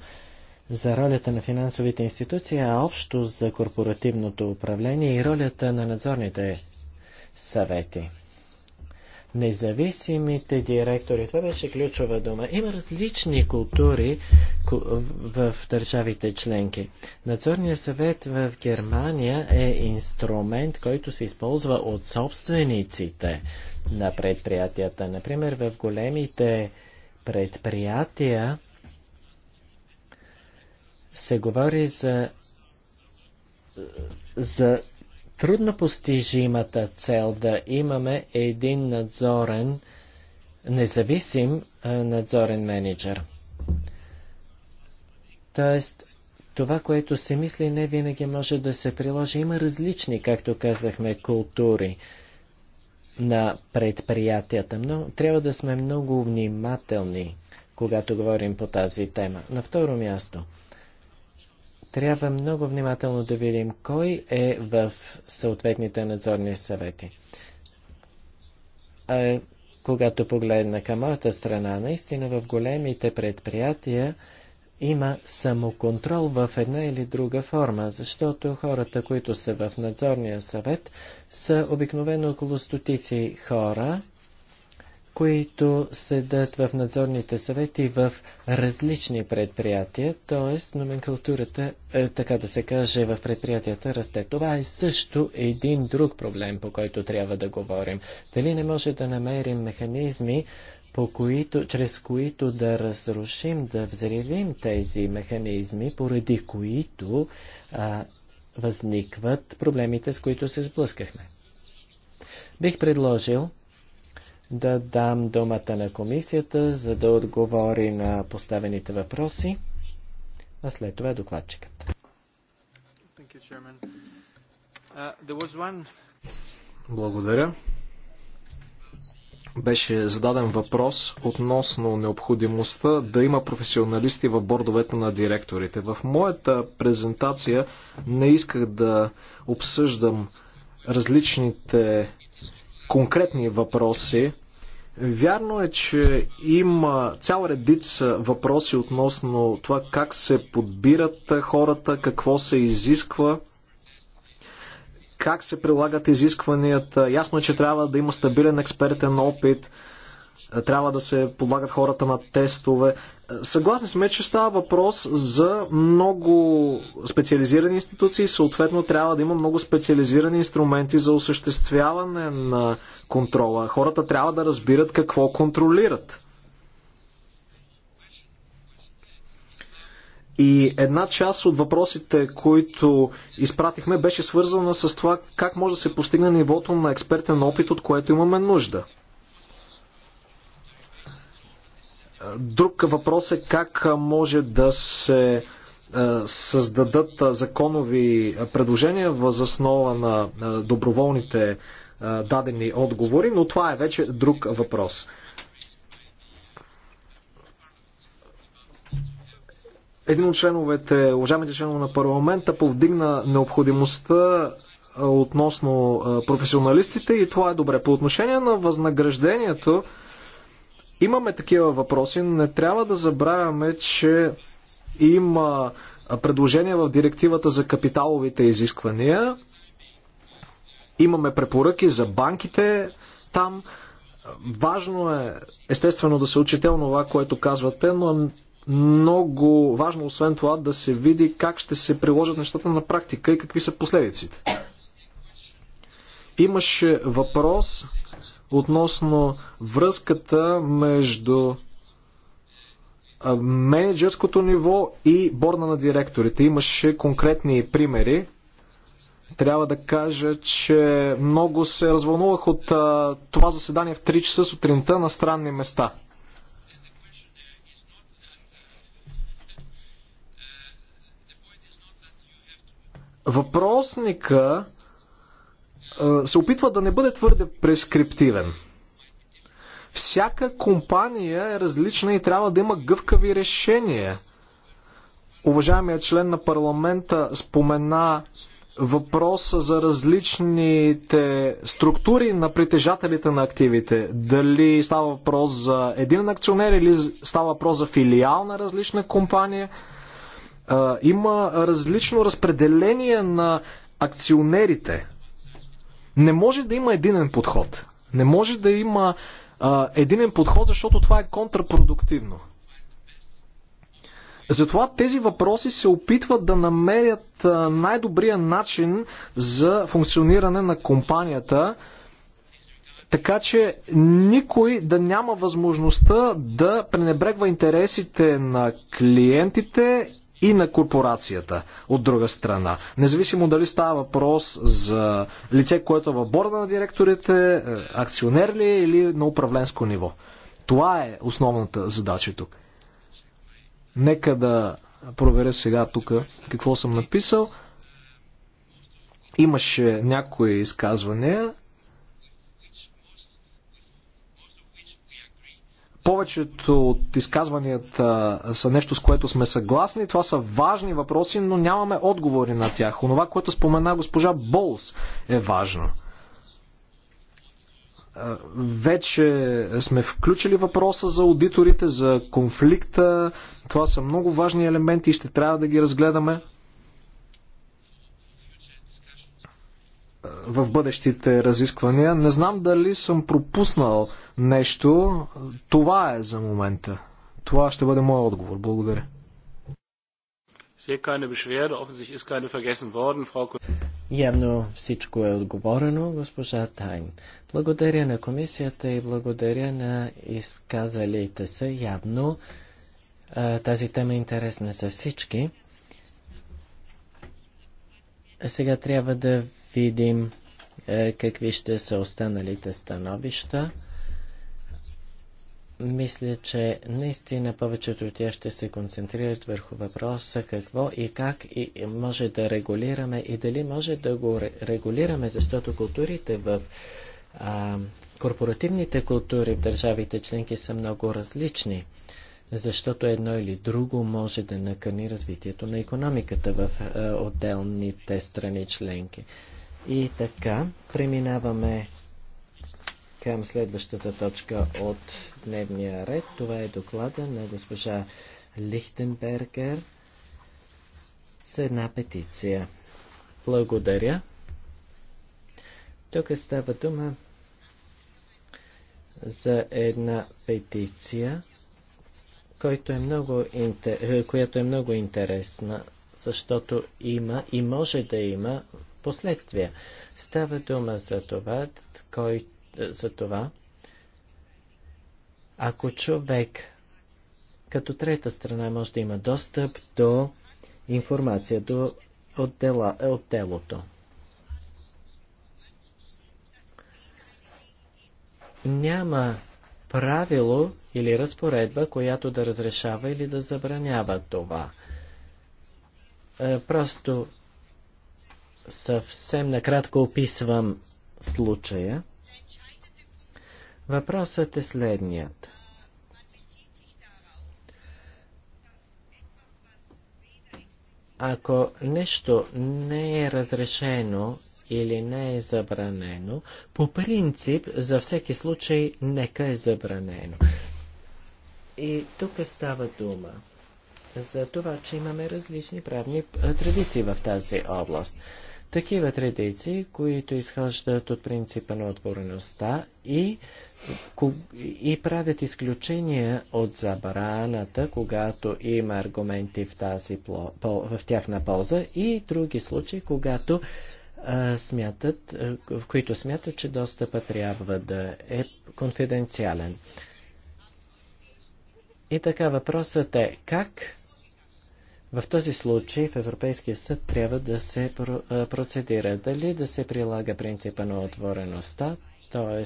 за ролята на финансовите институции, а общо за корпоративното управление и ролята на надзорните съвети независимите директори. Това беше ключова дума. Има различни култури в държавите членки. Надзорният съвет в Германия е инструмент, който се използва от собствениците на предприятията. Например, в големите предприятия се говори за за трудно постижимата цел да имаме един надзорен, независим надзорен менеджер. Тоест, това, което се мисли, не винаги може да се приложи. Има различни, както казахме, култури на предприятията, но трябва да сме много внимателни, когато говорим по тази тема. На второ място – трябва много внимателно да видим кой е в съответните надзорни съвети. А, когато погледна към моята страна, наистина в големите предприятия има самоконтрол в една или друга форма, защото хората, които са в надзорния съвет, са обикновено около стотици хора, които седат в надзорните съвети в различни предприятия, т.е. номенклатурата, е, така да се каже, в предприятията расте. Това е също един друг проблем, по който трябва да говорим. Дали не може да намерим механизми, по които, чрез които да разрушим, да взривим тези механизми, поради които а, възникват проблемите, с които се сблъскахме. Бих предложил да дам думата на комисията, за да отговори на поставените въпроси, а след това докладчикът. Uh, Благодаря. Беше зададен въпрос относно необходимостта да има професионалисти в бордовете на директорите. В моята презентация не исках да обсъждам различните конкретни въпроси. Вярно е, че има цяла редица въпроси относно това как се подбират хората, какво се изисква, как се прилагат изискванията. Ясно е, че трябва да има стабилен експертен опит трябва да се подлагат хората на тестове. Съгласни сме, че става въпрос за много специализирани институции съответно трябва да има много специализирани инструменти за осъществяване на контрола. Хората трябва да разбират какво контролират. И една част от въпросите, които изпратихме, беше свързана с това как може да се постигне нивото на експертен опит, от което имаме нужда. Друг въпрос е как може да се създадат законови предложения основа на доброволните дадени отговори, но това е вече друг въпрос. Един от членовете, уважаемите членове на парламента, повдигна необходимостта относно професионалистите и това е добре. По отношение на възнаграждението, Имаме такива въпроси, но не трябва да забравяме, че има предложения в директивата за капиталовите изисквания. Имаме препоръки за банките там. Важно е, естествено, да се учите онова, което казвате, но много важно, освен това, да се види как ще се приложат нещата на практика и какви са последиците. Имаше въпрос относно връзката между менеджерското ниво и борна на директорите. Имаше конкретни примери. Трябва да кажа, че много се развълнувах от а, това заседание в 3 часа сутринта на странни места. Въпросника се опитва да не бъде твърде прескриптивен. Всяка компания е различна и трябва да има гъвкави решения. Уважаемият член на парламента спомена въпроса за различните структури на притежателите на активите. Дали става въпрос за един акционер или става въпрос за филиал на различна компания. Има различно разпределение на акционерите не може да има единен подход. Не може да има а, единен подход, защото това е контрапродуктивно. Затова тези въпроси се опитват да намерят най-добрия начин за функциониране на компанията, така че никой да няма възможността да пренебрегва интересите на клиентите и на корпорацията от друга страна. Независимо дали става въпрос за лице, което е в борда на директорите, е, акционер ли е или на управленско ниво. Това е основната задача тук. Нека да проверя сега тук какво съм написал. Имаше някои изказвания. повечето от изказванията са нещо, с което сме съгласни. Това са важни въпроси, но нямаме отговори на тях. Онова, което спомена госпожа Болс е важно. Вече сме включили въпроса за аудиторите, за конфликта. Това са много важни елементи и ще трябва да ги разгледаме. в бъдещите разисквания. Не знам дали съм пропуснал нещо. Това е за момента. Това ще бъде моят отговор. Благодаря. Е Явно всичко е отговорено, госпожа Тайн. Благодаря на комисията и благодаря на изказалите се. Явно тази тема е интересна за всички. Сега трябва да видим е, какви ще са останалите становища. Мисля, че наистина повечето от тях ще се концентрират върху въпроса какво и как и може да регулираме и дали може да го регулираме, защото културите в а, корпоративните култури в държавите членки са много различни, защото едно или друго може да накани развитието на економиката в а, отделните страни членки. И така, преминаваме към следващата точка от дневния ред. Това е доклада на госпожа Лихтенбергер с една петиция. Благодаря. Тук става дума за една петиция, която е много, която е много интересна, защото има и може да има последствия. Става дума за това, кой, за това ако човек като трета страна може да има достъп до информация до, от, дела, от телото. Няма правило или разпоредба, която да разрешава или да забранява това. Е, просто съвсем накратко описвам случая. Въпросът е следният. Ако нещо не е разрешено или не е забранено, по принцип за всеки случай нека е забранено. И тук става дума за това, че имаме различни правни традиции в тази област. Такива традиции, които изхождат от принципа на отвореността и, и правят изключения от забраната, когато има аргументи в, тази, в тяхна полза и други случаи, когато смятат, в които смятат, че достъпа трябва да е конфиденциален. И така въпросът е как в този случай в Европейския съд трябва да се процедира дали да се прилага принципа на отвореността, т.е.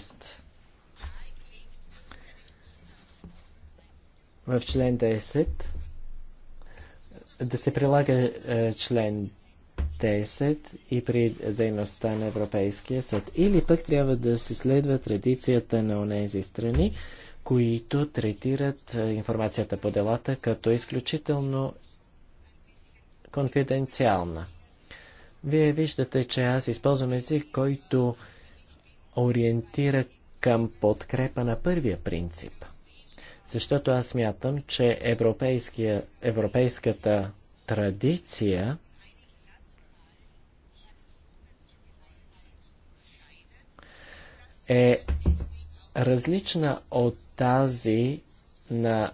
в член 10 да се прилага член 10 и при дейността на Европейския съд. Или пък трябва да се следва традицията на онези страни, които третират информацията по делата като изключително конфиденциална. Вие виждате, че аз използвам език, който ориентира към подкрепа на първия принцип. Защото аз мятам, че европейската традиция е различна от тази на,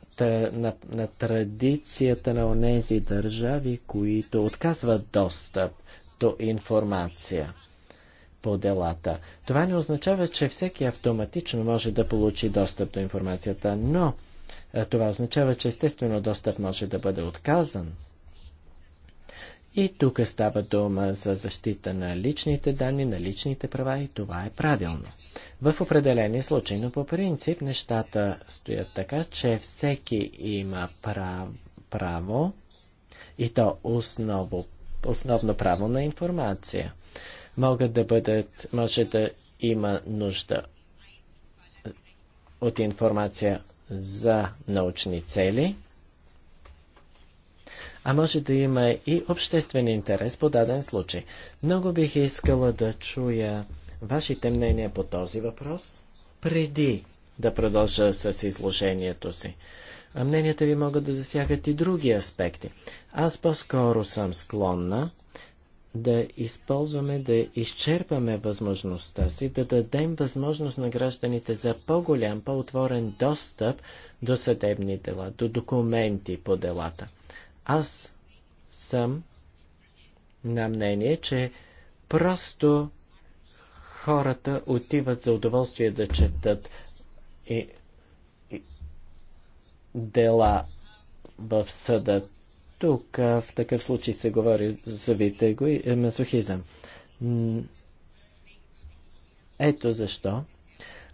на, на традицията на онези държави, които отказват достъп до информация по делата. Това не означава, че всеки автоматично може да получи достъп до информацията, но това означава, че естествено достъп може да бъде отказан и тук става дума за защита на личните данни, на личните права и това е правилно. В определени случаи, но по принцип нещата стоят така, че всеки има прав, право и то осново, основно право на информация. Могат да бъдат, може да има нужда от информация за научни цели, а може да има и обществен интерес по даден случай. Много бих искала да чуя вашите мнения по този въпрос преди да продължа с изложението си. А мненията ви могат да засягат и други аспекти. Аз по-скоро съм склонна да използваме, да изчерпаме възможността си, да дадем възможност на гражданите за по-голям, по-отворен достъп до съдебни дела, до документи по делата. Аз съм на мнение, че просто хората отиват за удоволствие да четат и, и дела в съда. Тук в такъв случай се говори за вите го и е, месохизъм. Ето защо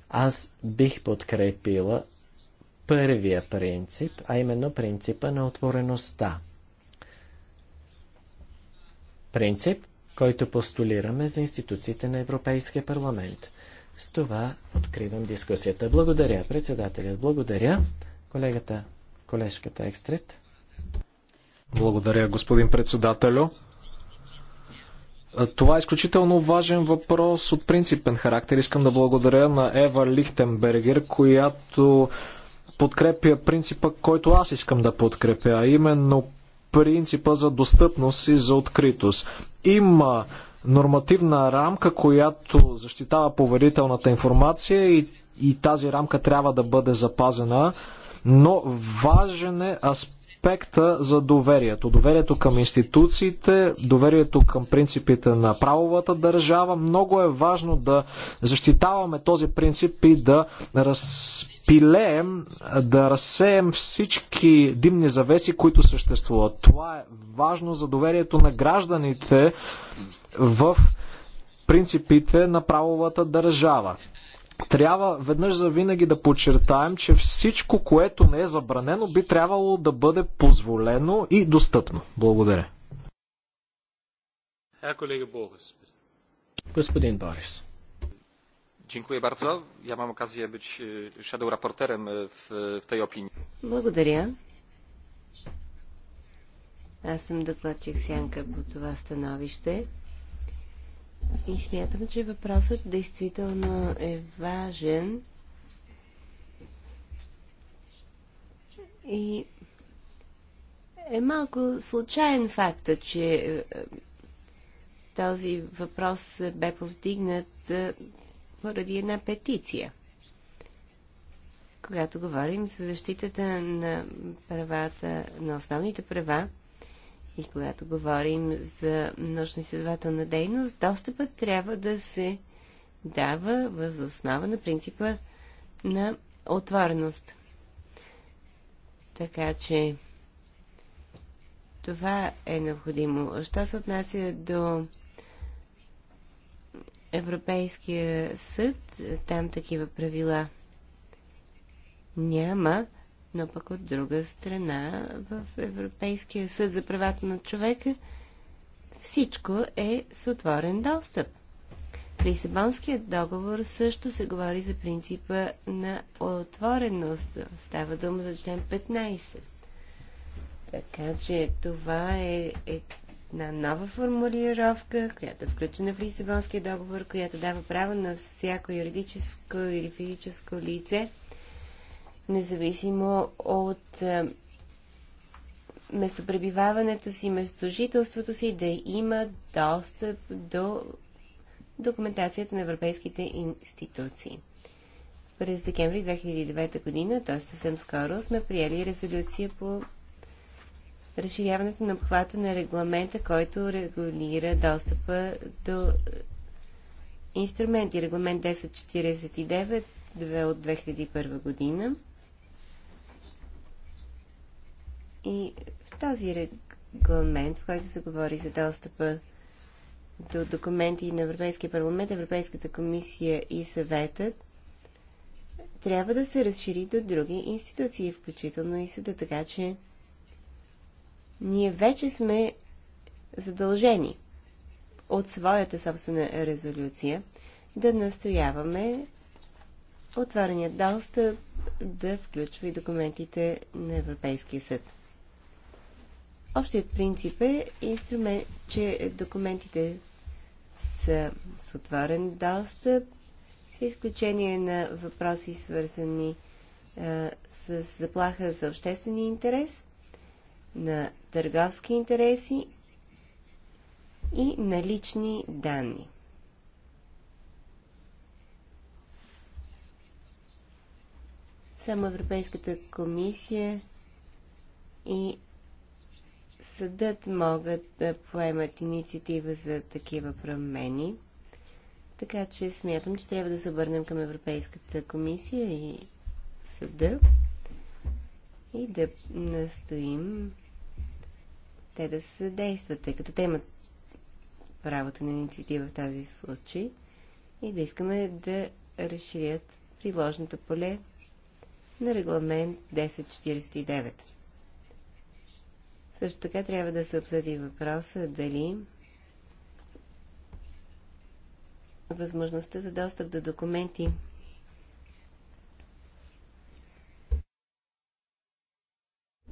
аз бих подкрепила първия принцип, а именно принципа на отвореността. Принцип, който постулираме за институциите на Европейския парламент. С това откривам дискусията. Благодаря, председателят. Благодаря, колегата, колежката Екстрет. Благодаря, господин председателю. Това е изключително важен въпрос от принципен характер. Искам да благодаря на Ева Лихтенбергер, която подкрепя принципа, който аз искам да подкрепя, а именно принципа за достъпност и за откритост. Има нормативна рамка, която защитава поверителната информация и, и тази рамка трябва да бъде запазена, но важен е аспект аспекта за доверието. Доверието към институциите, доверието към принципите на правовата държава. Много е важно да защитаваме този принцип и да разпилеем, да разсеем всички димни завеси, които съществуват. Това е важно за доверието на гражданите в принципите на правовата държава трябва веднъж за винаги да подчертаем, че всичко, което не е забранено, би трябвало да бъде позволено и достъпно. Благодаря. Колега Борис. Господин Борис. Dziękuję bardzo. Ja mam okazję być e, shadow raporterem e, w, w tej opinii. Благодаря. Аз съм докладчик Сянка по това становище. И смятам, че въпросът действително е важен. И е малко случайен факта, че е, е, този въпрос бе повдигнат е, поради една петиция. Когато говорим за защитата на правата, на основните права, и когато говорим за научно-изследователна дейност, достъпът трябва да се дава въз основа на принципа на отвореност. Така че това е необходимо. Що се отнася до Европейския съд, там такива правила няма но пък от друга страна в Европейския съд за правата на човека всичко е с отворен достъп. В Лисабонският договор също се говори за принципа на отвореност. Става дума за член 15. Така че това е, е една нова формулировка, която е включена в Лисабонския договор, която дава право на всяко юридическо или физическо лице – независимо от е, местопребиваването си, местожителството си, да има достъп до документацията на европейските институции. През декември 2009 година, т.е. съвсем скоро, сме приели резолюция по разширяването на обхвата на регламента, който регулира достъпа до е, инструменти. Регламент 1049 от 2001 година – И в този регламент, в който се говори за достъпа до документи на Европейския парламент, Европейската комисия и съветът, трябва да се разшири до други институции, включително и съда, така че ние вече сме задължени от своята собствена резолюция да настояваме отворения достъп да включва и документите на Европейския съд. Общият принцип е, инструмент, че документите са с отворен достъп, с изключение на въпроси, свързани а, с заплаха за обществения интерес, на търговски интереси и на лични данни. Само Европейската комисия и съдът могат да поемат инициатива за такива промени. Така че смятам, че трябва да се обърнем към Европейската комисия и съда и да настоим те да се задействат, тъй като те имат правото на инициатива в тази случай и да искаме да разширят приложното поле на регламент 1049. Също така трябва да се обсъди въпроса дали възможността за достъп до документи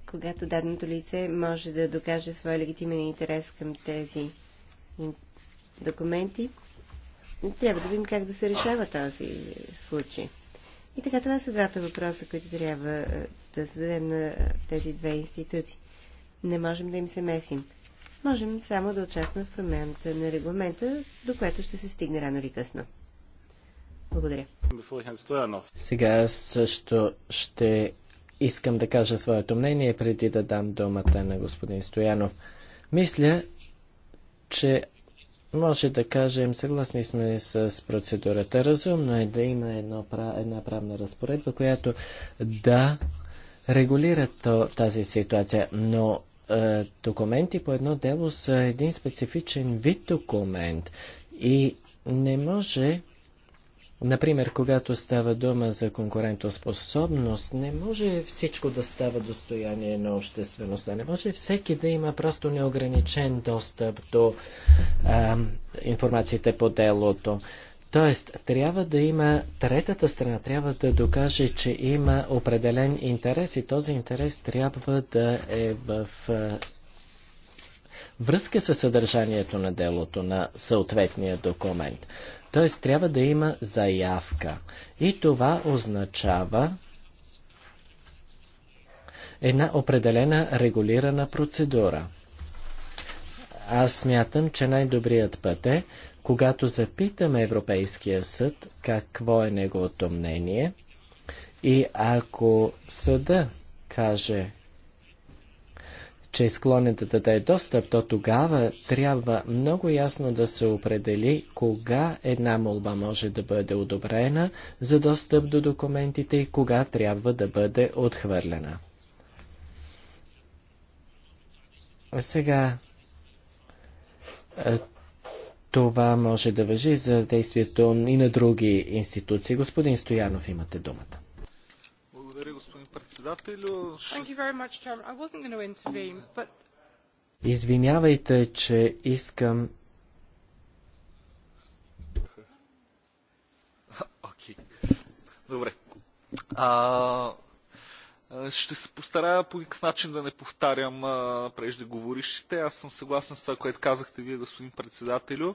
когато даденото лице може да докаже своя легитимен интерес към тези документи, трябва да видим как да се решава този случай. И така, това са двата въпроса, които трябва е, да зададем на тези две институции не можем да им се месим. Можем само да участваме в промяната на регламента, до което ще се стигне рано или късно. Благодаря. Сега аз също ще искам да кажа своето мнение, преди да дам думата на господин Стоянов. Мисля, че може да кажем, съгласни сме с процедурата. Разумно е да има едно, една правна разпоредба, която да регулира тази ситуация, но е, документи по едно дело са един специфичен вид документ и не може, например, когато става дума за конкурентоспособност, не може всичко да става достояние на обществеността. Не може всеки да има просто неограничен достъп до а, информациите по делото. Тоест, трябва да има, третата страна трябва да докаже, че има определен интерес и този интерес трябва да е в връзка с съдържанието на делото на съответния документ. Тоест, трябва да има заявка. И това означава една определена регулирана процедура. Аз смятам, че най-добрият път е когато запитаме Европейския съд какво е неговото мнение и ако съда каже, че е склонен да даде достъп, то тогава трябва много ясно да се определи кога една молба може да бъде одобрена за достъп до документите и кога трябва да бъде отхвърлена. Сега, това може да въжи за действието и на други институции. Господин Стоянов, имате думата. Благодаря, господин председателю. Извинявайте, че искам Добре. А, ще се постарая по никакъв начин да не повтарям преждеговорищите. Аз съм съгласен с това, което казахте вие, господин председателю.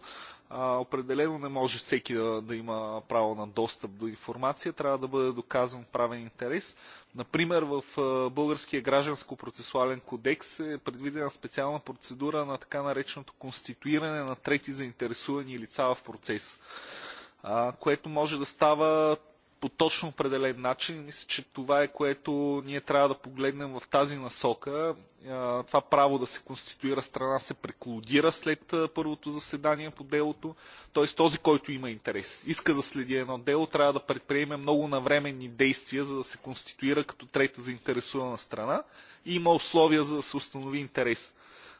определено не може всеки да, да има право на достъп до информация. Трябва да бъде доказан правен интерес. Например, в Българския гражданско-процесуален кодекс е предвидена специална процедура на така нареченото конституиране на трети заинтересувани лица в процеса което може да става по точно определен начин. Мисля, че това е което ние трябва да погледнем в тази насока. Това право да се конституира страна се преклудира след първото заседание по делото. Т.е. този, който има интерес, иска да следи едно дело, трябва да предприеме много навременни действия, за да се конституира като трета заинтересувана страна. И има условия за да се установи интерес.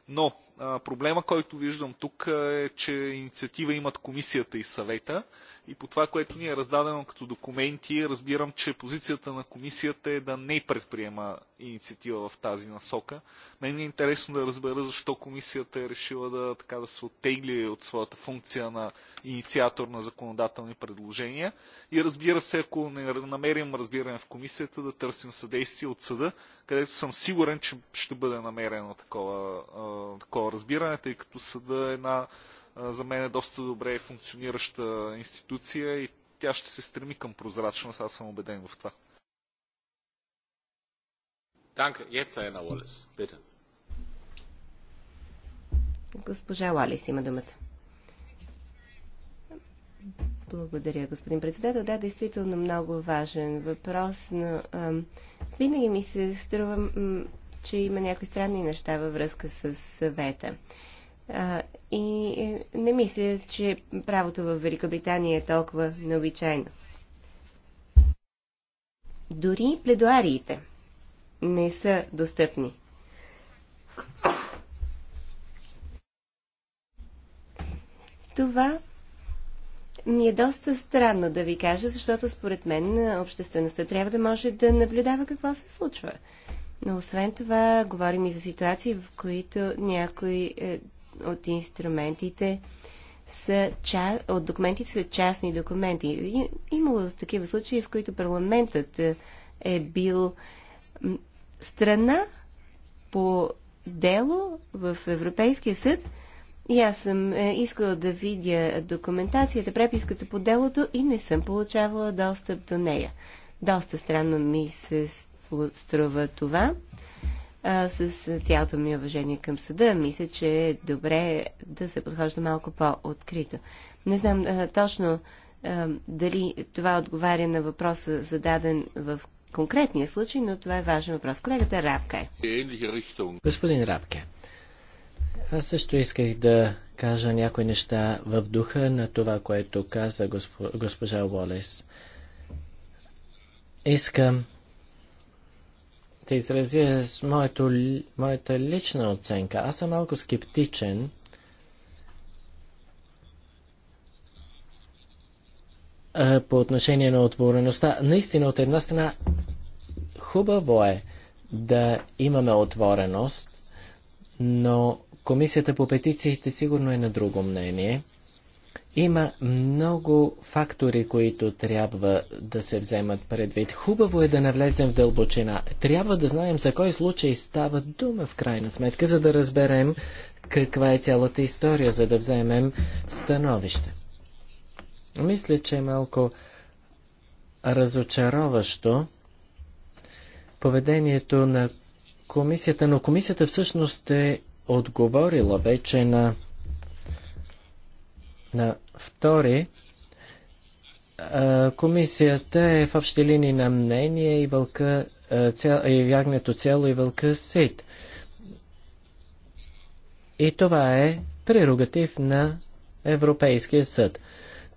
Но проблема, който виждам тук е, че инициатива имат комисията и съвета – и по това, което ни е раздадено като документи, разбирам, че позицията на комисията е да не предприема инициатива в тази насока. Мен ми е интересно да разбера защо комисията е решила да, така, да се оттегли от своята функция на инициатор на законодателни предложения. И разбира се, ако не намерим разбиране в комисията, да търсим съдействие от съда, където съм сигурен, че ще бъде намерено такова, такова разбиране, тъй като съда е една за мен е доста добре функционираща институция и тя ще се стреми към прозрачност. Аз съм убеден в това. Госпожа Уалис има думата. Благодаря, господин председател. Да, действително много важен въпрос, но ам, винаги ми се струва, м, че има някои странни неща във връзка с съвета. А, и е, не мисля, че правото в Великобритания е толкова необичайно. Дори пледуариите не са достъпни. Това ми е доста странно да ви кажа, защото според мен обществеността трябва да може да наблюдава какво се случва. Но освен това, говорим и за ситуации, в които някой. е, от инструментите са ча... от документите са частни документи. И, имало такива случаи, в които парламентът е, е бил страна по дело в Европейския съд и аз съм е, искала да видя документацията, преписката по делото и не съм получавала достъп до нея. Доста странно ми се струва това а, с цялото ми уважение към съда, мисля, че е добре да се подхожда малко по-открито. Не знам а, точно а, дали това отговаря на въпроса зададен в конкретния случай, но това е важен въпрос. Колегата Рабке. Е, Господин Рабке, аз също исках да кажа някои неща в духа на това, което каза госпожа Уолес. Искам да изразя моето, моята лична оценка. Аз съм малко скептичен. по отношение на отвореността. Наистина, от една страна, хубаво е да имаме отвореност, но Комисията по петициите сигурно е на друго мнение – има много фактори, които трябва да се вземат предвид. Хубаво е да навлезем в дълбочина. Трябва да знаем за кой случай става дума в крайна сметка, за да разберем каква е цялата история, за да вземем становище. Мисля, че е малко разочароващо поведението на комисията, но комисията всъщност е отговорила вече на, на Втори, комисията е в общи линии на мнение и, вълка, и ягнето цяло и вълка сит. И това е прерогатив на Европейския съд.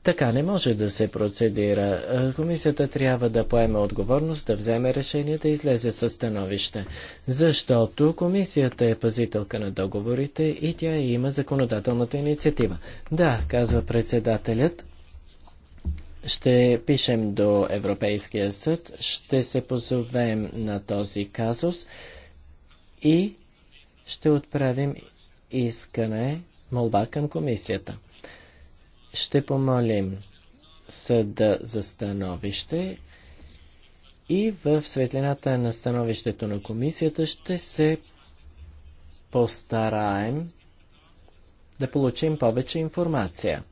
Така не може да се процедира. Комисията трябва да поеме отговорност, да вземе решение, да излезе със становище. Защото комисията е пазителка на договорите и тя има законодателната инициатива. Да, казва председателят, ще пишем до Европейския съд, ще се позовем на този казус и ще отправим искане, молба към комисията. Ще помолим съда за становище и в светлината на становището на комисията ще се постараем да получим повече информация.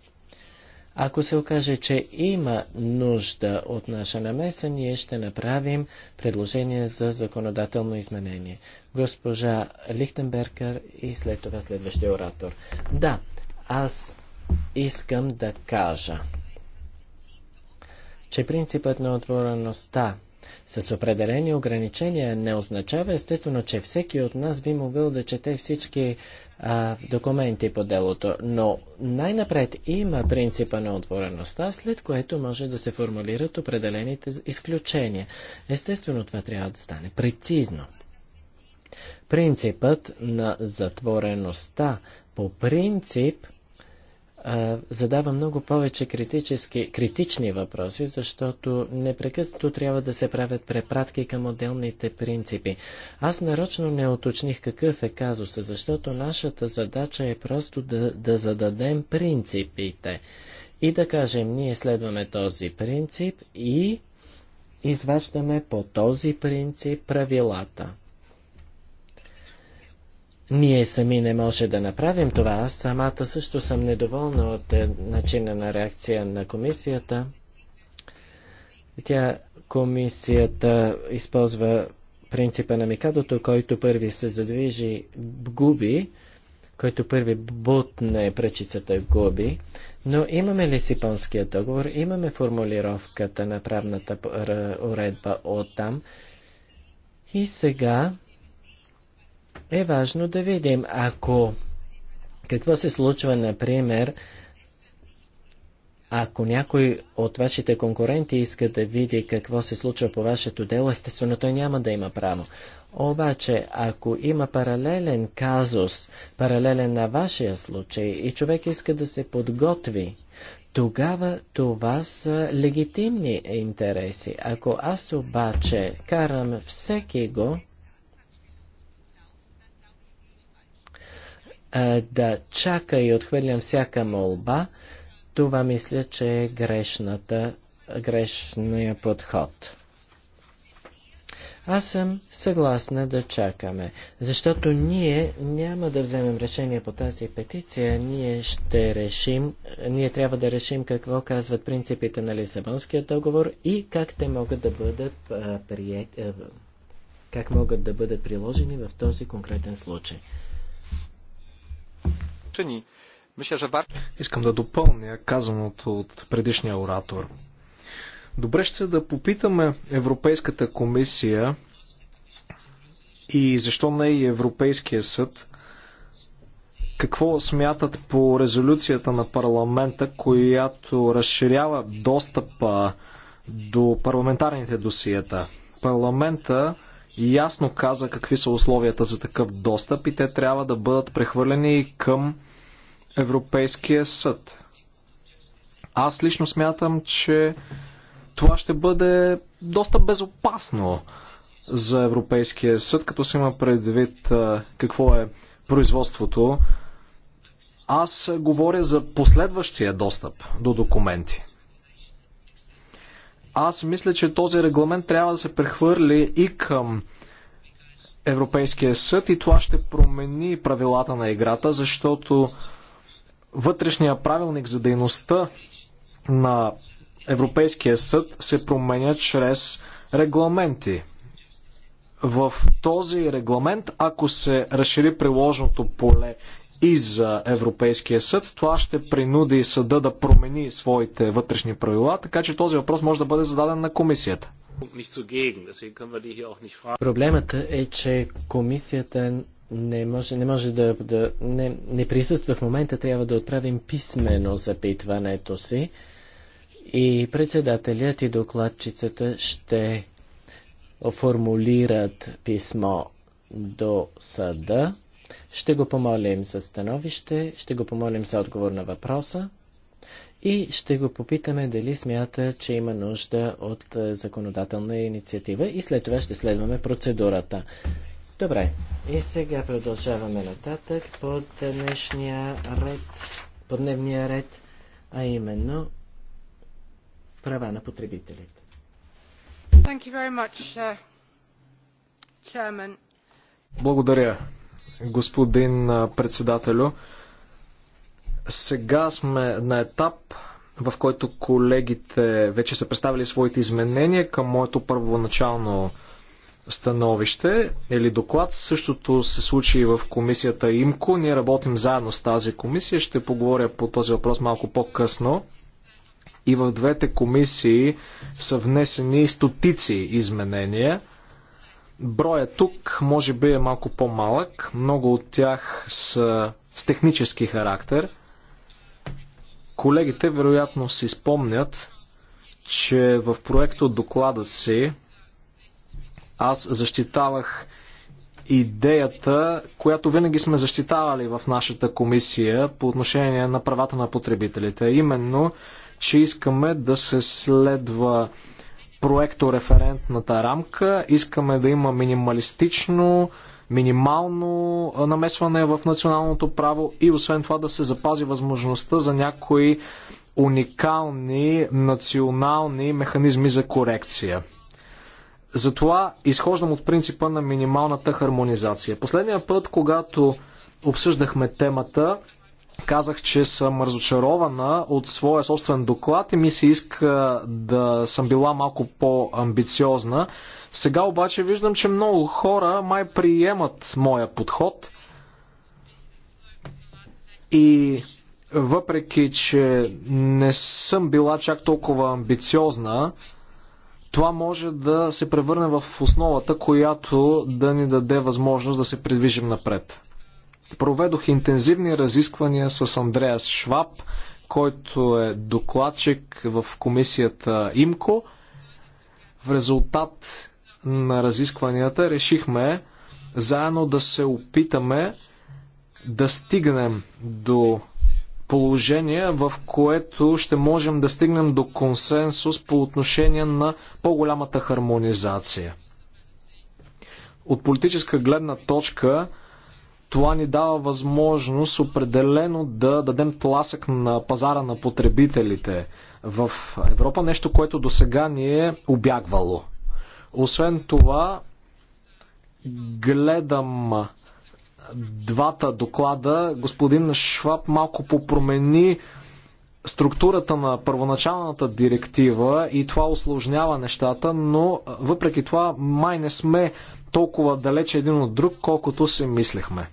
Ако се окаже, че има нужда от наша намеса, ние ще направим предложение за законодателно изменение. Госпожа Лихтенбергер и след това следващия оратор. Да, аз искам да кажа, че принципът на отвореността с определени ограничения не означава естествено, че всеки от нас би могъл да чете всички а, документи по делото, но най-напред има принципа на отвореността, след което може да се формулират определените изключения. Естествено, това трябва да стане прецизно. Принципът на затвореността по принцип задава много повече критически, критични въпроси, защото непрекъснато трябва да се правят препратки към отделните принципи. Аз нарочно не оточних какъв е казуса, защото нашата задача е просто да, да зададем принципите и да кажем, ние следваме този принцип и изваждаме по този принцип правилата. Ние сами не може да направим това. Аз самата също съм недоволна от е, начина на реакция на комисията. Тя, комисията използва принципа на Микадото, който първи се задвижи, губи, който първи бутне пречицата губи, но имаме ли сипонския договор, имаме формулировката на правната уредба от там и сега е важно да видим, ако какво се случва, например, ако някой от вашите конкуренти иска да види какво се случва по вашето дело, естествено той няма да има право. Обаче, ако има паралелен казус, паралелен на вашия случай и човек иска да се подготви, тогава това са легитимни интереси. Ако аз обаче карам всеки го, да чака и отхвърлям всяка молба, това мисля, че е грешната, грешния подход. Аз съм съгласна да чакаме, защото ние няма да вземем решение по тази петиция, ние ще решим, ние трябва да решим какво казват принципите на Лисабонския договор и как те могат да бъдат а, прие, а, как могат да бъдат приложени в този конкретен случай. Искам да допълня казаното от предишния оратор. Добре ще да попитаме Европейската комисия и защо не и Европейския съд какво смятат по резолюцията на парламента, която разширява достъпа до парламентарните досиета. Парламента ясно каза какви са условията за такъв достъп и те трябва да бъдат прехвърлени към Европейския съд. Аз лично смятам, че това ще бъде доста безопасно за Европейския съд, като се има предвид какво е производството. Аз говоря за последващия достъп до документи. Аз мисля, че този регламент трябва да се прехвърли и към Европейския съд и това ще промени правилата на играта, защото вътрешния правилник за дейността на Европейския съд се променя чрез регламенти. В този регламент, ако се разшири приложното поле и за Европейския съд. Това ще принуди съда да промени своите вътрешни правила, така че този въпрос може да бъде зададен на комисията. Проблемът е, че комисията не може, не може да, да не, не присъства в момента, трябва да отправим писмено запитването си и председателят и докладчицата ще оформулират писмо до съда ще го помолим за становище, ще го помолим за отговор на въпроса и ще го попитаме дали смята, че има нужда от е, законодателна инициатива и след това ще следваме процедурата. Добре, и сега продължаваме нататък по днешния ред, по дневния ред, а именно права на потребителите. Uh, Благодаря, господин председателю. Сега сме на етап, в който колегите вече са представили своите изменения към моето първоначално становище или доклад. Същото се случи и в комисията ИМКО. Ние работим заедно с тази комисия. Ще поговоря по този въпрос малко по-късно. И в двете комисии са внесени стотици изменения – Броя тук може би е малко по-малък. Много от тях са с технически характер. Колегите вероятно си спомнят, че в проекта от доклада си аз защитавах идеята, която винаги сме защитавали в нашата комисия по отношение на правата на потребителите. Именно, че искаме да се следва проекто референтната рамка. Искаме да има минималистично, минимално намесване в националното право и освен това да се запази възможността за някои уникални национални механизми за корекция. Затова изхождам от принципа на минималната хармонизация. Последния път, когато обсъждахме темата, казах, че съм разочарована от своя собствен доклад и ми се иска да съм била малко по-амбициозна. Сега обаче виждам, че много хора май приемат моя подход и въпреки, че не съм била чак толкова амбициозна, това може да се превърне в основата, която да ни даде възможност да се придвижим напред. Проведох интензивни разисквания с Андреас Шваб, който е докладчик в комисията ИМКО. В резултат на разискванията решихме заедно да се опитаме да стигнем до положение, в което ще можем да стигнем до консенсус по отношение на по-голямата хармонизация. От политическа гледна точка това ни дава възможност определено да дадем тласък на пазара на потребителите в Европа, нещо, което до сега ни е обягвало. Освен това, гледам двата доклада, господин Шваб малко попромени структурата на първоначалната директива и това осложнява нещата, но въпреки това май не сме толкова далече един от друг, колкото се мислехме.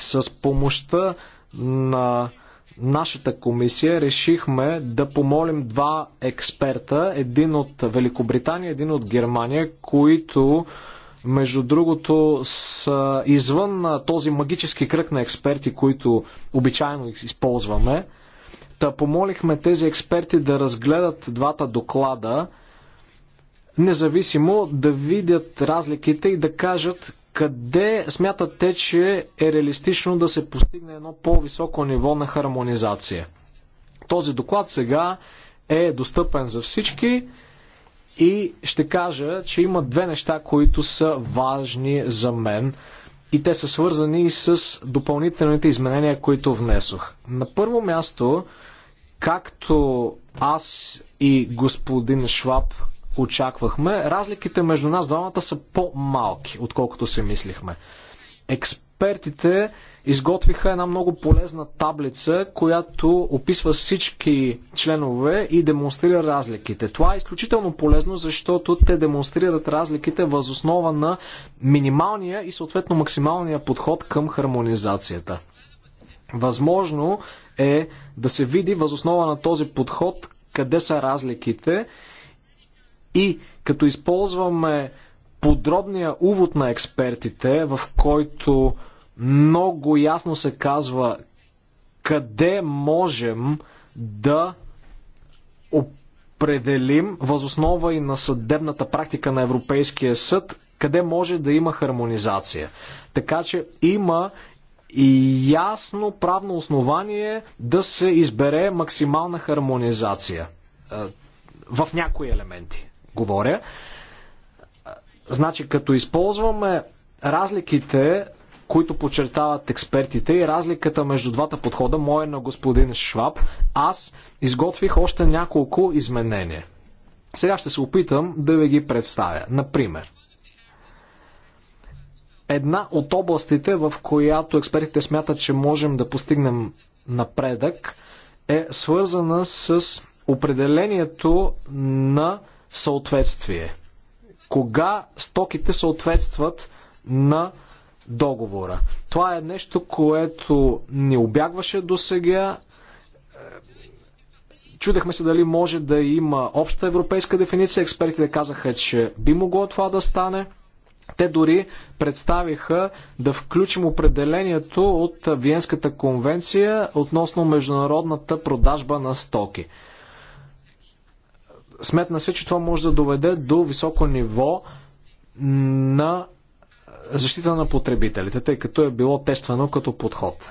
С помощта на нашата комисия решихме да помолим два експерта, един от Великобритания, един от Германия, които между другото са извън този магически кръг на експерти, които обичайно използваме. Та помолихме тези експерти да разгледат двата доклада, независимо да видят разликите и да кажат къде смятате, че е реалистично да се постигне едно по-високо ниво на хармонизация? Този доклад сега е достъпен за всички и ще кажа, че има две неща, които са важни за мен и те са свързани и с допълнителните изменения, които внесох. На първо място, както аз и господин Шваб очаквахме. Разликите между нас двамата са по-малки, отколкото се мислихме. Експертите изготвиха една много полезна таблица, която описва всички членове и демонстрира разликите. Това е изключително полезно, защото те демонстрират разликите възоснова на минималния и съответно максималния подход към хармонизацията. Възможно е да се види възоснова на този подход къде са разликите и като използваме подробния увод на експертите, в който много ясно се казва къде можем да определим, възоснова и на съдебната практика на Европейския съд, къде може да има хармонизация. Така че има и ясно правно основание да се избере максимална хармонизация в някои елементи говоря. Значи, като използваме разликите, които подчертават експертите и разликата между двата подхода, мое на господин Шваб, аз изготвих още няколко изменения. Сега ще се опитам да ви ги представя. Например, една от областите, в която експертите смятат, че можем да постигнем напредък, е свързана с определението на съответствие. Кога стоките съответстват на договора. Това е нещо, което ни обягваше до сега. Чудехме се дали може да има обща европейска дефиниция. Експертите казаха, че би могло това да стане. Те дори представиха да включим определението от Виенската конвенция относно международната продажба на стоки. Сметна се, че това може да доведе до високо ниво на защита на потребителите, тъй като е било тествано като подход.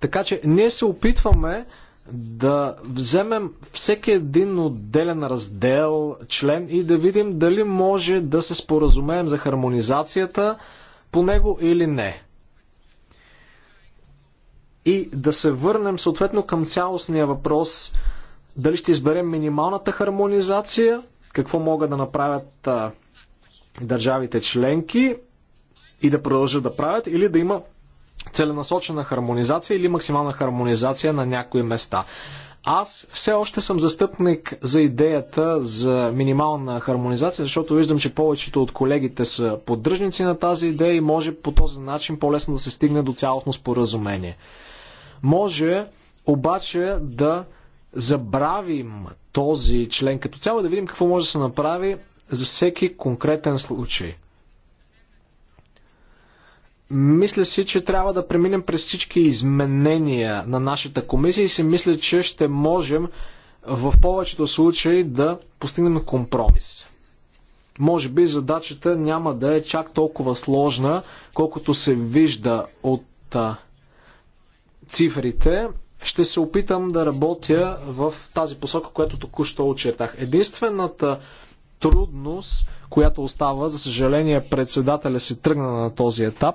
Така че ние се опитваме да вземем всеки един отделен раздел, член и да видим дали може да се споразумеем за хармонизацията по него или не. И да се върнем съответно към цялостния въпрос дали ще изберем минималната хармонизация, какво могат да направят а, държавите членки и да продължат да правят, или да има целенасочена хармонизация или максимална хармонизация на някои места. Аз все още съм застъпник за идеята за минимална хармонизация, защото виждам, че повечето от колегите са поддръжници на тази идея и може по този начин по-лесно да се стигне до цялостно споразумение. Може обаче да забравим този член като цяло, да видим какво може да се направи за всеки конкретен случай. Мисля си, че трябва да преминем през всички изменения на нашата комисия и си мисля, че ще можем в повечето случаи да постигнем компромис. Може би задачата няма да е чак толкова сложна, колкото се вижда от а, цифрите, ще се опитам да работя в тази посока, която току-що очертах. Единствената трудност, която остава, за съжаление председателя си тръгна на този етап,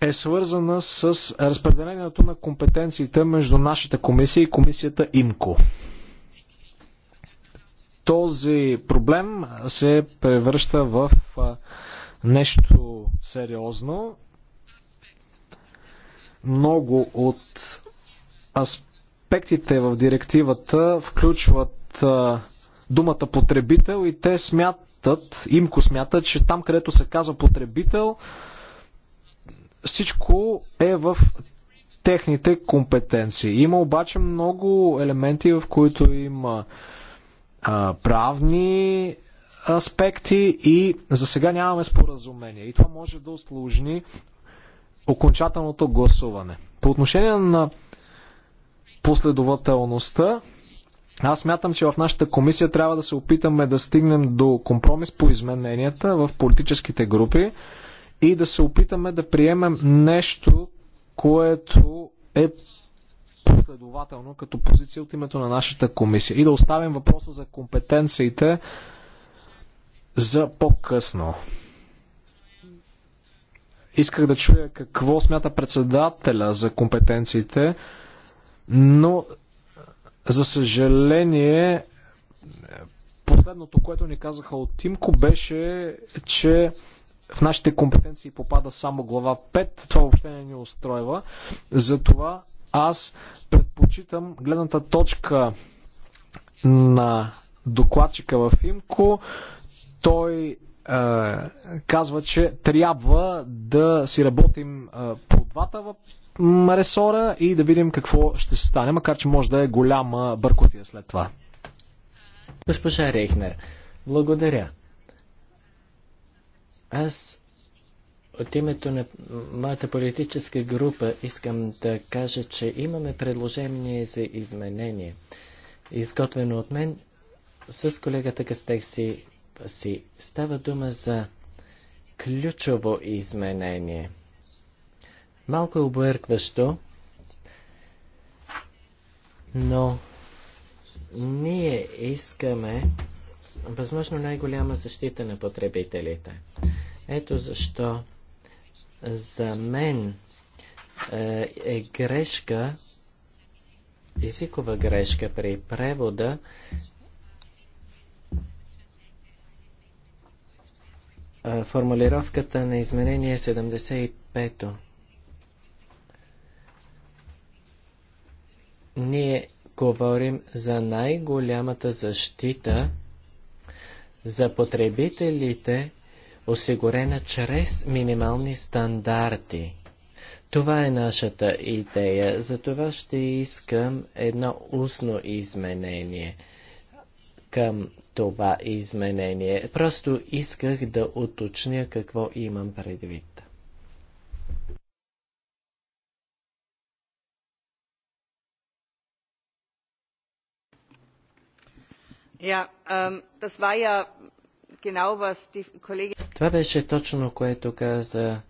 е свързана с разпределението на компетенциите между нашата комисия и комисията ИМКО. Този проблем се превръща в нещо сериозно много от аспектите в директивата включват думата потребител и те смятат, имко смятат, че там където се казва потребител, всичко е в техните компетенции. Има обаче много елементи, в които има а, правни аспекти и за сега нямаме споразумение. И това може да услужни окончателното гласуване. По отношение на последователността. Аз мятам, че в нашата комисия трябва да се опитаме да стигнем до компромис по измененията в политическите групи и да се опитаме да приемем нещо, което е последователно като позиция от името на нашата комисия и да оставим въпроса за компетенциите за по-късно. Исках да чуя какво смята председателя за компетенциите. Но, за съжаление, последното, което ни казаха от Тимко, беше, че в нашите компетенции попада само глава 5. Това въобще не ни устройва. Затова аз предпочитам гледната точка на докладчика в Имко. Той е, казва, че трябва да си работим е, по двата ресора и да видим какво ще се стане, макар че може да е голяма бъркотия след това. Госпожа Рейхнер, благодаря. Аз от името на моята политическа група искам да кажа, че имаме предложение за изменение, изготвено от мен с колегата Кастекси си. Става дума за ключово изменение – Малко е объркващо, но ние искаме възможно най-голяма защита на потребителите. Ето защо за мен е, е грешка, езикова грешка при превода е, формулировката на изменение 75-то. Ние говорим за най-голямата защита за потребителите, осигурена чрез минимални стандарти. Това е нашата идея. За това ще искам едно устно изменение към това изменение. Просто исках да уточня какво имам предвид. Ähm, Това беше точно което каза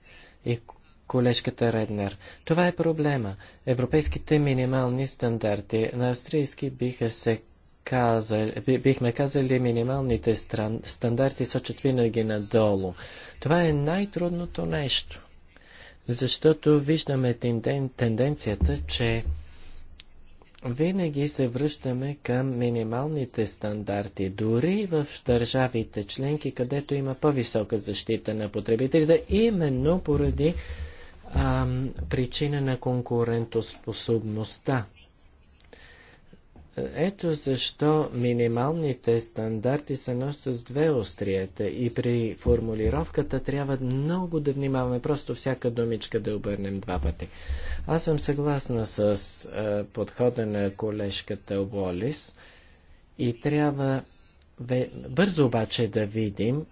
и колежката Реднер. Това е проблема. Европейските минимални стандарти на австрийски биха се казали, бихме казали минималните стран, стандарти сочат винаги надолу. Това е най-трудното нещо, защото виждаме тенден, тенденцията, че винаги се връщаме към минималните стандарти, дори в държавите членки, където има по-висока защита на потребителите, именно поради ам, причина на конкурентоспособността. Ето защо минималните стандарти се носят с две остриета и при формулировката трябва много да внимаваме, просто всяка думичка да обърнем два пъти. Аз съм съгласна с е, подхода на колежката Уолис и трябва ве... бързо обаче да видим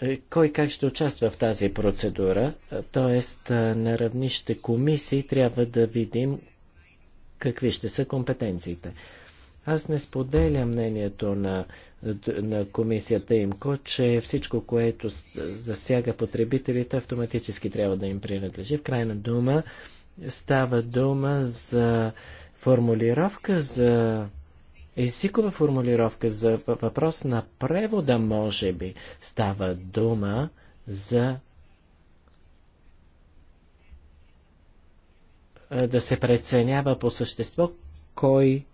е, кой как ще участва в тази процедура, т.е. на равнище комисии трябва да видим какви ще са компетенциите. Аз не споделя мнението на, на комисията ИМКО, че всичко, което засяга потребителите, автоматически трябва да им принадлежи. В крайна дума става дума за формулировка, за езикова формулировка, за въпрос на превода, може би. Става дума за да се преценява по същество кой,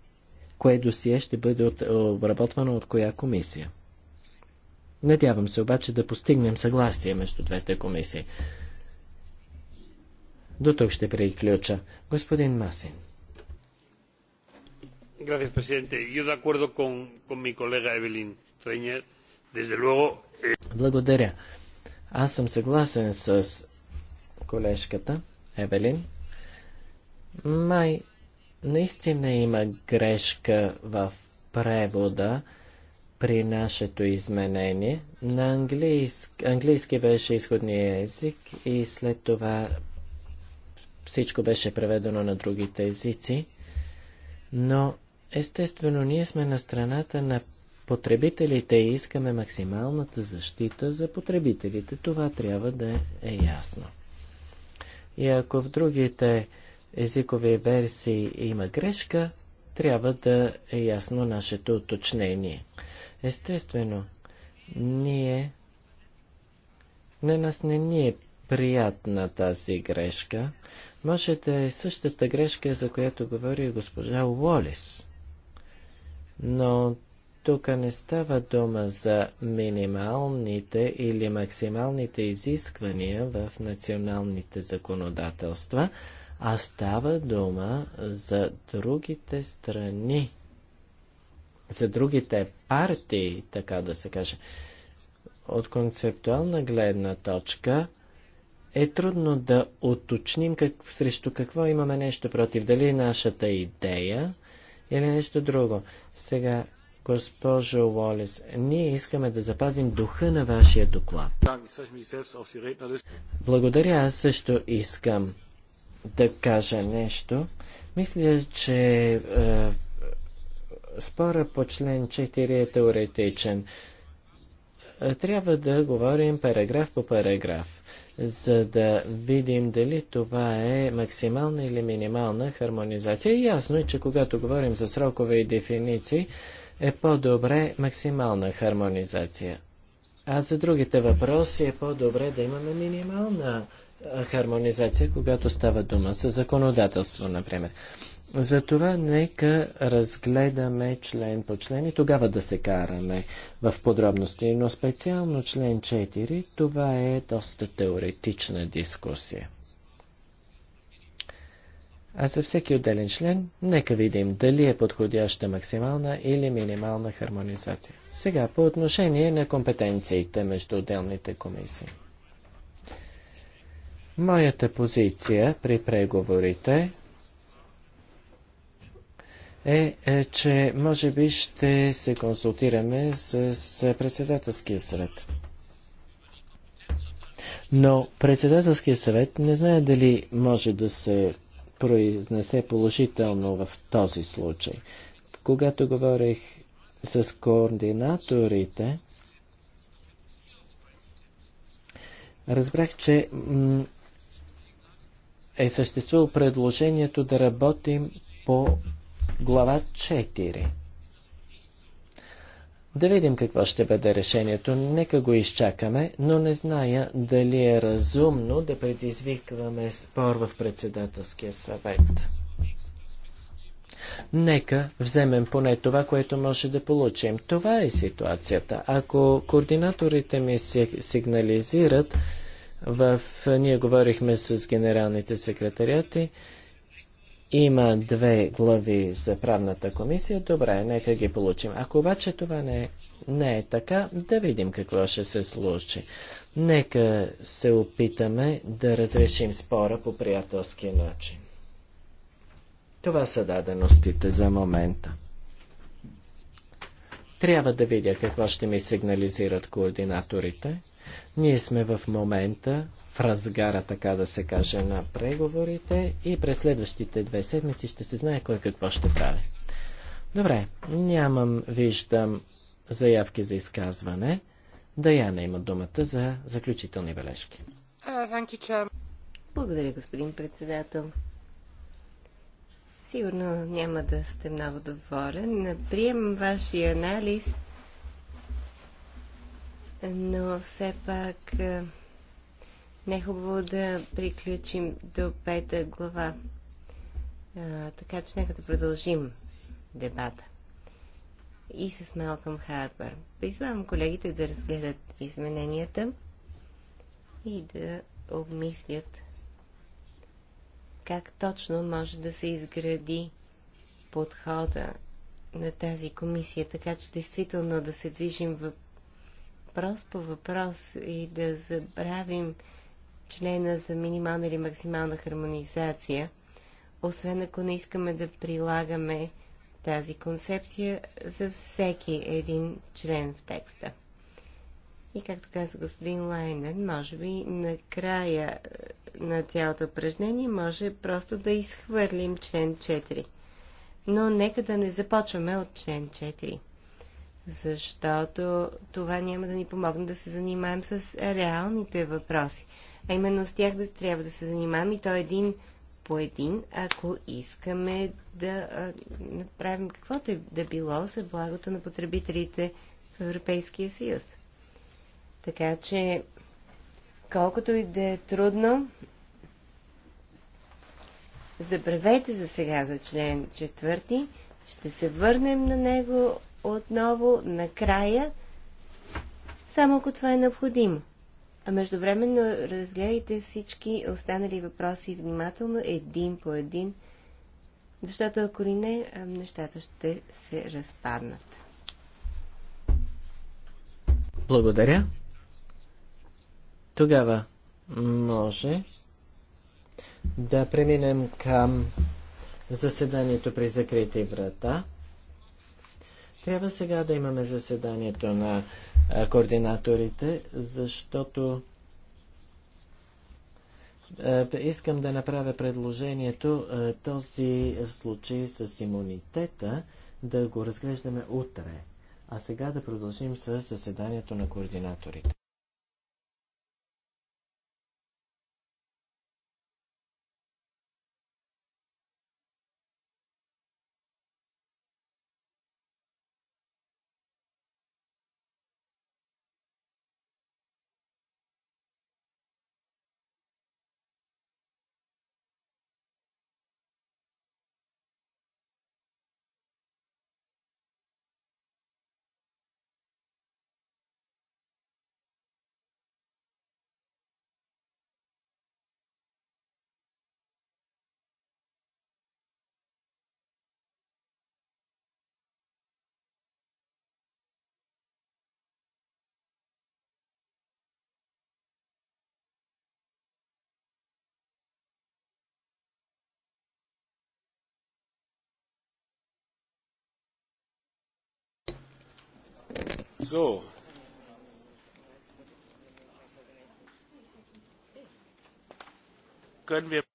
кое досие ще бъде от, обработвано от коя комисия. Надявам се обаче да постигнем съгласие между двете комисии. До тук ще приключа. Господин Масин. Gracias, presidente. Yo de acuerdo con, con mi colega Evelyn Reñer. Desde luego... Eh, Благодаря. Аз съм съгласен с колежката Евелин. Май наистина има грешка в превода при нашето изменение. На английски, английски беше изходния език и след това всичко беше преведено на другите езици. Но естествено ние сме на страната на потребителите и искаме максималната защита за потребителите. Това трябва да е ясно. И ако в другите езикови версии има грешка, трябва да е ясно нашето уточнение. Естествено, ние... На нас не ни е приятна тази грешка. Може да е същата грешка, за която говори госпожа Уолис. Но тук не става дума за минималните или максималните изисквания в националните законодателства, а става дума за другите страни, за другите партии, така да се каже. От концептуална гледна точка е трудно да уточним как, срещу какво имаме нещо против. Дали е нашата идея или нещо друго. Сега, госпожо Уолис, ние искаме да запазим духа на вашия доклад. Благодаря, аз също искам да кажа нещо. Мисля, че е, спора по член 4 е теоретичен. Е, трябва да говорим параграф по параграф, за да видим дали това е максимална или минимална хармонизация. ясно е, че когато говорим за срокове и дефиниции, е по-добре максимална хармонизация. А за другите въпроси е по-добре да имаме минимална хармонизация хармонизация, когато става дума за законодателство, например. Затова нека разгледаме член по член и тогава да се караме в подробности, но специално член 4, това е доста теоретична дискусия. А за всеки отделен член, нека видим дали е подходяща максимална или минимална хармонизация. Сега по отношение на компетенциите между отделните комисии. Моята позиция при преговорите е, е, че може би ще се консултираме с, с председателския съвет. Но председателския съвет не знае дали може да се произнесе положително в този случай. Когато говорих с координаторите, разбрах, че е съществувало предложението да работим по глава 4. Да видим какво ще бъде решението. Нека го изчакаме, но не зная дали е разумно да предизвикваме спор в председателския съвет. Нека вземем поне това, което може да получим. Това е ситуацията. Ако координаторите ми сигнализират, в, ние говорихме с генералните секретариати. Има две глави за правната комисия. Добре, нека ги получим. Ако обаче това не, не е така, да видим какво ще се случи. Нека се опитаме да разрешим спора по приятелски начин. Това са даденостите за момента. Трябва да видя какво ще ми сигнализират координаторите. Ние сме в момента в разгара, така да се каже, на преговорите и през следващите две седмици ще се знае кой какво ще прави. Добре, нямам, виждам заявки за изказване. Даяна има думата за заключителни бележки. Благодаря, господин председател. Сигурно няма да сте много доволен. Приемам вашия анализ – но все пак е, не е хубаво да приключим до пета глава. А, е, така че нека да продължим дебата. И с Малком Харпер. Призвам колегите да разгледат измененията и да обмислят как точно може да се изгради подхода на тази комисия, така че действително да се движим в въпрос по въпрос и да забравим члена за минимална или максимална хармонизация, освен ако не искаме да прилагаме тази концепция за всеки един член в текста. И както каза господин Лайнен, може би на края е, на цялото упражнение може просто да изхвърлим член 4. Но нека да не започваме от член 4 защото това няма да ни помогне да се занимаем с реалните въпроси. А именно с тях да трябва да се занимаем и то един по един, ако искаме да направим каквото е да било за благото на потребителите в Европейския съюз. Така че, колкото и да е трудно, забравете за сега за член четвърти, ще се върнем на него отново накрая, само ако това е необходимо. А междувременно разгледайте всички останали въпроси внимателно, един по един, защото ако ли не, нещата ще се разпаднат. Благодаря. Тогава може да преминем към заседанието при закрити врата. Трябва сега да имаме заседанието на координаторите, защото искам да направя предложението този случай с имунитета да го разглеждаме утре. А сега да продължим с заседанието на координаторите. So. Können wir